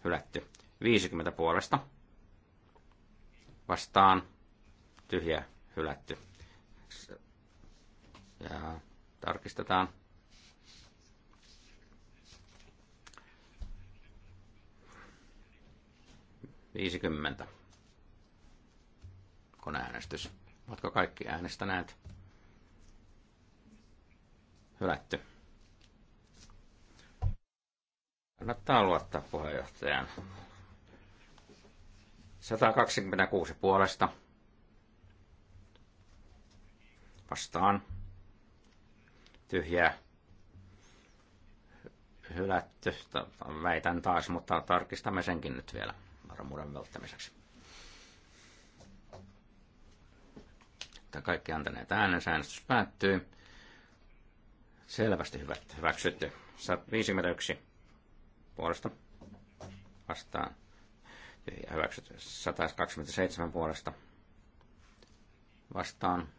hylätty. 50 puolesta vastaan, tyhjä hylätty. Ja tarkistetaan. Viisikymmentä. Koneäänestys. Oletko kaikki äänestäneet? Hylätty. Kannattaa luottaa puheenjohtajan. 126 puolesta vastaan Tyhjä hylätty, väitän taas, mutta tarkistamme senkin nyt vielä varmuuden välttämiseksi. kaikki antaneet äänensä, äänestys päättyy. Selvästi hyvät, hyväksytty. 151 puolesta vastaan. hyväksytty 127 puolesta vastaan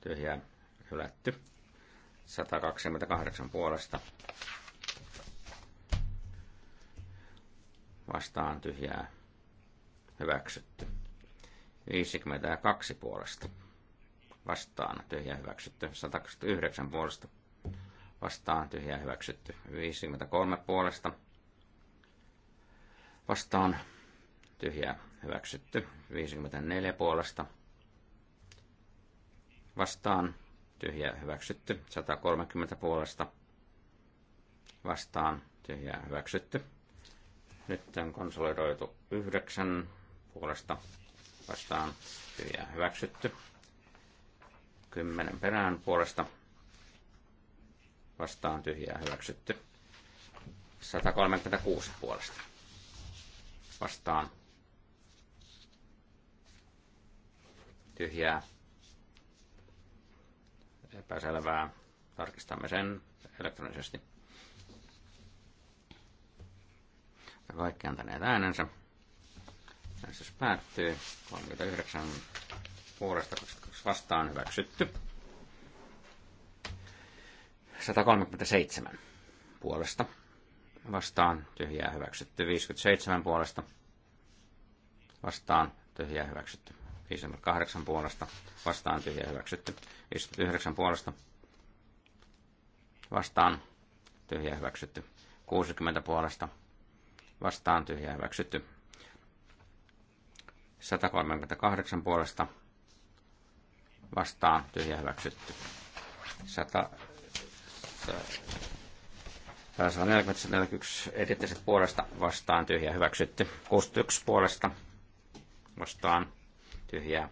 tyhjää hylätty. 128 puolesta vastaan tyhjää hyväksytty. 52 puolesta vastaan tyhjää hyväksytty. 129 puolesta vastaan tyhjää hyväksytty. 53 puolesta vastaan tyhjää hyväksytty. 54 puolesta vastaan, tyhjä hyväksytty. 130 puolesta vastaan, tyhjä hyväksytty. Nyt on konsolidoitu 9 puolesta vastaan, tyhjä hyväksytty. 10 perään puolesta vastaan, tyhjää hyväksytty. 136 puolesta vastaan, tyhjää epäselvää. Tarkistamme sen elektronisesti. Kaikki antaneet äänensä. Äänestys päättyy. 39 puolesta 22 vastaan hyväksytty. 137 puolesta vastaan tyhjää hyväksytty. 57 puolesta vastaan tyhjää hyväksytty. 58 puolesta vastaan tyhjä hyväksytty. 59 puolesta vastaan tyhjä hyväksytty. 60 puolesta vastaan tyhjä hyväksytty. 138 puolesta vastaan tyhjä hyväksytty. 100, 141 edettiset puolesta vastaan tyhjä hyväksytty. 61 puolesta vastaan tyhjää.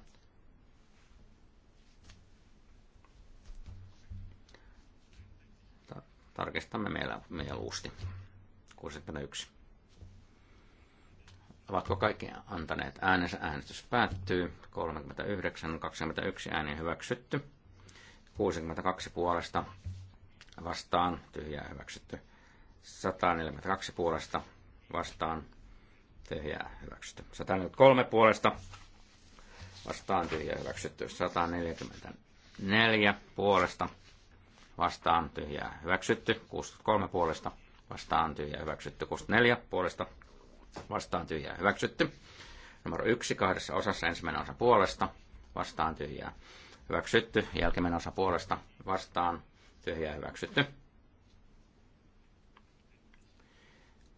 Tarkistamme meillä luusti. 61. Ovatko kaikki antaneet äänensä? Äänestys päättyy. 39, 21 ääni hyväksytty. 62 puolesta vastaan, tyhjää hyväksytty. 142 puolesta vastaan, tyhjää hyväksytty. 143 puolesta vastaan tyhjä hyväksytty 144 puolesta vastaan tyhjä hyväksytty 63 puolesta vastaan tyhjä hyväksytty 64 puolesta vastaan tyhjä hyväksytty numero 1 kahdessa osassa ensimmäinen osa puolesta vastaan tyhjää hyväksytty jälkimmäinen osa puolesta vastaan tyhjää hyväksytty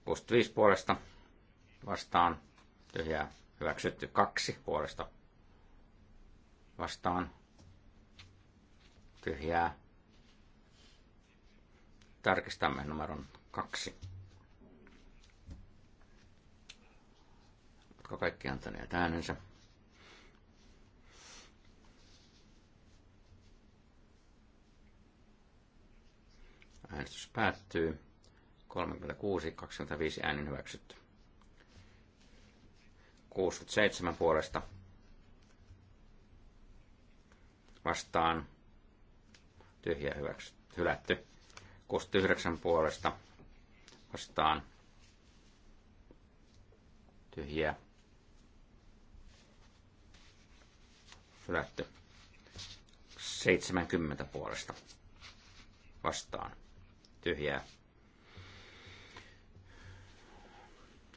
65 puolesta vastaan tyhjää hyväksytty kaksi puolesta vastaan tyhjää. Tarkistamme numeron kaksi. Oletko kaikki antaneet äänensä? Äänestys päättyy. 36-25 äänin hyväksytty. 67 puolesta vastaan tyhjä hyväksy, hylätty. 69 puolesta vastaan tyhjä hylätty. 70 puolesta vastaan tyhjä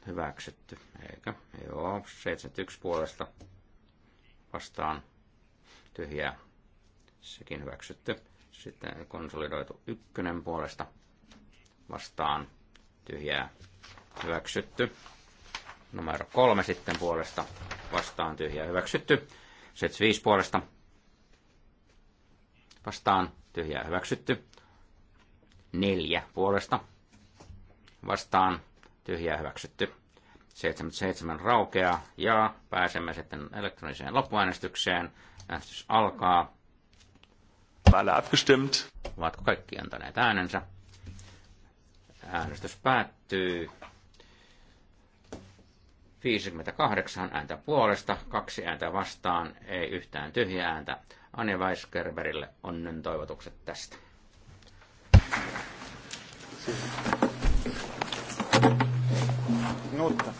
hyväksytty, eikö? Joo, 71 puolesta vastaan tyhjää sekin hyväksytty. Sitten konsolidoitu ykkönen puolesta vastaan tyhjää hyväksytty. Numero kolme sitten puolesta vastaan tyhjää hyväksytty. 75 puolesta vastaan tyhjää hyväksytty. Neljä puolesta vastaan tyhjää hyväksytty. 77 raukeaa ja pääsemme sitten elektroniseen loppuäänestykseen. Äänestys alkaa. Haben alle abgestimmt? Ovatko kaikki antaneet äänensä? Äänestys päättyy. 58 ääntä puolesta, kaksi ääntä vastaan, ei yhtään tyhjää ääntä. Anne Weiskerberille onnen toivotukset tästä. Nutta.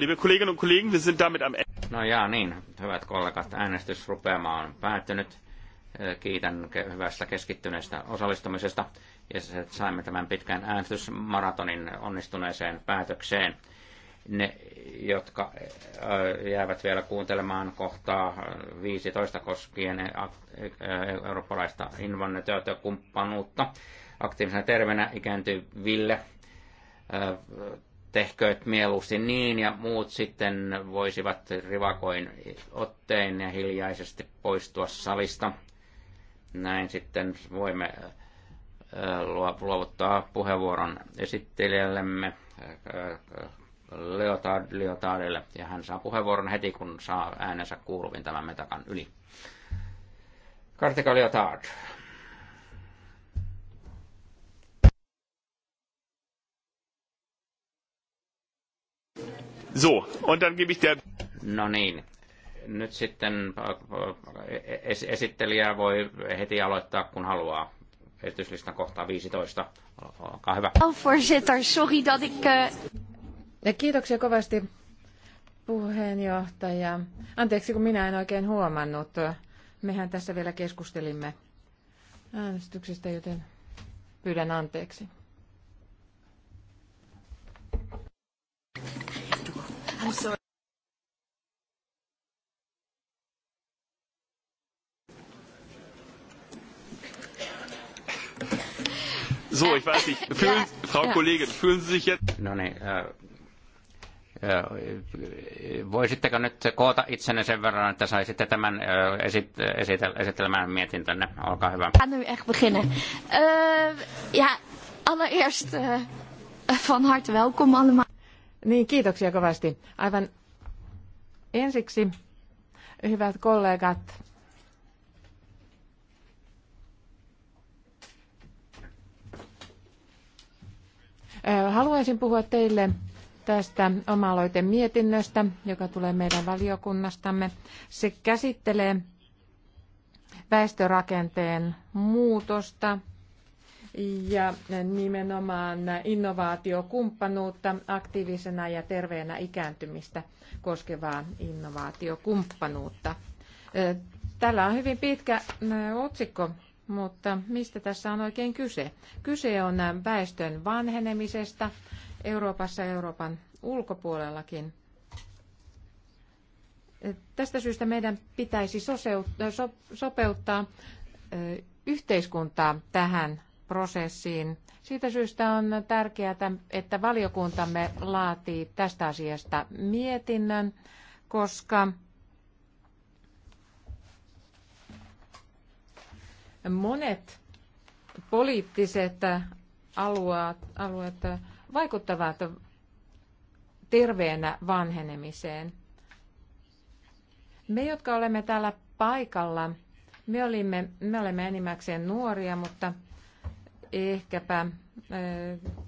liebe Kolleginnen und Kollegen, wir sind damit am Ende. No jaa, niin, hyvät kollegat, äänestysrupeama on päättynyt. Kiitän hyvästä keskittyneestä osallistumisesta ja saimme tämän pitkän äänestysmaratonin onnistuneeseen päätökseen. Ne, jotka jäävät vielä kuuntelemaan kohtaa 15 koskien e-, e-, eurooppalaista invannetyötä kumppanuutta aktiivisena terveenä ikääntyville tehkööt mieluusti niin, ja muut sitten voisivat rivakoin otteen ja hiljaisesti poistua salista. Näin sitten voimme luovuttaa puheenvuoron esittelijällemme Leotard, Leotardille, ja hän saa puheenvuoron heti, kun saa äänensä kuuluvin tämän metakan yli. Kartika Leotard. So, und dann gebe ich der... No niin, nyt sitten äh, äh, esittelijä voi heti aloittaa, kun haluaa. Esityslistan kohtaa 15. Olkaa hyvä. Voorzitter, sorry dat ik... Eh, ja kiitoksia kovasti puheenjohtaja. Anteeksi, kun minä en oikein huomannut. Mehän tässä vielä keskustelimme äänestyksestä, joten pyydän anteeksi. also So, ich weiß nicht. Fühlen, ja, Frau ja. Kollegin, fühlen Sie sich jetzt... No niin, äh, äh, voisitteko nyt koota itsenne sen verran, että saisitte tämän äh, esit, esitel, esitelmään mietintönne? Olkaa hyvä. Hän nu echt beginnen. Uh, ja, allereerst uh, van harte welkom allemaal. Niin, kiitoksia kovasti. Aivan ensiksi, hyvät kollegat, Haluaisin puhua teille tästä oma mietinnöstä, joka tulee meidän valiokunnastamme. Se käsittelee väestörakenteen muutosta ja nimenomaan innovaatiokumppanuutta aktiivisena ja terveenä ikääntymistä koskevaa innovaatiokumppanuutta. Tällä on hyvin pitkä otsikko, mutta mistä tässä on oikein kyse? Kyse on väestön vanhenemisesta Euroopassa ja Euroopan ulkopuolellakin. Tästä syystä meidän pitäisi sopeuttaa yhteiskuntaa tähän prosessiin. Siitä syystä on tärkeää, että valiokuntamme laatii tästä asiasta mietinnön, koska monet poliittiset alueet, alueet vaikuttavat terveenä vanhenemiseen. Me, jotka olemme täällä paikalla, me, olimme, me olemme enimmäkseen nuoria, mutta ehkäpä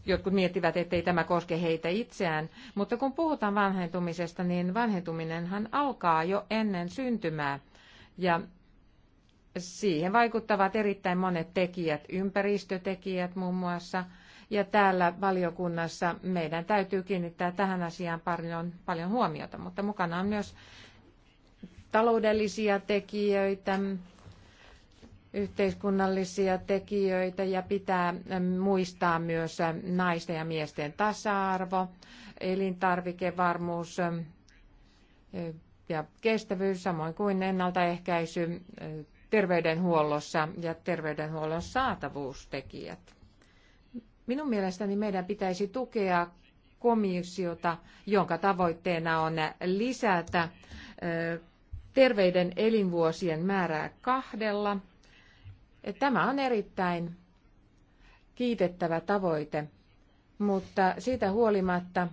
jotkut miettivät, ettei tämä koske heitä itseään, mutta kun puhutaan vanhentumisesta, niin vanhentuminenhan alkaa jo ennen syntymää ja siihen vaikuttavat erittäin monet tekijät, ympäristötekijät muun muassa, ja täällä valiokunnassa meidän täytyy kiinnittää tähän asiaan paljon, paljon huomiota, mutta mukana on myös taloudellisia tekijöitä, yhteiskunnallisia tekijöitä ja pitää muistaa myös naisten ja miesten tasa-arvo, elintarvikevarmuus ja kestävyys, samoin kuin ennaltaehkäisy terveydenhuollossa ja terveydenhuollon saatavuustekijät. Minun mielestäni meidän pitäisi tukea komissiota, jonka tavoitteena on lisätä terveyden elinvuosien määrää kahdella Tämä on erittäin kiitettävä tavoite, mutta siitä huolimatta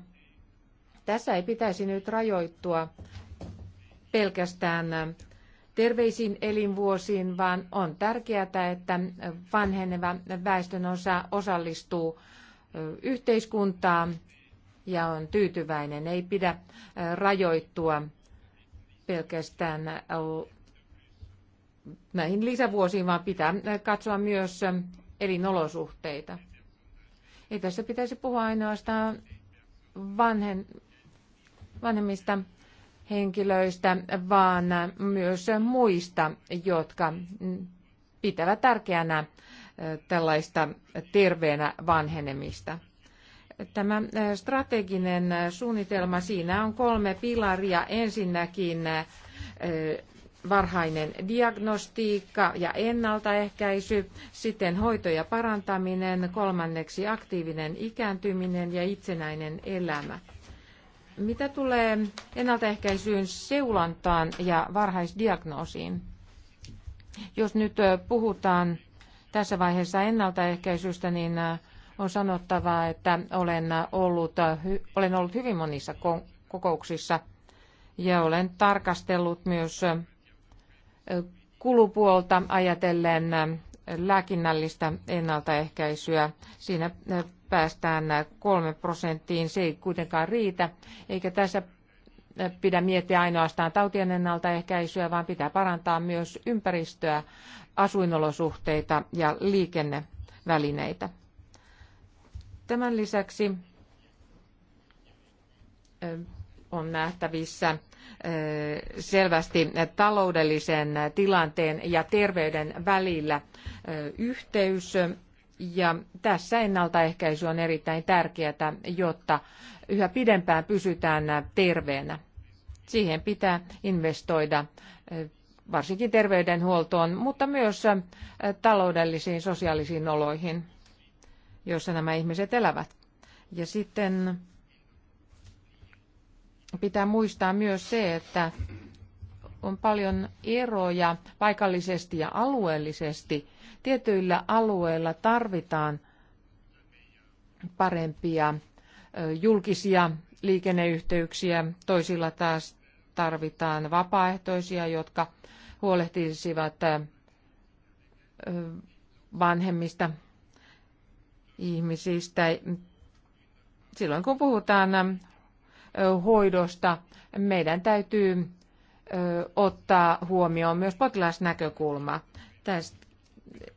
tässä ei pitäisi nyt rajoittua pelkästään terveisiin elinvuosiin, vaan on tärkeää, että vanheneva väestön osa osallistuu yhteiskuntaan ja on tyytyväinen. Ei pidä rajoittua pelkästään näihin lisävuosiin, vaan pitää katsoa myös ähm, elinolosuhteita. Ei tässä pitäisi puhua ainoastaan vanhen, vanhemmista henkilöistä, vaan äh, myös muista, jotka mm, pitävät tärkeänä äh, tällaista terveenä vanhenemista. Tämä äh, strateginen suunnitelma, siinä on kolme pilaria. Ensinnäkin varhainen diagnostiikka ja ennaltaehkäisy, sitten hoito ja parantaminen, kolmanneksi aktiivinen ikääntyminen ja itsenäinen elämä. Mitä tulee ennaltaehkäisyyn, seulantaan ja varhaisdiagnoosiin? Jos nyt puhutaan tässä vaiheessa ennaltaehkäisystä, niin on sanottava, että olen ollut, olen ollut hyvin monissa kokouksissa ja olen tarkastellut myös kulupuolta ajatellen lääkinnällistä ennaltaehkäisyä. Siinä päästään kolme prosenttiin. Se ei kuitenkaan riitä, eikä tässä pidä miettiä ainoastaan tautien ennaltaehkäisyä, vaan pitää parantaa myös ympäristöä, asuinolosuhteita ja liikennevälineitä. Tämän lisäksi on nähtävissä Eh, selvästi taloudellisen tilanteen ja terveyden välillä eh, yhteys. Ja tässä ennaltaehkäisy on erittäin tärkeää, jotta yhä pidempään pysytään terveenä. Siihen pitää investoida eh, varsinkin terveydenhuoltoon, mutta myös taloudellisiin, sosiaalisiin oloihin, joissa nämä ihmiset elävät. Ja sitten pitää muistaa myös se, että on paljon eroja paikallisesti ja alueellisesti. Tietyillä alueilla tarvitaan parempia julkisia liikenneyhteyksiä, toisilla taas tarvitaan vapaaehtoisia, jotka huolehtisivat vanhemmista ihmisistä. Silloin kun puhutaan hoidosta meidän täytyy ottaa huomioon myös potilasnäkökulma. Tästä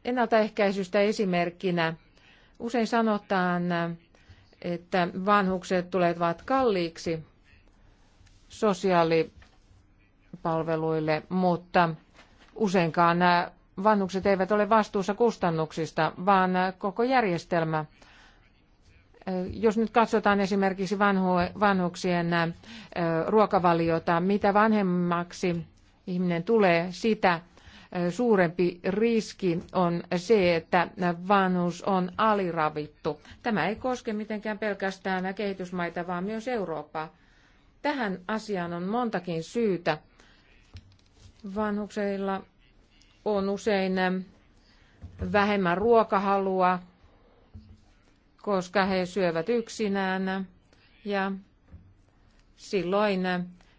ennaltaehkäisystä esimerkkinä usein sanotaan, että vanhukset tulevat kalliiksi sosiaalipalveluille, mutta useinkaan nämä vanhukset eivät ole vastuussa kustannuksista, vaan koko järjestelmä jos nyt katsotaan esimerkiksi vanhuksien ruokavaliota, mitä vanhemmaksi ihminen tulee, sitä suurempi riski on se, että vanhus on aliravittu. Tämä ei koske mitenkään pelkästään kehitysmaita, vaan myös Eurooppaa. Tähän asiaan on montakin syytä. Vanhuksilla on usein vähemmän ruokahalua, koska he syövät yksinään ja silloin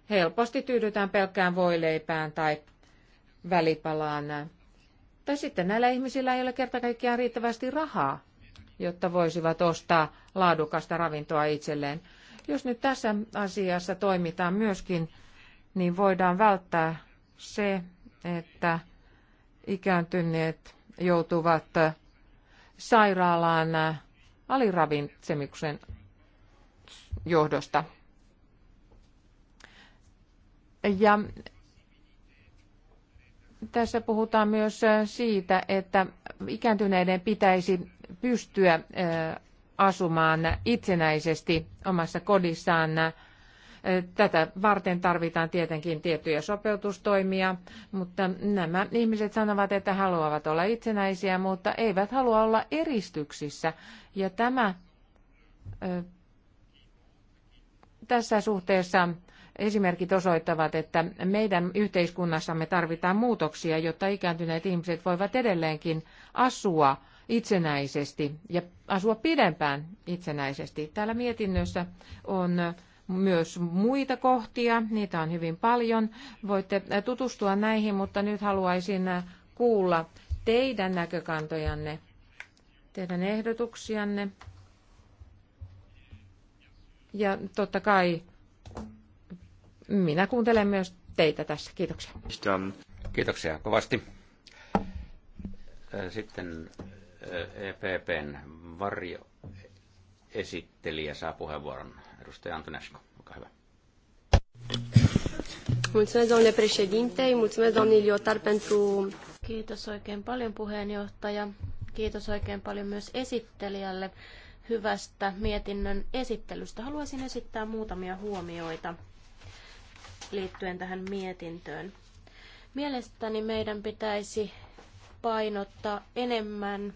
helposti tyydytään pelkkään voileipään tai välipalaan. Tai sitten näillä ihmisillä ei ole kerta kaikkiaan riittävästi rahaa, jotta voisivat ostaa laadukasta ravintoa itselleen. Jos nyt tässä asiassa toimitaan myöskin, niin voidaan välttää se, että ikääntyneet joutuvat sairaalaan aliravitsemuksen johdosta. Ja tässä puhutaan myös äh, siitä, että ikääntyneiden pitäisi pystyä äh, asumaan itsenäisesti omassa kodissaan Tätä varten tarvitaan tietenkin tiettyjä sopeutustoimia, mutta nämä ihmiset sanovat, että haluavat olla itsenäisiä, mutta eivät halua olla eristyksissä. Ja tämä tässä suhteessa esimerkit osoittavat, että meidän yhteiskunnassamme tarvitaan muutoksia, jotta ikääntyneet ihmiset voivat edelleenkin asua itsenäisesti ja asua pidempään itsenäisesti. Täällä mietinnössä on myös muita kohtia, niitä on hyvin paljon. Voitte tutustua näihin, mutta nyt haluaisin kuulla teidän näkökantojanne, teidän ehdotuksianne. Ja totta kai minä kuuntelen myös teitä tässä. Kiitoksia. Kiitoksia kovasti. Sitten EPPn varjo esittelijä saa puheenvuoron. Edustaja Antonescu, olkaa hyvä. Mulțumesc, domnule președinte, mulțumesc, Liotar, pentru... Kiitos oikein paljon puheenjohtaja. Kiitos oikein paljon myös esittelijälle hyvästä mietinnön esittelystä. Haluaisin esittää muutamia huomioita liittyen tähän mietintöön. Mielestäni meidän pitäisi painottaa enemmän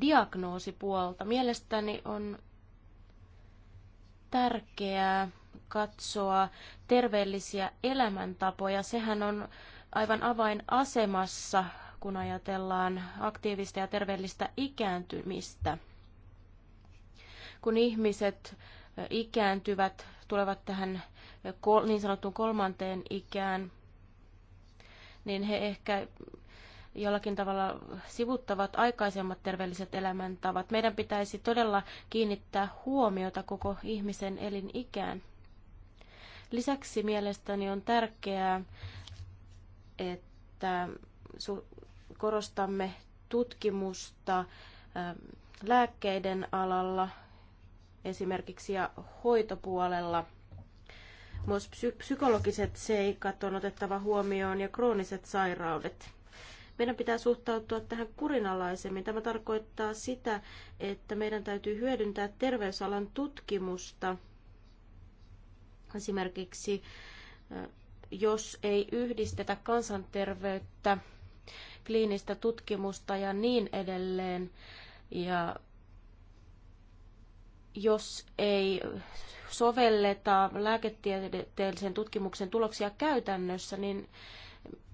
diagnoosipuolta. Mielestäni on tärkeää katsoa terveellisiä elämäntapoja. Sehän on aivan avainasemassa, kun ajatellaan aktiivista ja terveellistä ikääntymistä. Kun ihmiset ikääntyvät, tulevat tähän niin sanottuun kolmanteen ikään, niin he ehkä jollakin tavalla sivuttavat aikaisemmat terveelliset elämäntavat. Meidän pitäisi todella kiinnittää huomiota koko ihmisen elinikään. Lisäksi mielestäni on tärkeää, että korostamme tutkimusta ähm, lääkkeiden alalla esimerkiksi ja hoitopuolella. Myös psykologiset seikat on otettava huomioon ja krooniset sairaudet. Meidän pitää suhtautua tähän kurinalaisemmin. Tämä tarkoittaa sitä, että meidän täytyy hyödyntää terveysalan tutkimusta. Esimerkiksi jos ei yhdistetä kansanterveyttä, kliinistä tutkimusta ja niin edelleen, ja jos ei sovelleta lääketieteellisen tutkimuksen tuloksia käytännössä, niin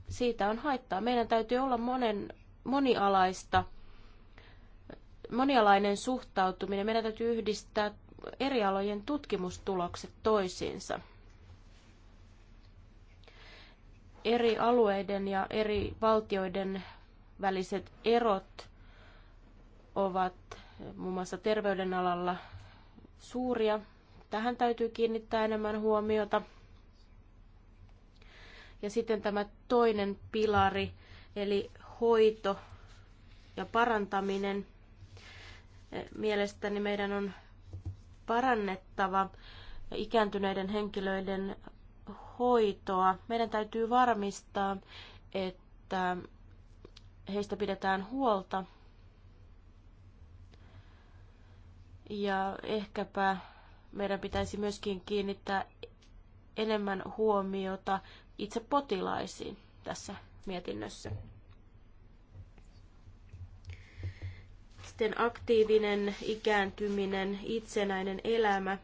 siitä on haittaa. Meidän täytyy olla monen, monialaista, monialainen suhtautuminen. Meidän täytyy yhdistää eri alojen tutkimustulokset toisiinsa. Eri alueiden ja eri valtioiden väliset erot ovat muun muassa terveydenalalla suuria. Tähän täytyy kiinnittää enemmän huomiota. Ja sitten tämä toinen pilari, eli hoito ja parantaminen. E, mielestäni meidän on parannettava ikääntyneiden henkilöiden hoitoa. Meidän täytyy varmistaa, että heistä pidetään huolta. Ja ehkäpä meidän pitäisi myöskin kiinnittää enemmän huomiota itse potilaisiin tässä mietinnössä. Sitten aktiivinen ikääntyminen, itsenäinen elämä.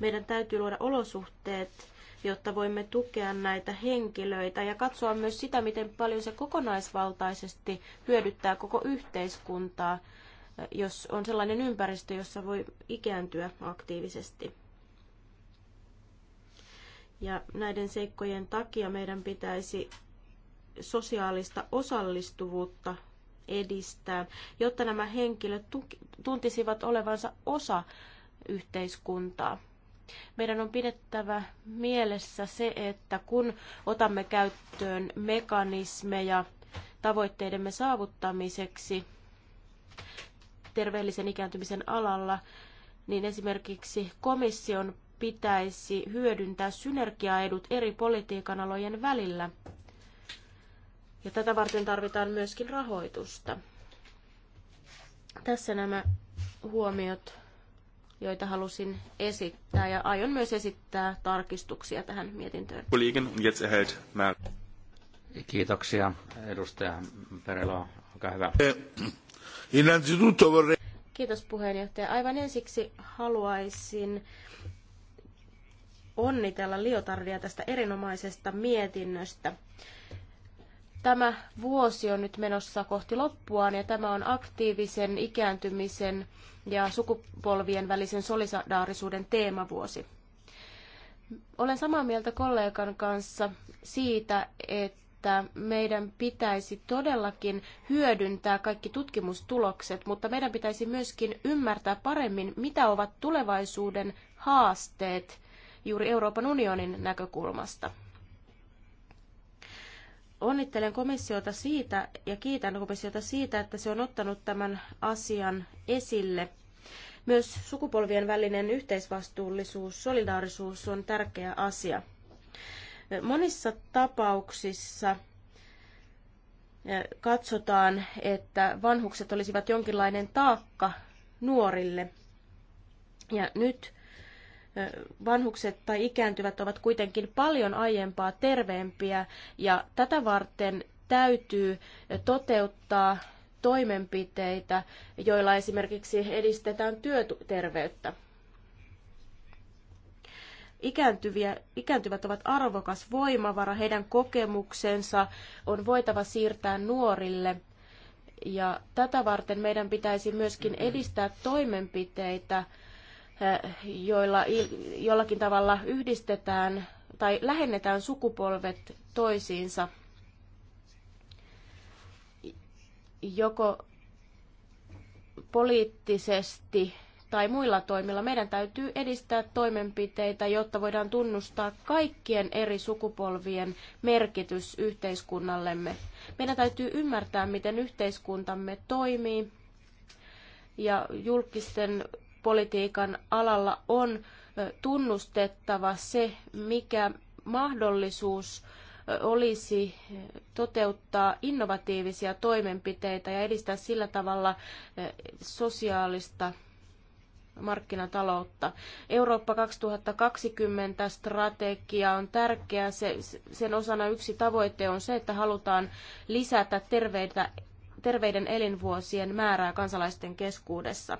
Meidän täytyy luoda olosuhteet, jotta voimme tukea näitä henkilöitä ja katsoa myös sitä, miten paljon se kokonaisvaltaisesti hyödyttää koko yhteiskuntaa, jos on sellainen ympäristö, jossa voi ikääntyä aktiivisesti. Ja näiden seikkojen takia meidän pitäisi sosiaalista osallistuvuutta edistää, jotta nämä henkilöt tuntisivat olevansa osa yhteiskuntaa. Meidän on pidettävä mielessä se, että kun otamme käyttöön mekanismeja tavoitteidemme saavuttamiseksi terveellisen ikääntymisen alalla, niin esimerkiksi komission pitäisi hyödyntää synergiaedut eri politiikan alojen välillä. Ja tätä varten tarvitaan myöskin rahoitusta. Tässä nämä huomiot, joita halusin esittää ja aion myös esittää tarkistuksia tähän mietintöön. Kiitoksia edustaja Perelo, olkaa hyvä. Eh, Kiitos puheenjohtaja. Aivan ensiksi haluaisin onnitella Liotardia tästä erinomaisesta mietinnöstä. Tämä vuosi on nyt menossa kohti loppuaan ja tämä on aktiivisen ikääntymisen ja sukupolvien välisen solidaarisuuden teemavuosi. Olen samaa mieltä kollegan kanssa siitä, että meidän pitäisi todellakin hyödyntää kaikki tutkimustulokset, mutta meidän pitäisi myöskin ymmärtää paremmin, mitä ovat tulevaisuuden haasteet juuri Euroopan unionin näkökulmasta. Onnittelen komissiota siitä ja kiitän komissiota siitä, että se on ottanut tämän asian esille. Myös sukupolvien välinen yhteisvastuullisuus, solidaarisuus on tärkeä asia. Monissa tapauksissa e, katsotaan, että vanhukset olisivat jonkinlainen taakka nuorille. Ja nyt vanhukset tai ikääntyvät ovat kuitenkin paljon aiempaa terveempiä ja tätä varten täytyy toteuttaa toimenpiteitä, joilla esimerkiksi edistetään työterveyttä. Ikääntyviä, ikääntyvät ovat arvokas voimavara, heidän kokemuksensa on voitava siirtää nuorille. Ja tätä varten meidän pitäisi myöskin edistää toimenpiteitä, joilla jollakin tavalla yhdistetään tai lähennetään sukupolvet toisiinsa joko poliittisesti tai muilla toimilla. Meidän täytyy edistää toimenpiteitä, jotta voidaan tunnustaa kaikkien eri sukupolvien merkitys yhteiskunnallemme. Meidän täytyy ymmärtää, miten yhteiskuntamme toimii ja julkisten politiikan alalla on tunnustettava se, mikä mahdollisuus olisi toteuttaa innovatiivisia toimenpiteitä ja edistää sillä tavalla sosiaalista markkinataloutta. Eurooppa 2020 strategia on tärkeä. sen osana yksi tavoite on se, että halutaan lisätä terveitä, terveiden elinvuosien määrää kansalaisten keskuudessa.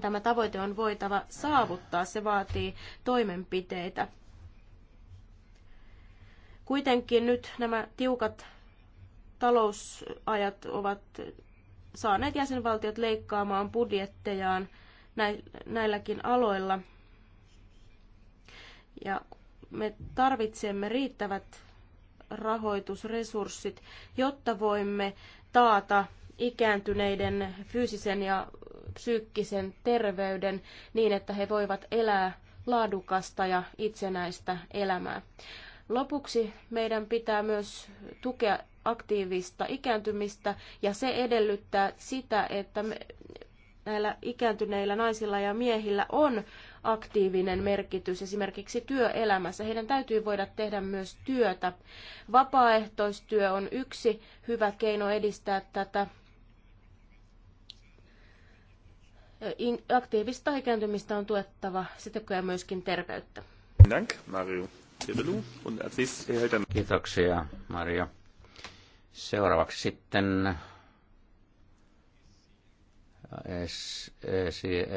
Tämä tavoite on voitava saavuttaa, se vaatii toimenpiteitä. Kuitenkin nyt nämä tiukat talousajat ovat saaneet jäsenvaltiot leikkaamaan budjettejaan näilläkin aloilla. Ja me tarvitsemme riittävät rahoitusresurssit, jotta voimme taata ikääntyneiden fyysisen ja psyykkisen terveyden niin, että he voivat elää laadukasta ja itsenäistä elämää. Lopuksi meidän pitää myös tukea aktiivista ikääntymistä ja se edellyttää sitä, että me, näillä ikääntyneillä naisilla ja miehillä on aktiivinen merkitys esimerkiksi työelämässä. Heidän täytyy voida tehdä myös työtä. Vapaaehtoistyö on yksi hyvä keino edistää tätä aktiivista ikääntymistä on tuettava, sitäköä myöskin terveyttä. Er- Kiitoksia, Mario. Seuraavaksi sitten äh,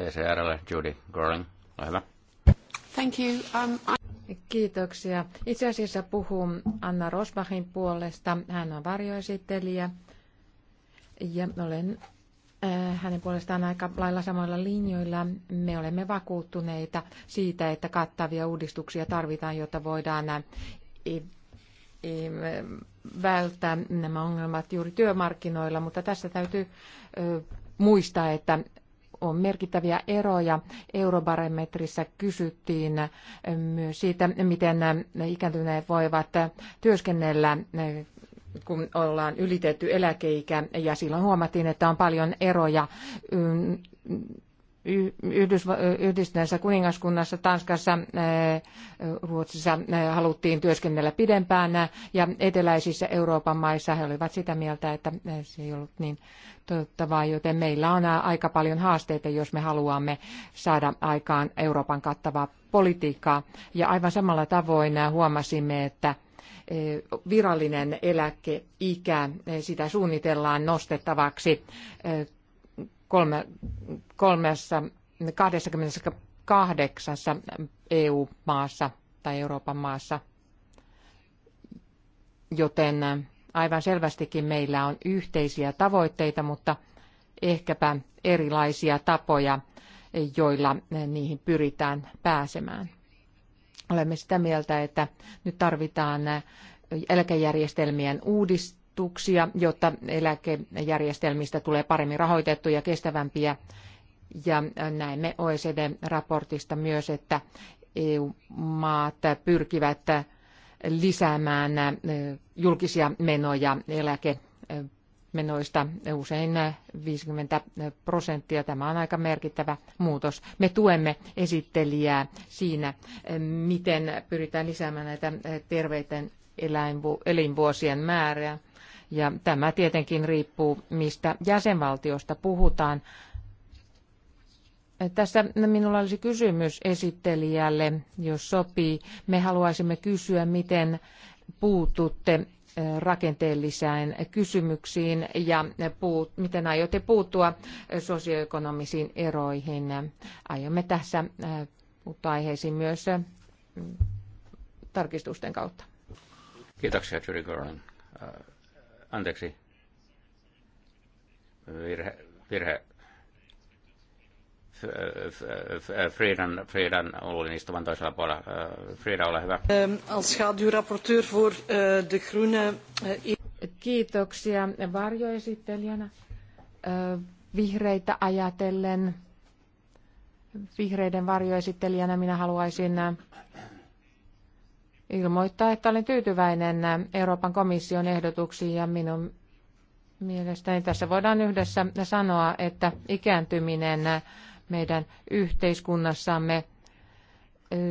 ECRL Judy Gorling. Ole hyvä. Thank you. Um, I... Kiitoksia. Itse asiassa puhun Anna Rosbachin puolesta. Hän on varjoesittelijä ja olen Äh, hänen puolestaan aika lailla samoilla linjoilla. Me olemme vakuuttuneita siitä, että kattavia uudistuksia tarvitaan, jotta voidaan äh, välttää nämä ongelmat juuri työmarkkinoilla, mutta tässä täytyy muistaa, että on merkittäviä eroja. Eurobarometrissä kysyttiin äh, myös siitä, miten ikääntyneet voivat työskennellä kun ollaan ylitetty eläkeikä ja silloin huomattiin, että on paljon eroja mm, Yhdistyneessä kuningaskunnassa, Tanskassa, Ruotsissa haluttiin työskennellä pidempään ja eteläisissä Euroopan maissa he olivat sitä mieltä, että se ei ollut niin toivottavaa, joten meillä on aika paljon haasteita, jos me haluamme saada aikaan Euroopan kattavaa politiikkaa. Ja aivan samalla tavoin huomasimme, että Eh, virallinen eläkeikä, eh, sitä suunnitellaan nostettavaksi 28 eh, EU-maassa tai Euroopan maassa, joten aivan selvästikin meillä on yhteisiä tavoitteita, mutta ehkäpä erilaisia tapoja, joilla niihin pyritään pääsemään. Olemme sitä mieltä, että nyt tarvitaan eläkejärjestelmien uudistuksia, jotta eläkejärjestelmistä tulee paremmin rahoitettuja ja kestävämpiä. Ja näemme OECD-raportista myös, että EU-maat pyrkivät lisäämään julkisia menoja eläke menoista usein 50 prosenttia. Tämä on aika merkittävä muutos. Me tuemme esittelijää siinä, miten pyritään lisäämään näitä terveiden elinvuosien määrää. Ja tämä tietenkin riippuu, mistä jäsenvaltiosta puhutaan. Tässä minulla olisi kysymys esittelijälle, jos sopii. Me haluaisimme kysyä, miten puututte rakenteellisiin kysymyksiin ja puut, miten aiotte puuttua sosioekonomisiin eroihin. Aiomme tässä äh, puuttua aiheisiin myös äh, tarkistusten kautta. Kiitoksia, Judy Goran. Äh, anteeksi. Virhe, virhe Friedan, Friedan Oulun istuvan toisella puolella. Äh, Frieda, ole hyvä. Ähm, als schaduwrapporteur voor äh, de Groene... Äh, Kiitoksia varjoesittelijänä vihreitä ajatellen. Vihreiden varjoesittelijänä minä haluaisin ilmoittaa, että olen tyytyväinen Euroopan komission ehdotuksiin ja minun mielestäni tässä voidaan yhdessä sanoa, että ikääntyminen meidän yhteiskunnassamme.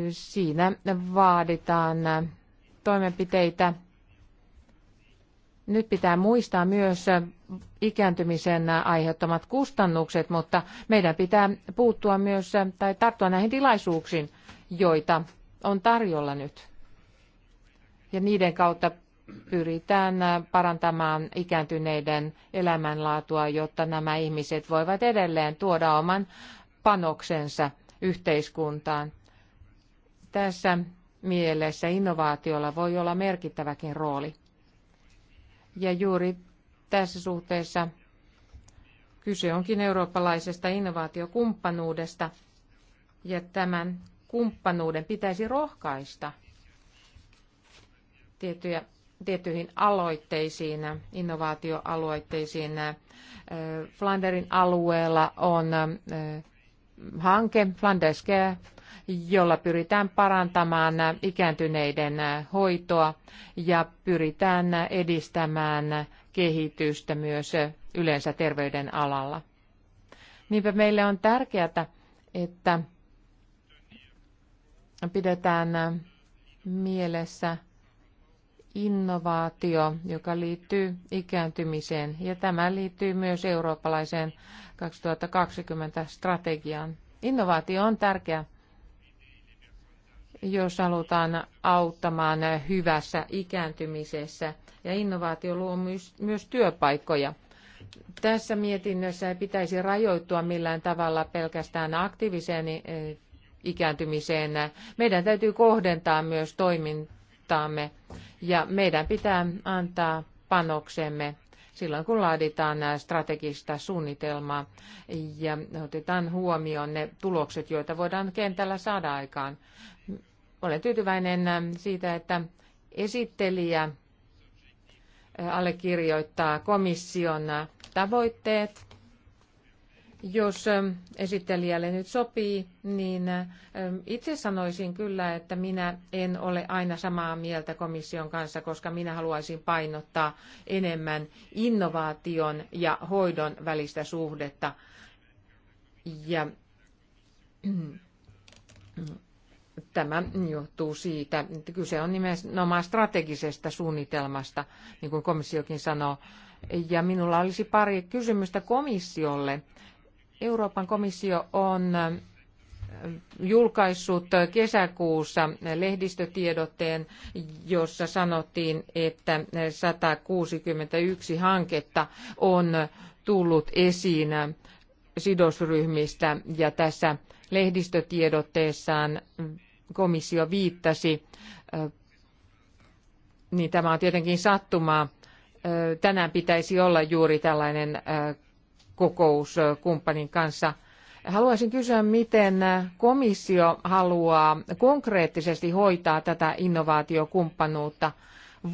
Siinä vaaditaan toimenpiteitä. Nyt pitää muistaa myös ikääntymisen aiheuttamat kustannukset, mutta meidän pitää puuttua myös tai tarttua näihin tilaisuuksiin, joita on tarjolla nyt. Ja niiden kautta pyritään parantamaan ikääntyneiden elämänlaatua, jotta nämä ihmiset voivat edelleen tuoda oman panoksensa yhteiskuntaan. Tässä mielessä innovaatiolla voi olla merkittäväkin rooli. Ja juuri tässä suhteessa kyse onkin eurooppalaisesta innovaatiokumppanuudesta, ja tämän kumppanuuden pitäisi rohkaista tiettyjä, tiettyihin aloitteisiin, innovaatioaloitteisiin. Flanderin alueella on hanke Flanders Care, jolla pyritään parantamaan ikääntyneiden hoitoa ja pyritään edistämään kehitystä myös yleensä terveyden alalla. Niinpä meille on tärkeää, että pidetään mielessä innovaatio, joka liittyy ikääntymiseen. Ja tämä liittyy myös eurooppalaiseen 2020-strategiaan. Innovaatio on tärkeä, jos halutaan auttamaan hyvässä ikääntymisessä. Ja innovaatio luo myös, myös työpaikkoja. Tässä mietinnössä ei pitäisi rajoittua millään tavalla pelkästään aktiiviseen eh, ikääntymiseen. Meidän täytyy kohdentaa myös toimintaa kohtaamme ja meidän pitää antaa panoksemme silloin, kun laaditaan strategista suunnitelmaa ja otetaan huomioon ne tulokset, joita voidaan kentällä saada aikaan. Olen tyytyväinen siitä, että esittelijä allekirjoittaa komission tavoitteet jos ähm, esittelijälle nyt sopii, niin ähm, itse sanoisin kyllä, että minä en ole aina samaa mieltä komission kanssa, koska minä haluaisin painottaa enemmän innovaation ja hoidon välistä suhdetta. Ja tämä johtuu siitä, että kyse on nimenomaan strategisesta suunnitelmasta, niin kuin komissiokin sanoo. Ja minulla olisi pari kysymystä komissiolle Euroopan komissio on julkaissut kesäkuussa lehdistötiedotteen, jossa sanottiin, että 161 hanketta on tullut esiin sidosryhmistä ja tässä lehdistötiedotteessaan komissio viittasi, niin tämä on tietenkin sattumaa. Tänään pitäisi olla juuri tällainen kokous kumppanin kanssa. Haluaisin kysyä, miten komissio haluaa konkreettisesti hoitaa tätä innovaatiokumppanuutta.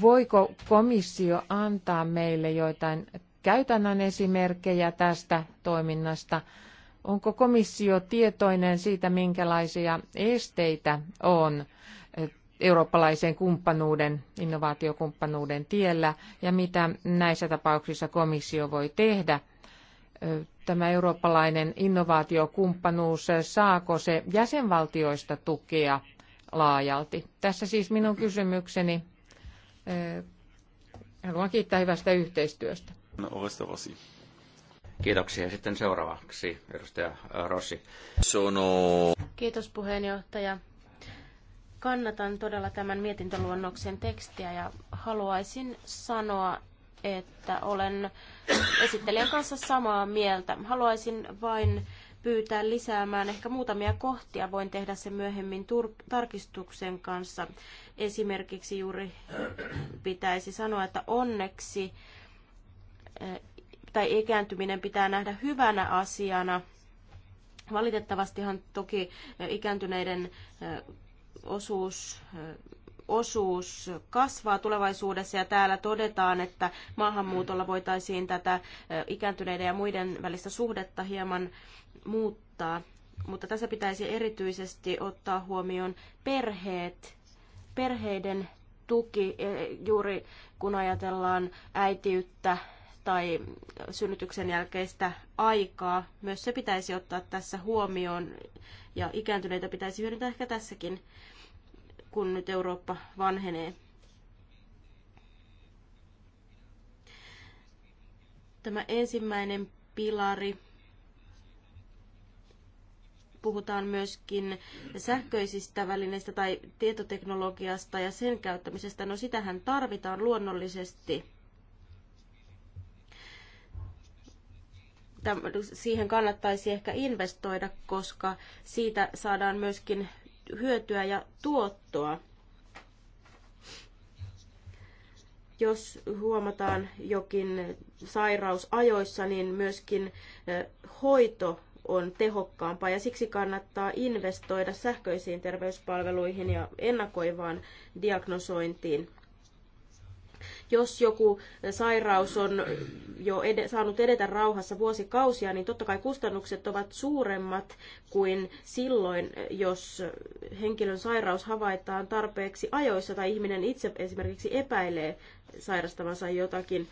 Voiko komissio antaa meille joitain käytännön esimerkkejä tästä toiminnasta? Onko komissio tietoinen siitä, minkälaisia esteitä on eurooppalaisen kumppanuuden, innovaatiokumppanuuden tiellä ja mitä näissä tapauksissa komissio voi tehdä tämä eurooppalainen innovaatiokumppanuus, saako se jäsenvaltioista tukea laajalti? Tässä siis minun kysymykseni. Haluan kiittää hyvästä yhteistyöstä. No, Kiitoksia. Sitten seuraavaksi edustaja Rossi. Sono. Kiitos puheenjohtaja. Kannatan todella tämän mietintöluonnoksen tekstiä ja haluaisin sanoa, että olen esittelijän kanssa samaa mieltä. Haluaisin vain pyytää lisäämään ehkä muutamia kohtia. Voin tehdä sen myöhemmin tarkistuksen kanssa. Esimerkiksi juuri pitäisi sanoa, että onneksi eh, tai ikääntyminen pitää nähdä hyvänä asiana. Valitettavastihan toki eh, ikääntyneiden eh, osuus osuus kasvaa tulevaisuudessa ja täällä todetaan, että maahanmuutolla voitaisiin tätä ikääntyneiden ja muiden välistä suhdetta hieman muuttaa. Mutta tässä pitäisi erityisesti ottaa huomioon perheet, perheiden tuki e, juuri kun ajatellaan äitiyttä tai synnytyksen jälkeistä aikaa. Myös se pitäisi ottaa tässä huomioon ja ikääntyneitä pitäisi hyödyntää ehkä tässäkin kun nyt Eurooppa vanhenee. Tämä ensimmäinen pilari. Puhutaan myöskin sähköisistä välineistä tai tietoteknologiasta ja sen käyttämisestä. No sitähän tarvitaan luonnollisesti. siihen kannattaisi ehkä investoida, koska siitä saadaan myöskin hyötyä ja tuottoa. Jos huomataan jokin sairaus ajoissa, niin myöskin hoito on tehokkaampaa ja siksi kannattaa investoida sähköisiin terveyspalveluihin ja ennakoivaan diagnosointiin. Jos joku sairaus on jo ed- saanut edetä rauhassa vuosikausia, niin totta kai kustannukset ovat suuremmat kuin silloin, jos henkilön sairaus havaitaan tarpeeksi ajoissa tai ihminen itse esimerkiksi epäilee sairastavansa jotakin.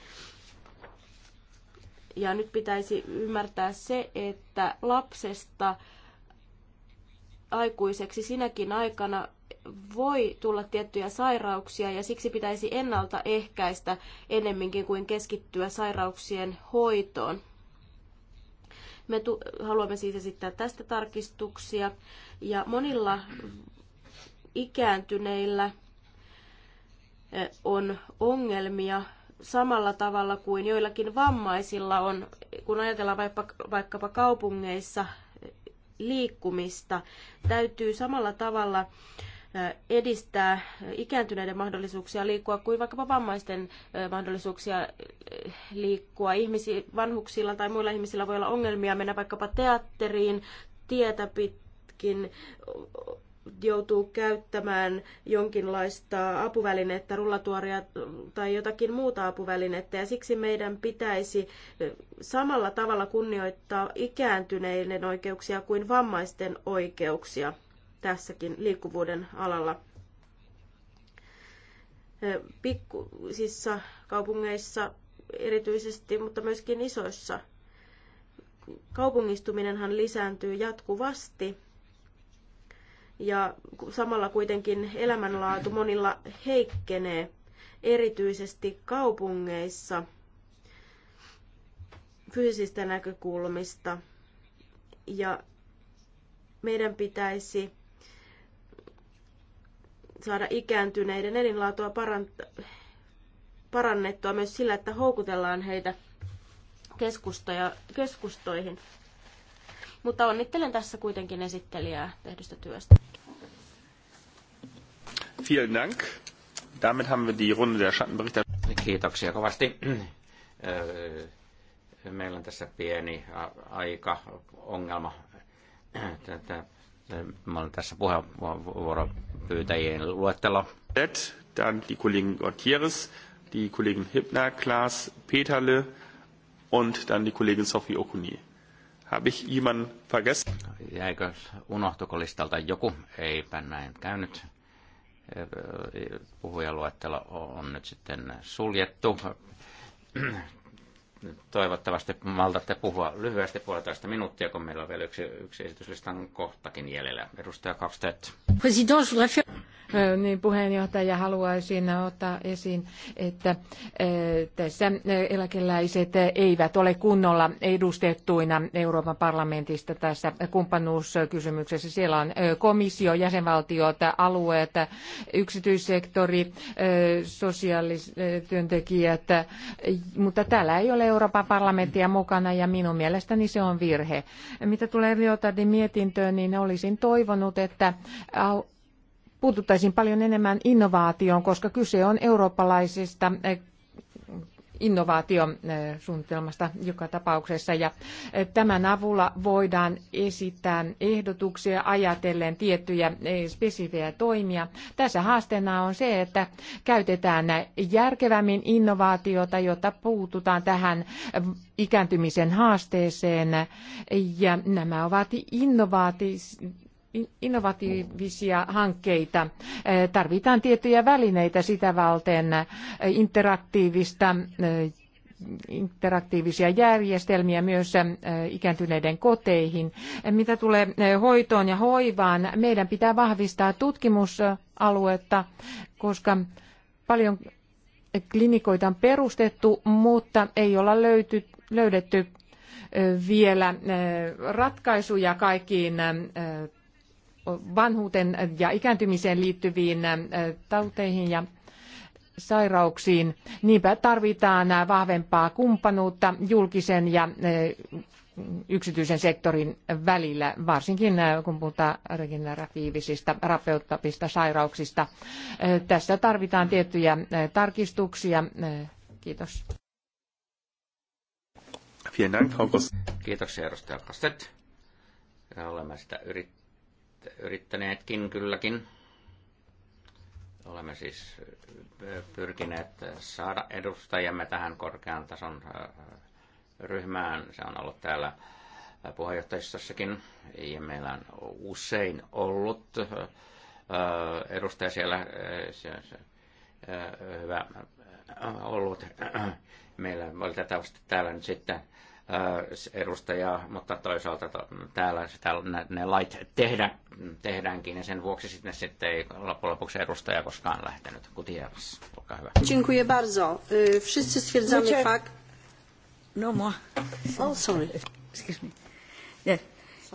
Ja nyt pitäisi ymmärtää se, että lapsesta aikuiseksi sinäkin aikana voi tulla tiettyjä sairauksia ja siksi pitäisi ennaltaehkäistä enemminkin kuin keskittyä sairauksien hoitoon. Me haluamme siis esittää tästä tarkistuksia ja monilla ikääntyneillä eh, on ongelmia samalla tavalla kuin joillakin vammaisilla on, kun ajatellaan vaikka, vaikkapa kaupungeissa eh, liikkumista, täytyy samalla tavalla edistää ikääntyneiden mahdollisuuksia liikkua kuin vaikkapa vammaisten mahdollisuuksia liikkua. Ihmisi, vanhuksilla tai muilla ihmisillä voi olla ongelmia mennä vaikkapa teatteriin, tietä pitkin joutuu käyttämään jonkinlaista apuvälinettä, rullatuoria tai jotakin muuta apuvälinettä. Ja siksi meidän pitäisi samalla tavalla kunnioittaa ikääntyneiden oikeuksia kuin vammaisten oikeuksia tässäkin liikkuvuuden alalla. Pikkuisissa kaupungeissa erityisesti, mutta myöskin isoissa. Kaupungistuminenhan lisääntyy jatkuvasti ja samalla kuitenkin elämänlaatu monilla heikkenee, erityisesti kaupungeissa fyysistä näkökulmista. Ja meidän pitäisi saada ikääntyneiden elinlaatua parannettua myös sillä, että houkutellaan heitä keskustoja, keskustoihin. Mutta onnittelen tässä kuitenkin esittelijää tehdystä työstä. Vielen Dank. Damit haben wir die Runde der Schattenberichter. Kiitoksia kovasti. Äh, meillä on tässä pieni aika ongelma. Mä olen tässä puheenvuoropyytäjien luettelo. Dann die Kollegen Gautieres, die Kollegen Hübner, Klaas, Peterle und dann die Kollegin Sophie Okuni. Habe ich jemanden vergessen? Jäikö, unohtuko listalta joku? Eipä näin käynyt. Puhujaluettelo on nyt sitten suljettu Toivottavasti maltatte puhua lyhyesti puolitoista minuuttia, kun meillä on vielä yksi, yksi esityslistan kohtakin jäljellä. Edustaja Kaksteet niin puheenjohtaja haluaisin ottaa esiin, että tässä eläkeläiset eivät ole kunnolla edustettuina Euroopan parlamentista tässä kumppanuuskysymyksessä. Siellä on komissio, jäsenvaltiot, alueet, yksityissektori, sosiaalityöntekijät, mutta täällä ei ole Euroopan parlamenttia mukana ja minun mielestäni se on virhe. Mitä tulee Liotardin mietintöön, niin olisin toivonut, että puututtaisiin paljon enemmän innovaatioon, koska kyse on eurooppalaisista eh, innovaatiosuunnitelmasta joka tapauksessa. Ja eh, tämän avulla voidaan esittää ehdotuksia ajatellen tiettyjä eh, spesifejä toimia. Tässä haasteena on se, että käytetään järkevämmin innovaatiota, jotta puututaan tähän ikääntymisen haasteeseen. Ja nämä ovat innovaatioita innovatiivisia hankkeita. Eh, tarvitaan tiettyjä välineitä sitä valten eh, interaktiivista eh, interaktiivisia järjestelmiä myös ikääntyneiden koteihin. Mitä tulee hoitoon ja hoivaan, meidän pitää vahvistaa tutkimusaluetta, koska paljon klinikoita on perustettu, mutta ei olla löyty, löydetty vielä ratkaisuja kaikkiin vanhuuteen ja ikääntymiseen liittyviin äh, tauteihin ja sairauksiin. Niinpä tarvitaan äh, vahvempaa kumppanuutta julkisen ja äh, yksityisen sektorin välillä, varsinkin kun puhutaan regeneratiivisista, rapeuttavista sairauksista. Tässä tarvitaan tiettyjä tarkistuksia. Kiitos. Kiitoksia, edustaja Kastet. Olemme sitä yrittäneet yrittäneetkin kylläkin. Olemme siis pyrkineet saada edustajamme tähän korkean tason äh, ryhmään. Se on ollut täällä puheenjohtajistossakin ja meillä on usein ollut äh, edustaja siellä äh, hyvä ollut. Meillä valitettavasti täällä nyt sitten edustajaa, mutta toisaalta to, täällä sitä, ne ne lait tehdä, tehdäänkin ja sen vuoksi sitten, sitten ei loppujen lopuksi edustaja koskaan lähtenyt kutierassa. Olkaa hyvä. Dziękuję bardzo. Wszyscy stwierdzamy fakt. No moi. Oh, sorry. Excuse me. Yeah.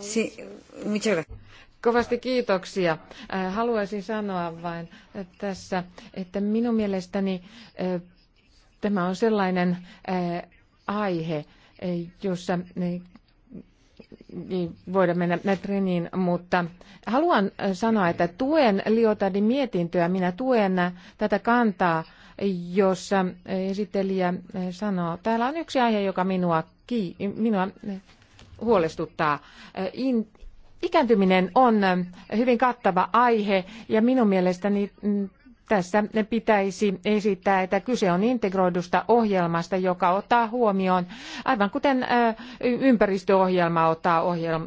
Si, mitä? Kovasti kiitoksia. Haluaisin sanoa vain tässä, että minun mielestäni tämä on sellainen aihe, jossa niin voidaan mennä treeniin, mutta haluan sanoa, että tuen Liotadin mietintöä, minä tuen tätä kantaa, jossa esittelijä sanoo, täällä on yksi aihe, joka minua, ki, minua huolestuttaa. In, ikääntyminen on hyvin kattava aihe ja minun mielestäni tässä pitäisi esittää, että kyse on integroidusta ohjelmasta, joka ottaa huomioon, aivan kuten ympäristöohjelma ottaa, ohjelma,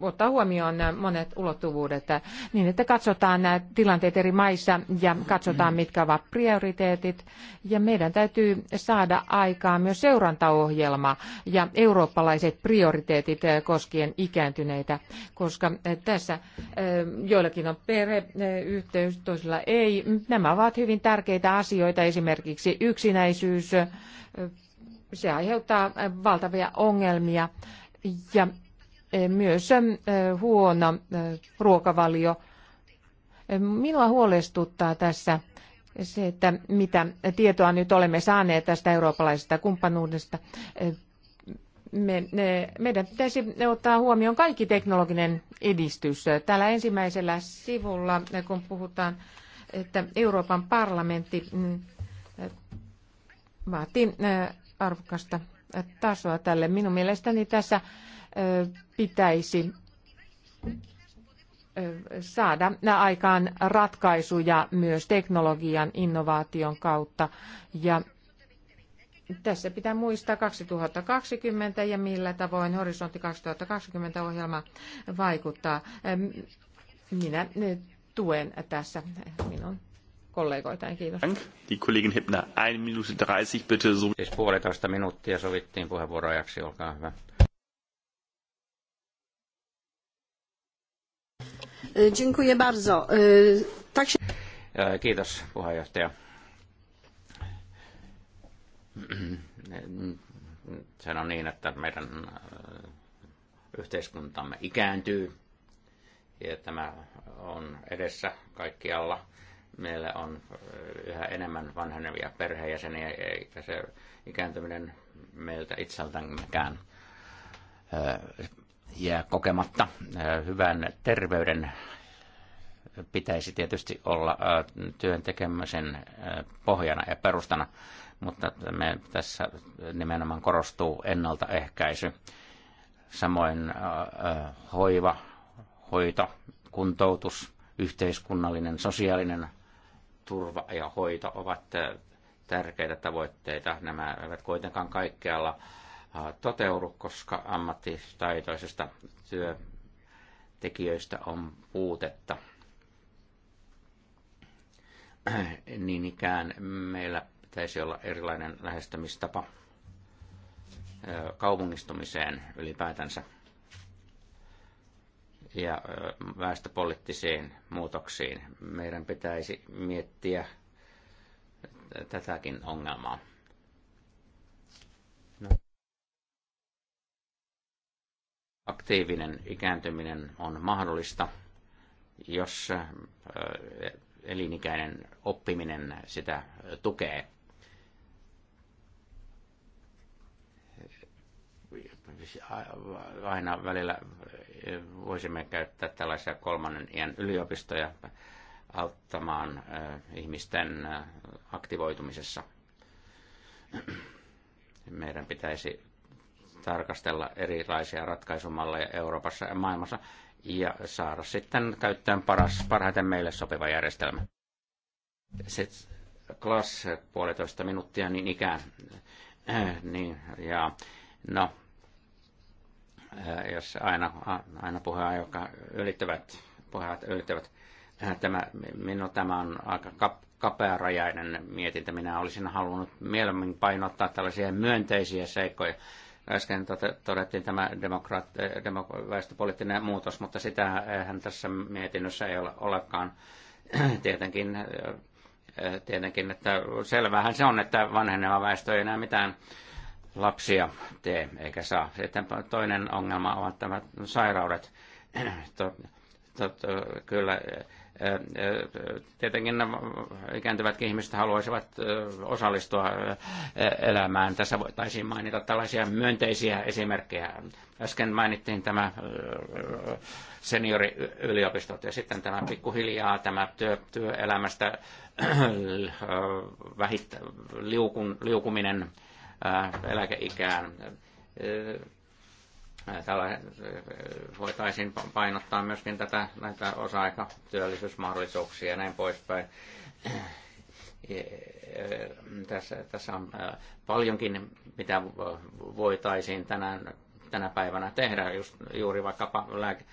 ottaa huomioon monet ulottuvuudet, niin että katsotaan nämä tilanteet eri maissa ja katsotaan, mitkä ovat prioriteetit. Ja meidän täytyy saada aikaan myös seurantaohjelma ja eurooppalaiset prioriteetit koskien ikääntyneitä, koska tässä joillakin on perheyhteys, toisilla ei Nämä ovat hyvin tärkeitä asioita, esimerkiksi yksinäisyys, se aiheuttaa valtavia ongelmia ja e, myös e, huono e, ruokavalio. Minua huolestuttaa tässä se, että mitä tietoa nyt olemme saaneet tästä eurooppalaisesta kumppanuudesta. Me, meidän pitäisi ottaa huomioon kaikki teknologinen edistys. Täällä ensimmäisellä sivulla, kun puhutaan että Euroopan parlamentti mm, vaatii äh, arvokasta tasoa tälle. Minun mielestäni tässä äh, pitäisi äh, saada aikaan ratkaisuja myös teknologian innovaation kautta. Ja tässä pitää muistaa 2020 ja millä tavoin horisontti 2020 ohjelma vaikuttaa. Minä tuen tässä minun kollegoitani. Kiitos. Dank. Die Kollegin Hipner, 1 minuutti 30 bitte. So. Siis puolitoista minuuttia sovittiin puheenvuoroajaksi, olkaa hyvä. Dziękuję bardzo. E, tak się... E, kiitos puheenjohtaja. Se on niin, että meidän e, yhteiskuntamme ikääntyy ja tämä on edessä kaikkialla. Meillä on yhä enemmän vanhenevia perheenjäseniä, eikä se ikääntyminen meiltä itseltämekään jää kokematta. Hyvän terveyden pitäisi tietysti olla työn tekemisen pohjana ja perustana, mutta me tässä nimenomaan korostuu ennaltaehkäisy. Samoin hoiva, hoito, kuntoutus, yhteiskunnallinen, sosiaalinen turva ja hoito ovat äh, tärkeitä tavoitteita. Nämä eivät kuitenkaan kaikkialla äh, toteudu, koska ammattitaitoisista työtekijöistä on puutetta. Niin ikään meillä pitäisi olla erilainen lähestymistapa äh, kaupungistumiseen ylipäätänsä ja väestöpoliittisiin muutoksiin. Meidän pitäisi miettiä tätäkin ongelmaa. No. Aktiivinen ikääntyminen on mahdollista, jos elinikäinen oppiminen sitä tukee. Siis aina välillä eh, voisimme käyttää tällaisia kolmannen iän yliopistoja auttamaan eh, ihmisten eh, aktivoitumisessa. Meidän pitäisi tarkastella erilaisia ratkaisumalleja Euroopassa ja maailmassa ja saada sitten käyttöön paras, parhaiten meille sopiva järjestelmä. Sitten Klas puolitoista minuuttia niin ikään. Niin, ja no, Äh, jos aina, aina puhea, joka ylittävät, puheenjohtajat ylittävät. Äh, tämä, minun tämä on aika kap, kapearajainen mietintä. Minä olisin halunnut mieluummin painottaa tällaisia myönteisiä seikkoja. Äsken tota, todettiin tämä demokraat, äh, demok, väestöpoliittinen muutos, mutta sitä hän tässä mietinnössä ei ole olekaan. Tietenkin, tietenkin että selvähän se on, että vanheneva väestö ei enää mitään lapsia tee eikä saa. Sitten toinen ongelma ovat tämä sairaudet. Tot, tot, kyllä tietenkin ikääntyvätkin ihmiset haluaisivat osallistua elämään. Tässä voitaisiin mainita tällaisia myönteisiä esimerkkejä. Äsken mainittiin tämä senioriyliopistot ja sitten tämä pikkuhiljaa tämä työ, työelämästä vähit, liukun, liukuminen eläkeikään. Tällä voitaisiin painottaa myöskin tätä, näitä osa-aikatyöllisyysmahdollisuuksia ja näin poispäin. Tässä, tässä on paljonkin, mitä voitaisiin tänään, tänä päivänä tehdä, just, juuri vaikkapa lääke,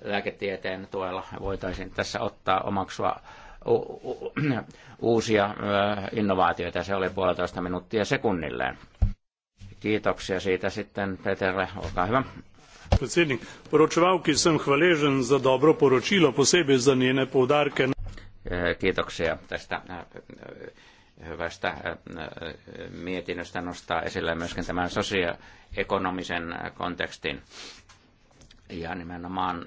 lääketieteen tuella voitaisiin tässä ottaa omaksua uusia innovaatioita. Se oli puolitoista minuuttia sekunnilleen. Kiitoksia siitä sitten Peterle, olkaa hyvä. Predsednik, poročevalki sem hvaležen za dobro poročilo, posebej za njene poudarke. Kiitoksia tästä hyvästä mietinnöstä nostaa esille myöskin tämän sosioekonomisen kontekstin ja nimenomaan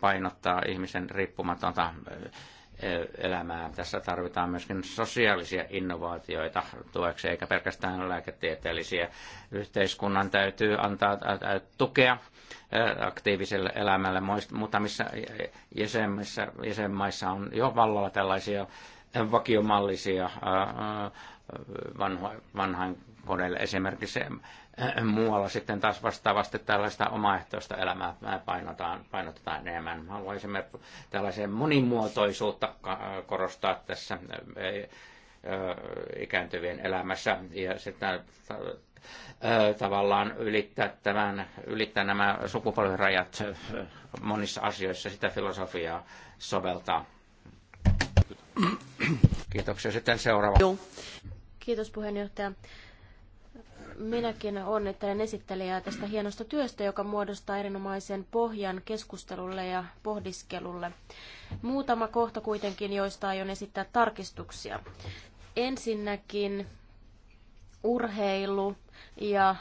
painottaa ihmisen riippumatonta E- elämää. Tässä tarvitaan myöskin sosiaalisia innovaatioita tueksi, eikä pelkästään lääketieteellisiä. Yhteiskunnan täytyy antaa tukea aktiiviselle elämälle. Muutamissa jäsenmaissa, jäsenmaissa on jo vallalla tällaisia vakiomallisia koneille Esimerkiksi Äh, muualla sitten taas vastaavasti tällaista omaehtoista elämää painotetaan, painotetaan enemmän. Haluaisimme tällaiseen monimuotoisuutta korostaa tässä äh, äh, ikääntyvien elämässä ja sitten tavallaan ylittää, tämän, ylittää nämä sukupolvirajat monissa asioissa, sitä filosofiaa soveltaa. Kiitoksia. Sitten seuraava. Kiitos puheenjohtaja. Minäkin onnittelen esittelijää tästä hienosta työstä, joka muodostaa erinomaisen pohjan keskustelulle ja pohdiskelulle. Muutama kohta kuitenkin, joista aion esittää tarkistuksia. Ensinnäkin urheilu ja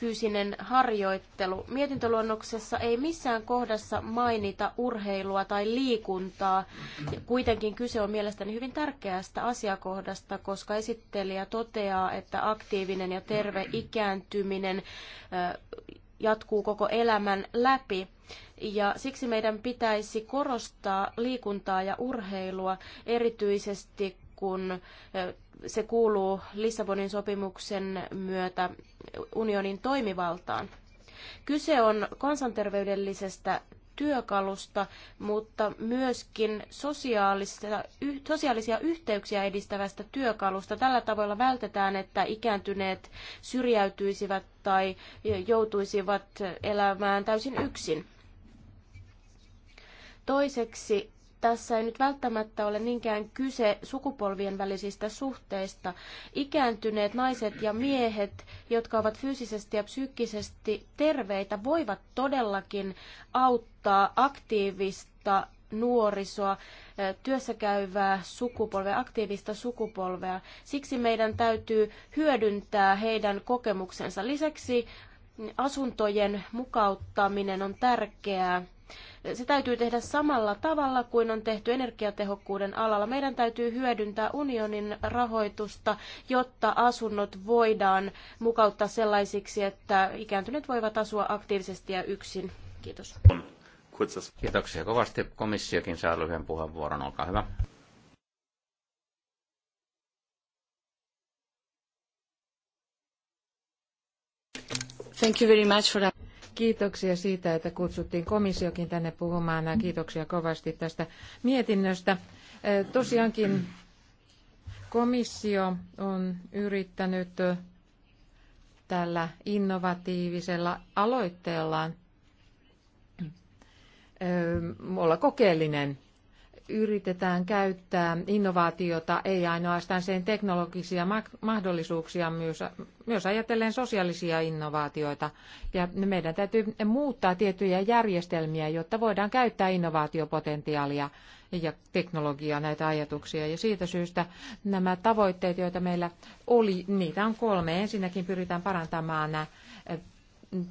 fyysinen harjoittelu. Mietintöluonnoksessa ei missään kohdassa mainita urheilua tai liikuntaa. Kuitenkin kyse on mielestäni hyvin tärkeästä asiakohdasta, koska esittelijä toteaa, että aktiivinen ja terve ikääntyminen jatkuu koko elämän läpi. Ja siksi meidän pitäisi korostaa liikuntaa ja urheilua erityisesti, kun se kuuluu Lissabonin sopimuksen myötä unionin toimivaltaan. Kyse on kansanterveydellisestä työkalusta, mutta myöskin sosiaalisia yhteyksiä edistävästä työkalusta. Tällä tavalla vältetään, että ikääntyneet syrjäytyisivät tai joutuisivat elämään täysin yksin. Toiseksi tässä ei nyt välttämättä ole niinkään kyse sukupolvien välisistä suhteista. Ikääntyneet naiset ja miehet, jotka ovat fyysisesti ja psyykkisesti terveitä, voivat todellakin auttaa aktiivista nuorisoa, työssäkäyvää sukupolvea, aktiivista sukupolvea. Siksi meidän täytyy hyödyntää heidän kokemuksensa. Lisäksi asuntojen mukauttaminen on tärkeää se täytyy tehdä samalla tavalla kuin on tehty energiatehokkuuden alalla. Meidän täytyy hyödyntää unionin rahoitusta, jotta asunnot voidaan mukauttaa sellaisiksi, että ikääntyneet voivat asua aktiivisesti ja yksin. Kiitos. Kiitoksia kovasti. Komissiokin saa lyhyen puheenvuoron. Olkaa hyvä. Thank you very much for that. Kiitoksia siitä, että kutsuttiin komissiokin tänne puhumaan. Kiitoksia kovasti tästä mietinnöstä. Tosiaankin komissio on yrittänyt tällä innovatiivisella aloitteellaan olla kokeellinen yritetään käyttää innovaatiota ei ainoastaan sen teknologisia mahdollisuuksia, myös, myös ajatellen sosiaalisia innovaatioita. Ja meidän täytyy muuttaa tiettyjä järjestelmiä, jotta voidaan käyttää innovaatiopotentiaalia ja teknologiaa, näitä ajatuksia. Ja siitä syystä nämä tavoitteet, joita meillä oli, niitä on kolme. Ensinnäkin pyritään parantamaan nämä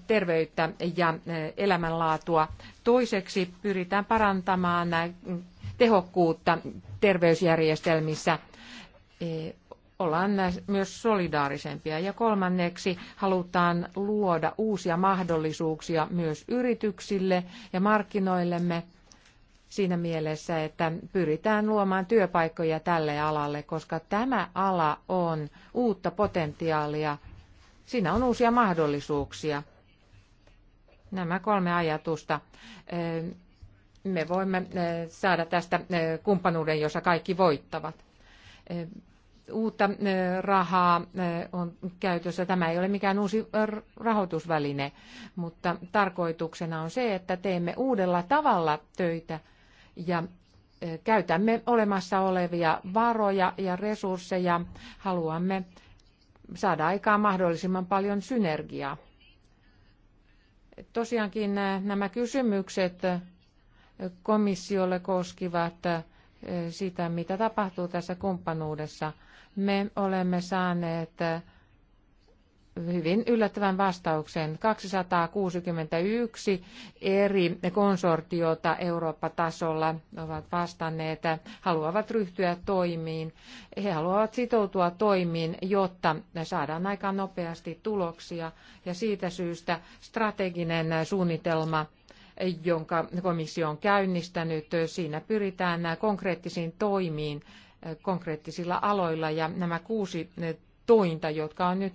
terveyttä ja elämänlaatua. Toiseksi pyritään parantamaan tehokkuutta terveysjärjestelmissä. E, ollaan myös solidaarisempia. Ja kolmanneksi halutaan luoda uusia mahdollisuuksia myös yrityksille ja markkinoillemme siinä mielessä, että pyritään luomaan työpaikkoja tälle alalle, koska tämä ala on uutta potentiaalia. Siinä on uusia mahdollisuuksia. Nämä kolme ajatusta. E, me voimme eh, saada tästä eh, kumppanuuden, jossa kaikki voittavat. Eh, uutta rahaa on käytössä. Tämä ei ole mikään uusi rahoitusväline, mutta tarkoituksena on se, että teemme uudella tavalla töitä ja käytämme olemassa olevia varoja ja resursseja. Haluamme saada aikaan mahdollisimman paljon synergiaa. Tosiaankin nämä kysymykset komissiolle koskivat sitä, mitä tapahtuu tässä kumppanuudessa. Me olemme saaneet hyvin yllättävän vastauksen. 261 eri konsortiota Eurooppa-tasolla ovat vastanneet, haluavat ryhtyä toimiin. He haluavat sitoutua toimiin, jotta saadaan aikaan nopeasti tuloksia ja siitä syystä strateginen suunnitelma jonka komissio on käynnistänyt. Siinä pyritään konkreettisiin toimiin konkreettisilla aloilla ja nämä kuusi tointa, jotka on nyt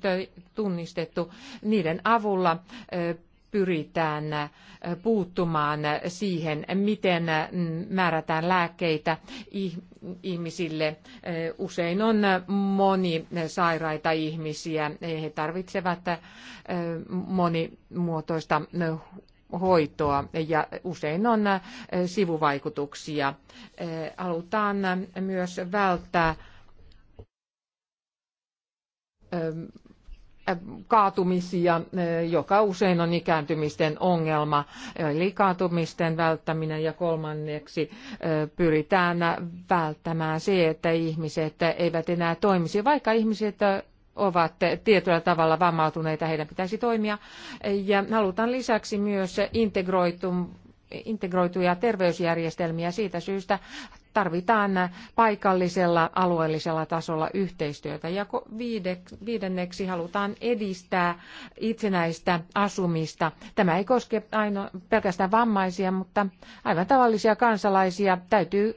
tunnistettu, niiden avulla pyritään puuttumaan siihen, miten mm, määrätään lääkkeitä ihmisille. Usein on moni sairaita ihmisiä. He tarvitsevat monimuotoista hoitoa ja usein on äh, sivuvaikutuksia. Äh, halutaan äh, myös välttää ähm, kaatumisia, joka usein on ikääntymisten ongelma, eli kaatumisten välttäminen ja kolmanneksi pyritään välttämään se, että ihmiset eivät enää toimisi, vaikka ihmiset ovat tietyllä tavalla vammautuneita, heidän pitäisi toimia. Ja halutaan lisäksi myös integroituja terveysjärjestelmiä siitä syystä, tarvitaan paikallisella, alueellisella tasolla yhteistyötä. Ja viidenneksi halutaan edistää itsenäistä asumista. Tämä ei koske aino, pelkästään vammaisia, mutta aivan tavallisia kansalaisia. Täytyy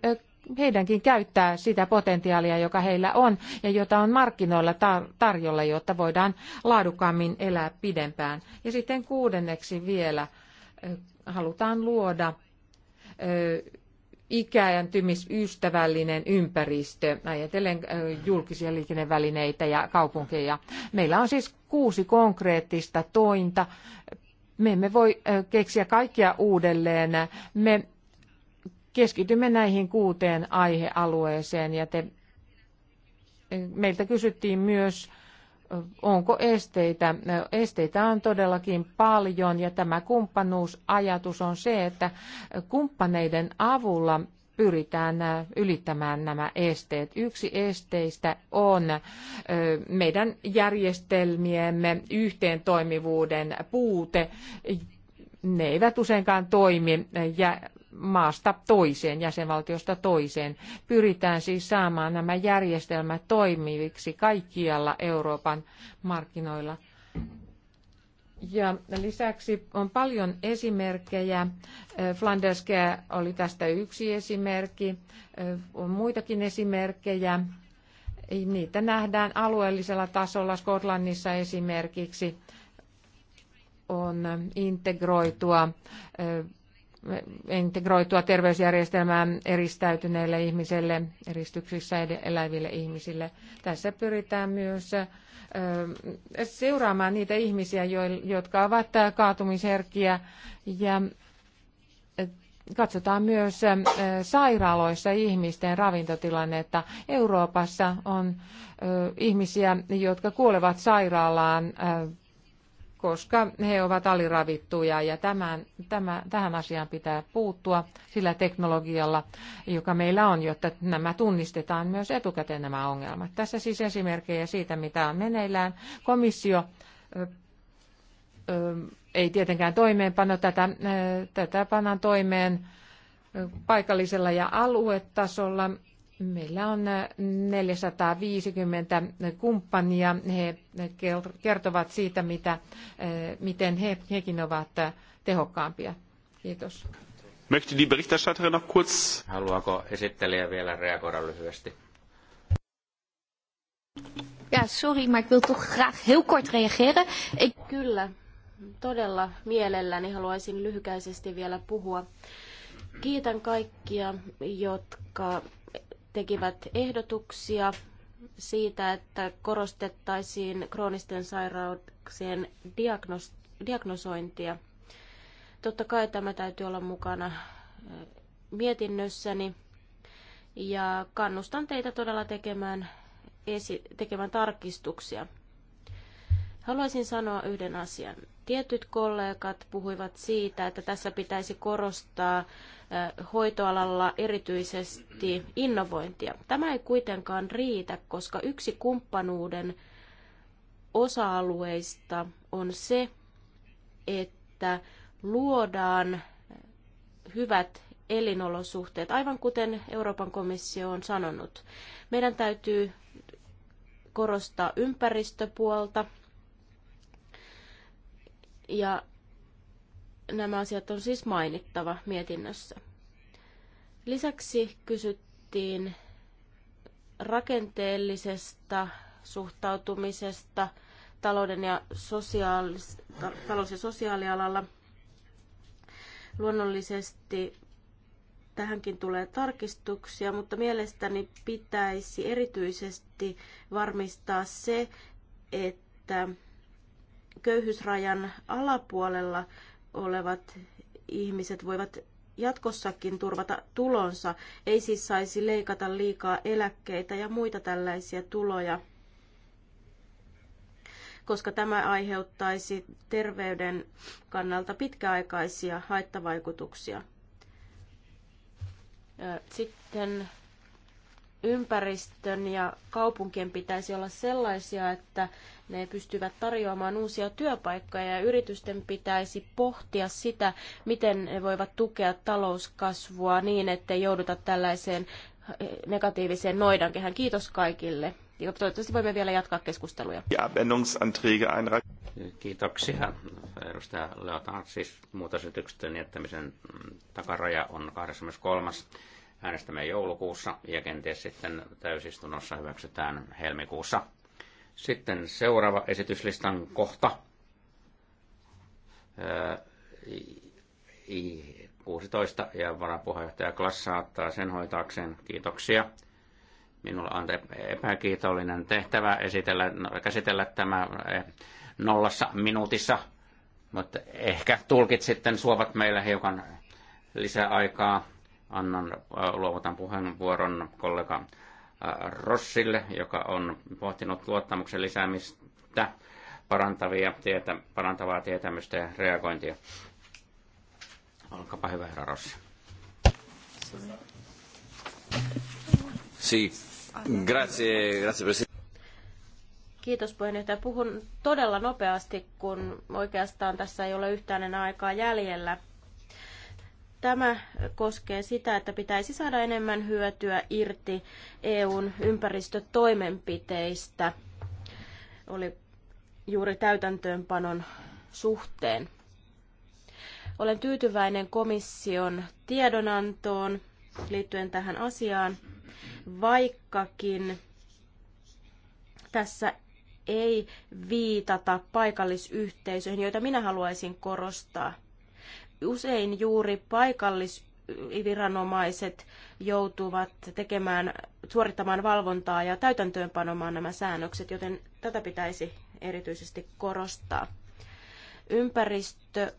heidänkin käyttää sitä potentiaalia, joka heillä on ja jota on markkinoilla tarjolla, jotta voidaan laadukkaammin elää pidempään. Ja sitten kuudenneksi vielä halutaan luoda ikääntymisystävällinen ympäristö, ajatellen julkisia liikennevälineitä ja kaupunkeja. Meillä on siis kuusi konkreettista tointa. Me emme voi keksiä kaikkia uudelleen. Me keskitymme näihin kuuteen aihealueeseen ja te, meiltä kysyttiin myös, onko esteitä. Esteitä on todellakin paljon ja tämä kumppanuusajatus on se, että kumppaneiden avulla pyritään ylittämään nämä esteet. Yksi esteistä on meidän järjestelmiemme yhteentoimivuuden puute. Ne eivät useinkaan toimi ja maasta toiseen, jäsenvaltiosta toiseen. Pyritään siis saamaan nämä järjestelmät toimiviksi kaikkialla Euroopan markkinoilla. Ja lisäksi on paljon esimerkkejä. Flanderske oli tästä yksi esimerkki. On muitakin esimerkkejä. Niitä nähdään alueellisella tasolla. Skotlannissa esimerkiksi on integroitua integroitua terveysjärjestelmään eristäytyneille ihmisille, eristyksissä eläville ihmisille. Tässä pyritään myös seuraamaan niitä ihmisiä, jotka ovat kaatumisherkkiä ja Katsotaan myös sairaaloissa ihmisten ravintotilannetta. Euroopassa on ihmisiä, jotka kuolevat sairaalaan koska he ovat aliravittuja ja tämän, tämä tähän asiaan pitää puuttua sillä teknologialla, joka meillä on, jotta nämä tunnistetaan myös etukäteen nämä ongelmat. Tässä siis esimerkkejä siitä, mitä on meneillään. Komissio ö, ö, ei tietenkään toimeenpano tätä, ö, tätä pannaan toimeen paikallisella ja aluetasolla Meillä on 450 äh, kumppania. He äh, kertovat siitä, mitä, äh, miten he, hekin ovat tehokkaampia. Kiitos. Möchte die Berichterstatterin noch kurz... Haluaako esittelijä vielä reagoida lyhyesti? Ja, sorry, maar ik wil toch graag heel kort reageren. Ik... Kyllä, todella mielelläni haluaisin lyhykäisesti vielä puhua. Kiitän kaikkia, jotka tekivät ehdotuksia siitä, että korostettaisiin kroonisten sairauksien diagnos- diagnosointia. Totta kai tämä täytyy olla mukana mietinnössäni ja kannustan teitä todella tekemään, esi- tekemään tarkistuksia. Haluaisin sanoa yhden asian. Tietyt kollegat puhuivat siitä, että tässä pitäisi korostaa hoitoalalla erityisesti innovointia. Tämä ei kuitenkaan riitä, koska yksi kumppanuuden osa-alueista on se, että luodaan hyvät elinolosuhteet, aivan kuten Euroopan komissio on sanonut. Meidän täytyy korostaa ympäristöpuolta ja Nämä asiat on siis mainittava mietinnössä. Lisäksi kysyttiin rakenteellisesta suhtautumisesta talouden ja sosiaalis- talous- ja sosiaalialalla. Luonnollisesti tähänkin tulee tarkistuksia, mutta mielestäni pitäisi erityisesti varmistaa se, että köyhyysrajan alapuolella olevat ihmiset voivat jatkossakin turvata tulonsa. Ei siis saisi leikata liikaa eläkkeitä ja muita tällaisia tuloja, koska tämä aiheuttaisi terveyden kannalta pitkäaikaisia haittavaikutuksia. Sitten ympäristön ja kaupunkien pitäisi olla sellaisia, että ne pystyvät tarjoamaan uusia työpaikkoja ja yritysten pitäisi pohtia sitä, miten ne voivat tukea talouskasvua niin, ettei jouduta tällaiseen eh, negatiiviseen noidankehän. Kiitos kaikille. Toivottavasti voimme vielä jatkaa keskusteluja. Kiitoksia. Edustaja Leotard, siis muutosesityksen jättämisen takaraja on 23. Äänestämme joulukuussa ja kenties sitten täysistunnossa hyväksytään helmikuussa. Sitten seuraava esityslistan kohta. 16 ja varapuheenjohtaja Klass saattaa sen hoitaakseen. Kiitoksia. Minulla on epäkiitollinen tehtävä esitellä, no, käsitellä tämä e, nollassa minuutissa, mutta ehkä tulkit sitten suovat meille hiukan lisäaikaa annan, äh, luovutan puheenvuoron kollega äh, Rossille, joka on pohtinut luottamuksen lisäämistä parantavia tietä, parantavaa tietämystä ja reagointia. Olkaapa hyvä, herra Rossi. grazie, grazie Presidente. Kiitos puheenjohtaja. Puhun todella nopeasti, kun oikeastaan tässä ei ole yhtään enää aikaa jäljellä. Tämä koskee sitä, että pitäisi saada enemmän hyötyä irti EUn ympäristötoimenpiteistä, oli juuri täytäntöönpanon suhteen. Olen tyytyväinen komission tiedonantoon liittyen tähän asiaan, vaikkakin tässä ei viitata paikallisyhteisöihin, joita minä haluaisin korostaa usein juuri paikallisviranomaiset joutuvat tekemään, suorittamaan valvontaa ja täytäntöönpanomaan nämä säännökset, joten tätä pitäisi erityisesti korostaa. Ympäristö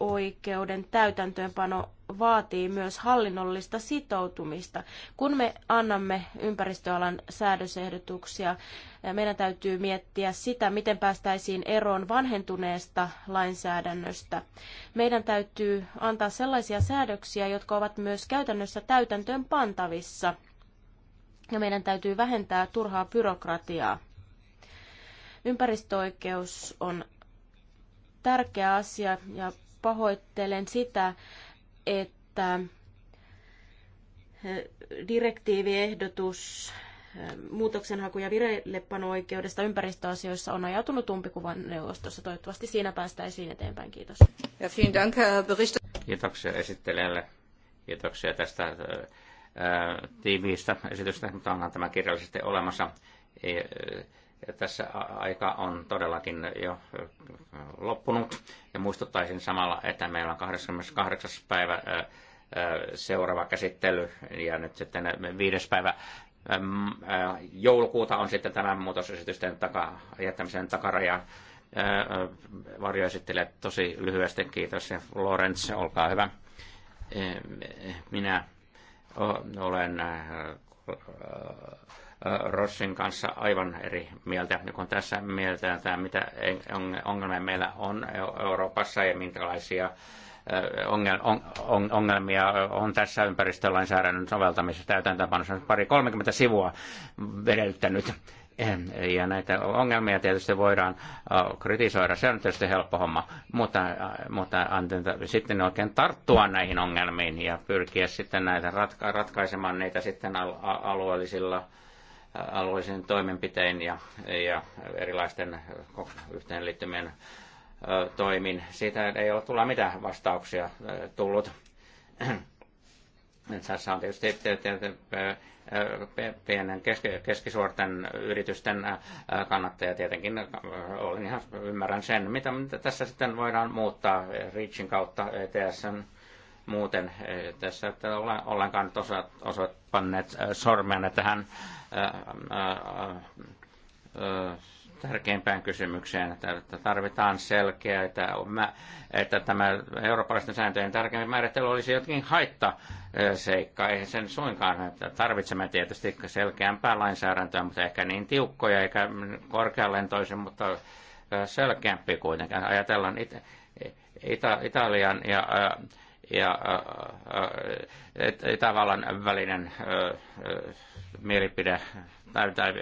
oikeuden täytäntöönpano vaatii myös hallinnollista sitoutumista. Kun me annamme ympäristöalan säädösehdotuksia, eh, meidän täytyy miettiä sitä, miten päästäisiin eroon vanhentuneesta lainsäädännöstä. Meidän täytyy antaa sellaisia säädöksiä, jotka ovat myös käytännössä täytäntöön pantavissa. Ja meidän täytyy vähentää turhaa byrokratiaa. Ympäristöoikeus on tärkeä asia ja pahoittelen sitä, että eh, direktiiviehdotus eh, muutoksenhaku- ja vireillepano-oikeudesta ympäristöasioissa on ajautunut umpikuvan neuvostossa. Toivottavasti siinä päästäisiin eteenpäin. Kiitos. Ja vielen dank, Kiitoksia esittelijälle. Kiitoksia tästä ää, eh, tiiviistä esitystä, mutta onhan tämä kirjallisesti olemassa. E, ja tässä aika on todellakin jo loppunut. Ja muistuttaisin samalla, että meillä on 28. päivä seuraava käsittely ja nyt sitten viides päivä joulukuuta on sitten tämän muutosesitysten taka, jättämisen takaraja. Varjo esittelee tosi lyhyesti, kiitos. Lorenz, olkaa hyvä. Minä olen Rossin kanssa aivan eri mieltä, kun tässä mieltään tämä, mitä ongelmia meillä on e-, Euroopassa ja minkälaisia ongelmia on tässä ympäristölainsäädännön soveltamisessa täytäntöönpanossa pari 30 sivua vedeltänyt. Ja näitä ongelmia tietysti voidaan kritisoida, se on tietysti helppo homma, mutta, mutta sitten oikein tarttua näihin ongelmiin ja pyrkiä sitten näitä ratka- ratkaisemaan niitä sitten alueellisilla alueellisen toimenpitein ja, ja erilaisten yhteenliittymien toimin. Siitä ei ole tulla mitään vastauksia tullut. Tässä on tietysti pienen keski, keskisuorten yritysten kannattaja tietenkin. Olen ihan ymmärrän sen, mitä tässä sitten voidaan muuttaa Reachin kautta ETS muuten. Tässä että ollenkaan osoit, osoit panneet sormenne tähän Äh, äh, äh, tärkeimpään kysymykseen, että tarvitaan selkeää, että, että tämä eurooppalaisten sääntöjen tärkein määrittely olisi jotenkin seikka, Eihän sen suinkaan, että tarvitsemme tietysti selkeämpää lainsäädäntöä, mutta ehkä niin tiukkoja eikä korkealentoisen, mutta selkeämpi kuitenkin. Ajatellaan Itä- Ita- Italian ja ja äh, äh, Itävallan välinen äh, mielipide tai, tai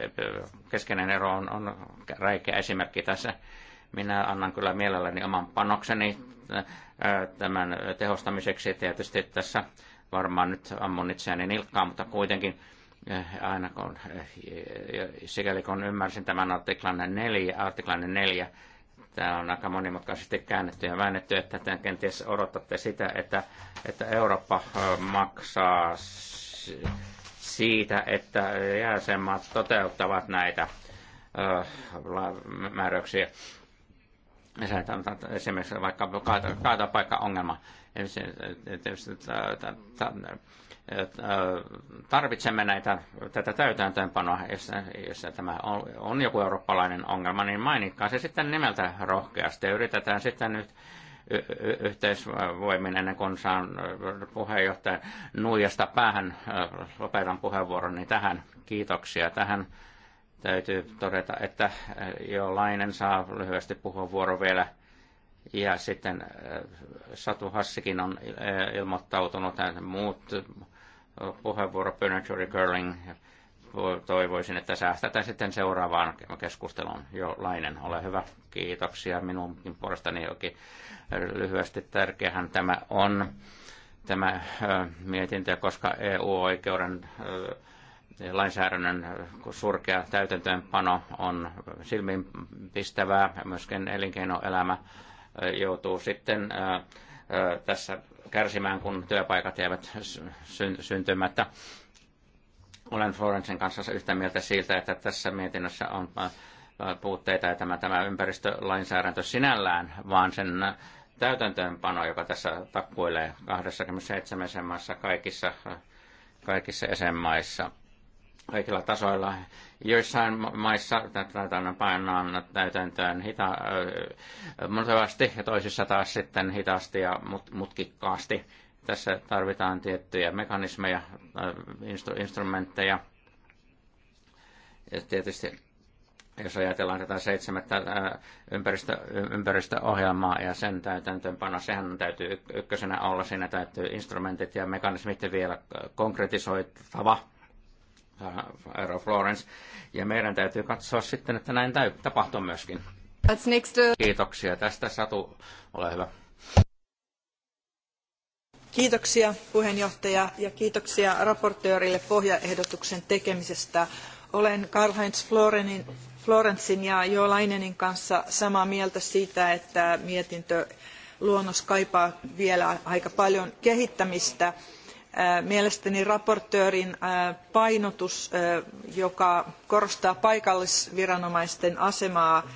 keskeinen ero on, on räikeä esimerkki tässä. Minä annan kyllä mielelläni oman panokseni tämän tehostamiseksi. Tietysti tässä varmaan nyt ammun itseäni nilkkaa, mutta kuitenkin aina kun, sikäli kun ymmärsin tämän artiklan 4, artiklan 4 Tämä on aika monimutkaisesti käännetty ja väännetty, että tämän kenties odotatte sitä, että, että Eurooppa maksaa siitä, että jäsenmaat toteuttavat näitä määräyksiä. Esimerkiksi vaikka kaatopaikka-ongelma tarvitsemme näitä, tätä täytäntöönpanoa, jos, jos tämä on, on joku eurooppalainen ongelma, niin mainitkaa se sitten nimeltä rohkeasti. Yritetään sitten nyt yhteisvoimin ennen kuin saan puheenjohtajan nuijasta päähän lopetan puheenvuoroni tähän. Kiitoksia tähän. Täytyy todeta, että jo lainen saa lyhyesti puheenvuoro vielä. Ja sitten Satu Hassikin on ilmoittautunut, muut puheenvuoro Pönäjuri Curling. Toivoisin, että säästetään sitten seuraavaan keskusteluun. Jo Lainen, ole hyvä. Kiitoksia minunkin puolestani jokin lyhyesti tärkeähän tämä on tämä mietintö, koska EU-oikeuden lainsäädännön surkea täytäntöönpano on silmiinpistävää. Myöskin elinkeinoelämä joutuu sitten tässä kärsimään, kun työpaikat jäävät syntymättä. Olen Florensen kanssa yhtä mieltä siitä, että tässä mietinnössä on puutteita ja tämä, tämä ympäristölainsäädäntö sinällään, vaan sen täytäntöönpano, joka tässä takkuilee 27 maassa kaikissa, kaikissa esemaissa, kaikilla tasoilla Joissain maissa tätä painaan täytäntöön hita, mutavasti ja toisissa taas sitten hitaasti ja mut, mutkikkaasti. Tässä tarvitaan tiettyjä mekanismeja, instru, instrumentteja. Ja tietysti jos ajatellaan tätä seitsemättä ympäristö, ympäristöohjelmaa ja sen täytäntöönpano, sehän täytyy ykkösenä olla, siinä täytyy instrumentit ja mekanismit vielä konkretisoitava Eero äh, Florence. Ja meidän täytyy katsoa sitten, että näin täytyy tapahtua myöskin. Uh. Kiitoksia tästä, Satu. Ole hyvä. Kiitoksia puheenjohtaja ja kiitoksia raportöörille pohjaehdotuksen tekemisestä. Olen Karl-Heinz Florensin ja Jo Lainenin kanssa samaa mieltä siitä, että mietintö luonnos kaipaa vielä aika paljon kehittämistä Äh, mielestäni esittelijän äh, painotus äh, joka korostaa paikallisviranomaisten asemaa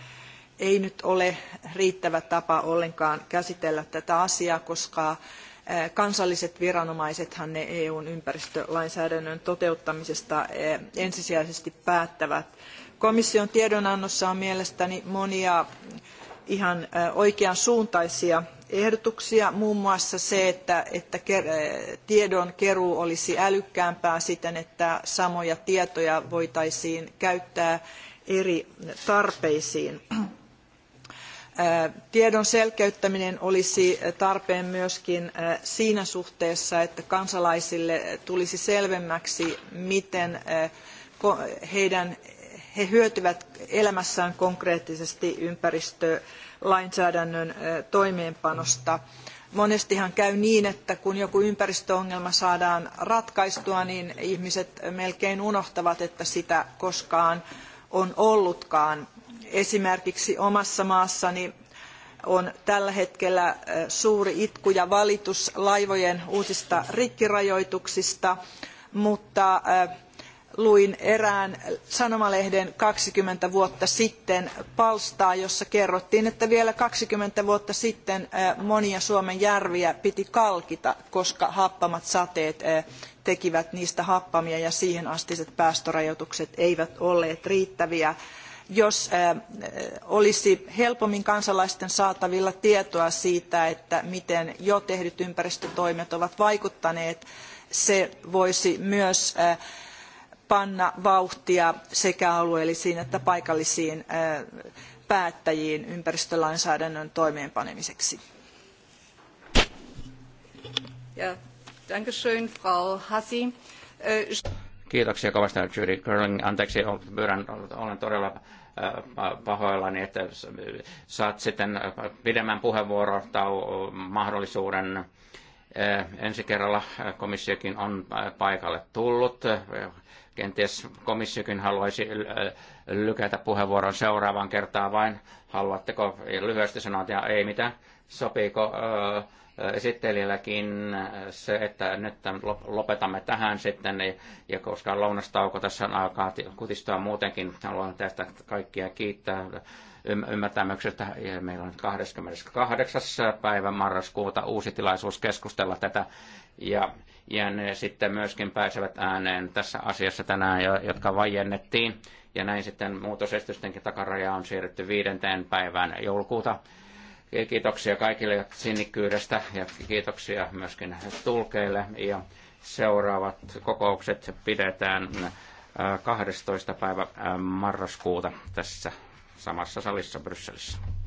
ei nyt ole riittävä tapa ollenkaan käsitellä tätä asiaa koska kansalliset viranomaisethan ne e n ympäristölainsäädännön toteuttamisesta ensisijaisesti päättävät. Komission tiedonannossa on mielestäni monia ihan oikean suuntaisia ehdotuksia, muun muassa se, että, että tiedon keruu olisi älykkäämpää siten, että samoja tietoja voitaisiin käyttää eri tarpeisiin. Tiedon selkeyttäminen olisi tarpeen myöskin siinä suhteessa, että kansalaisille tulisi selvemmäksi, miten heidän he hyötyvät elämässään konkreettisesti ympäristölainsäädännön toimeenpanosta. Monestihan käy niin, että kun joku ympäristöongelma saadaan ratkaistua, niin ihmiset melkein unohtavat, että sitä koskaan on ollutkaan. Esimerkiksi omassa maassani on tällä hetkellä suuri itku ja valitus laivojen uusista rikkirajoituksista, mutta luin erään sanomalehden 20 vuotta sitten palstaa, jossa kerrottiin, että vielä 20 vuotta sitten monia Suomen järviä piti kalkita, koska happamat sateet tekivät niistä happamia ja siihen päästörajoitukset eivät olleet riittäviä jos olisi helpommin kansalaisten saatavilla tietoa siitä, että miten jo tehdyt ympäristötoimet ovat vaikuttaneet, se voisi myös panna vauhtia sekä alueellisiin että paikallisiin päättäjiin ympäristölainsäädännön toimeenpanemiseksi. Kiitoksia kovasti, Judy Curling. Anteeksi, pyydän, olen todella pahoillani, että saat sitten pidemmän puheenvuoron mahdollisuuden. Ensi kerralla komissiokin on paikalle tullut Kenties komissiokin haluaisi äh, lykätä puheenvuoron seuraavaan kertaan vain. Haluatteko lyhyesti sanoa, että ei mitään. Sopiiko äh, äh, esittelijälläkin se, että nyt lopetamme tähän sitten, niin- ja koska lounastauko tässä alkaa kutistua muutenkin, haluan tästä kaikkia kiittää ymmärtämyksestä. Meillä on 28. päivä marraskuuta uusi tilaisuus keskustella tätä, ja ja ne sitten myöskin pääsevät ääneen tässä asiassa tänään, jotka vajennettiin. Ja näin sitten muutosestystenkin takaraja on siirretty viidenteen päivään joulukuuta. Kiitoksia kaikille sinnikkyydestä ja kiitoksia myöskin tulkeille. Ja seuraavat kokoukset pidetään 12. Äh, päivä äh, marraskuuta tässä samassa salissa Brysselissä.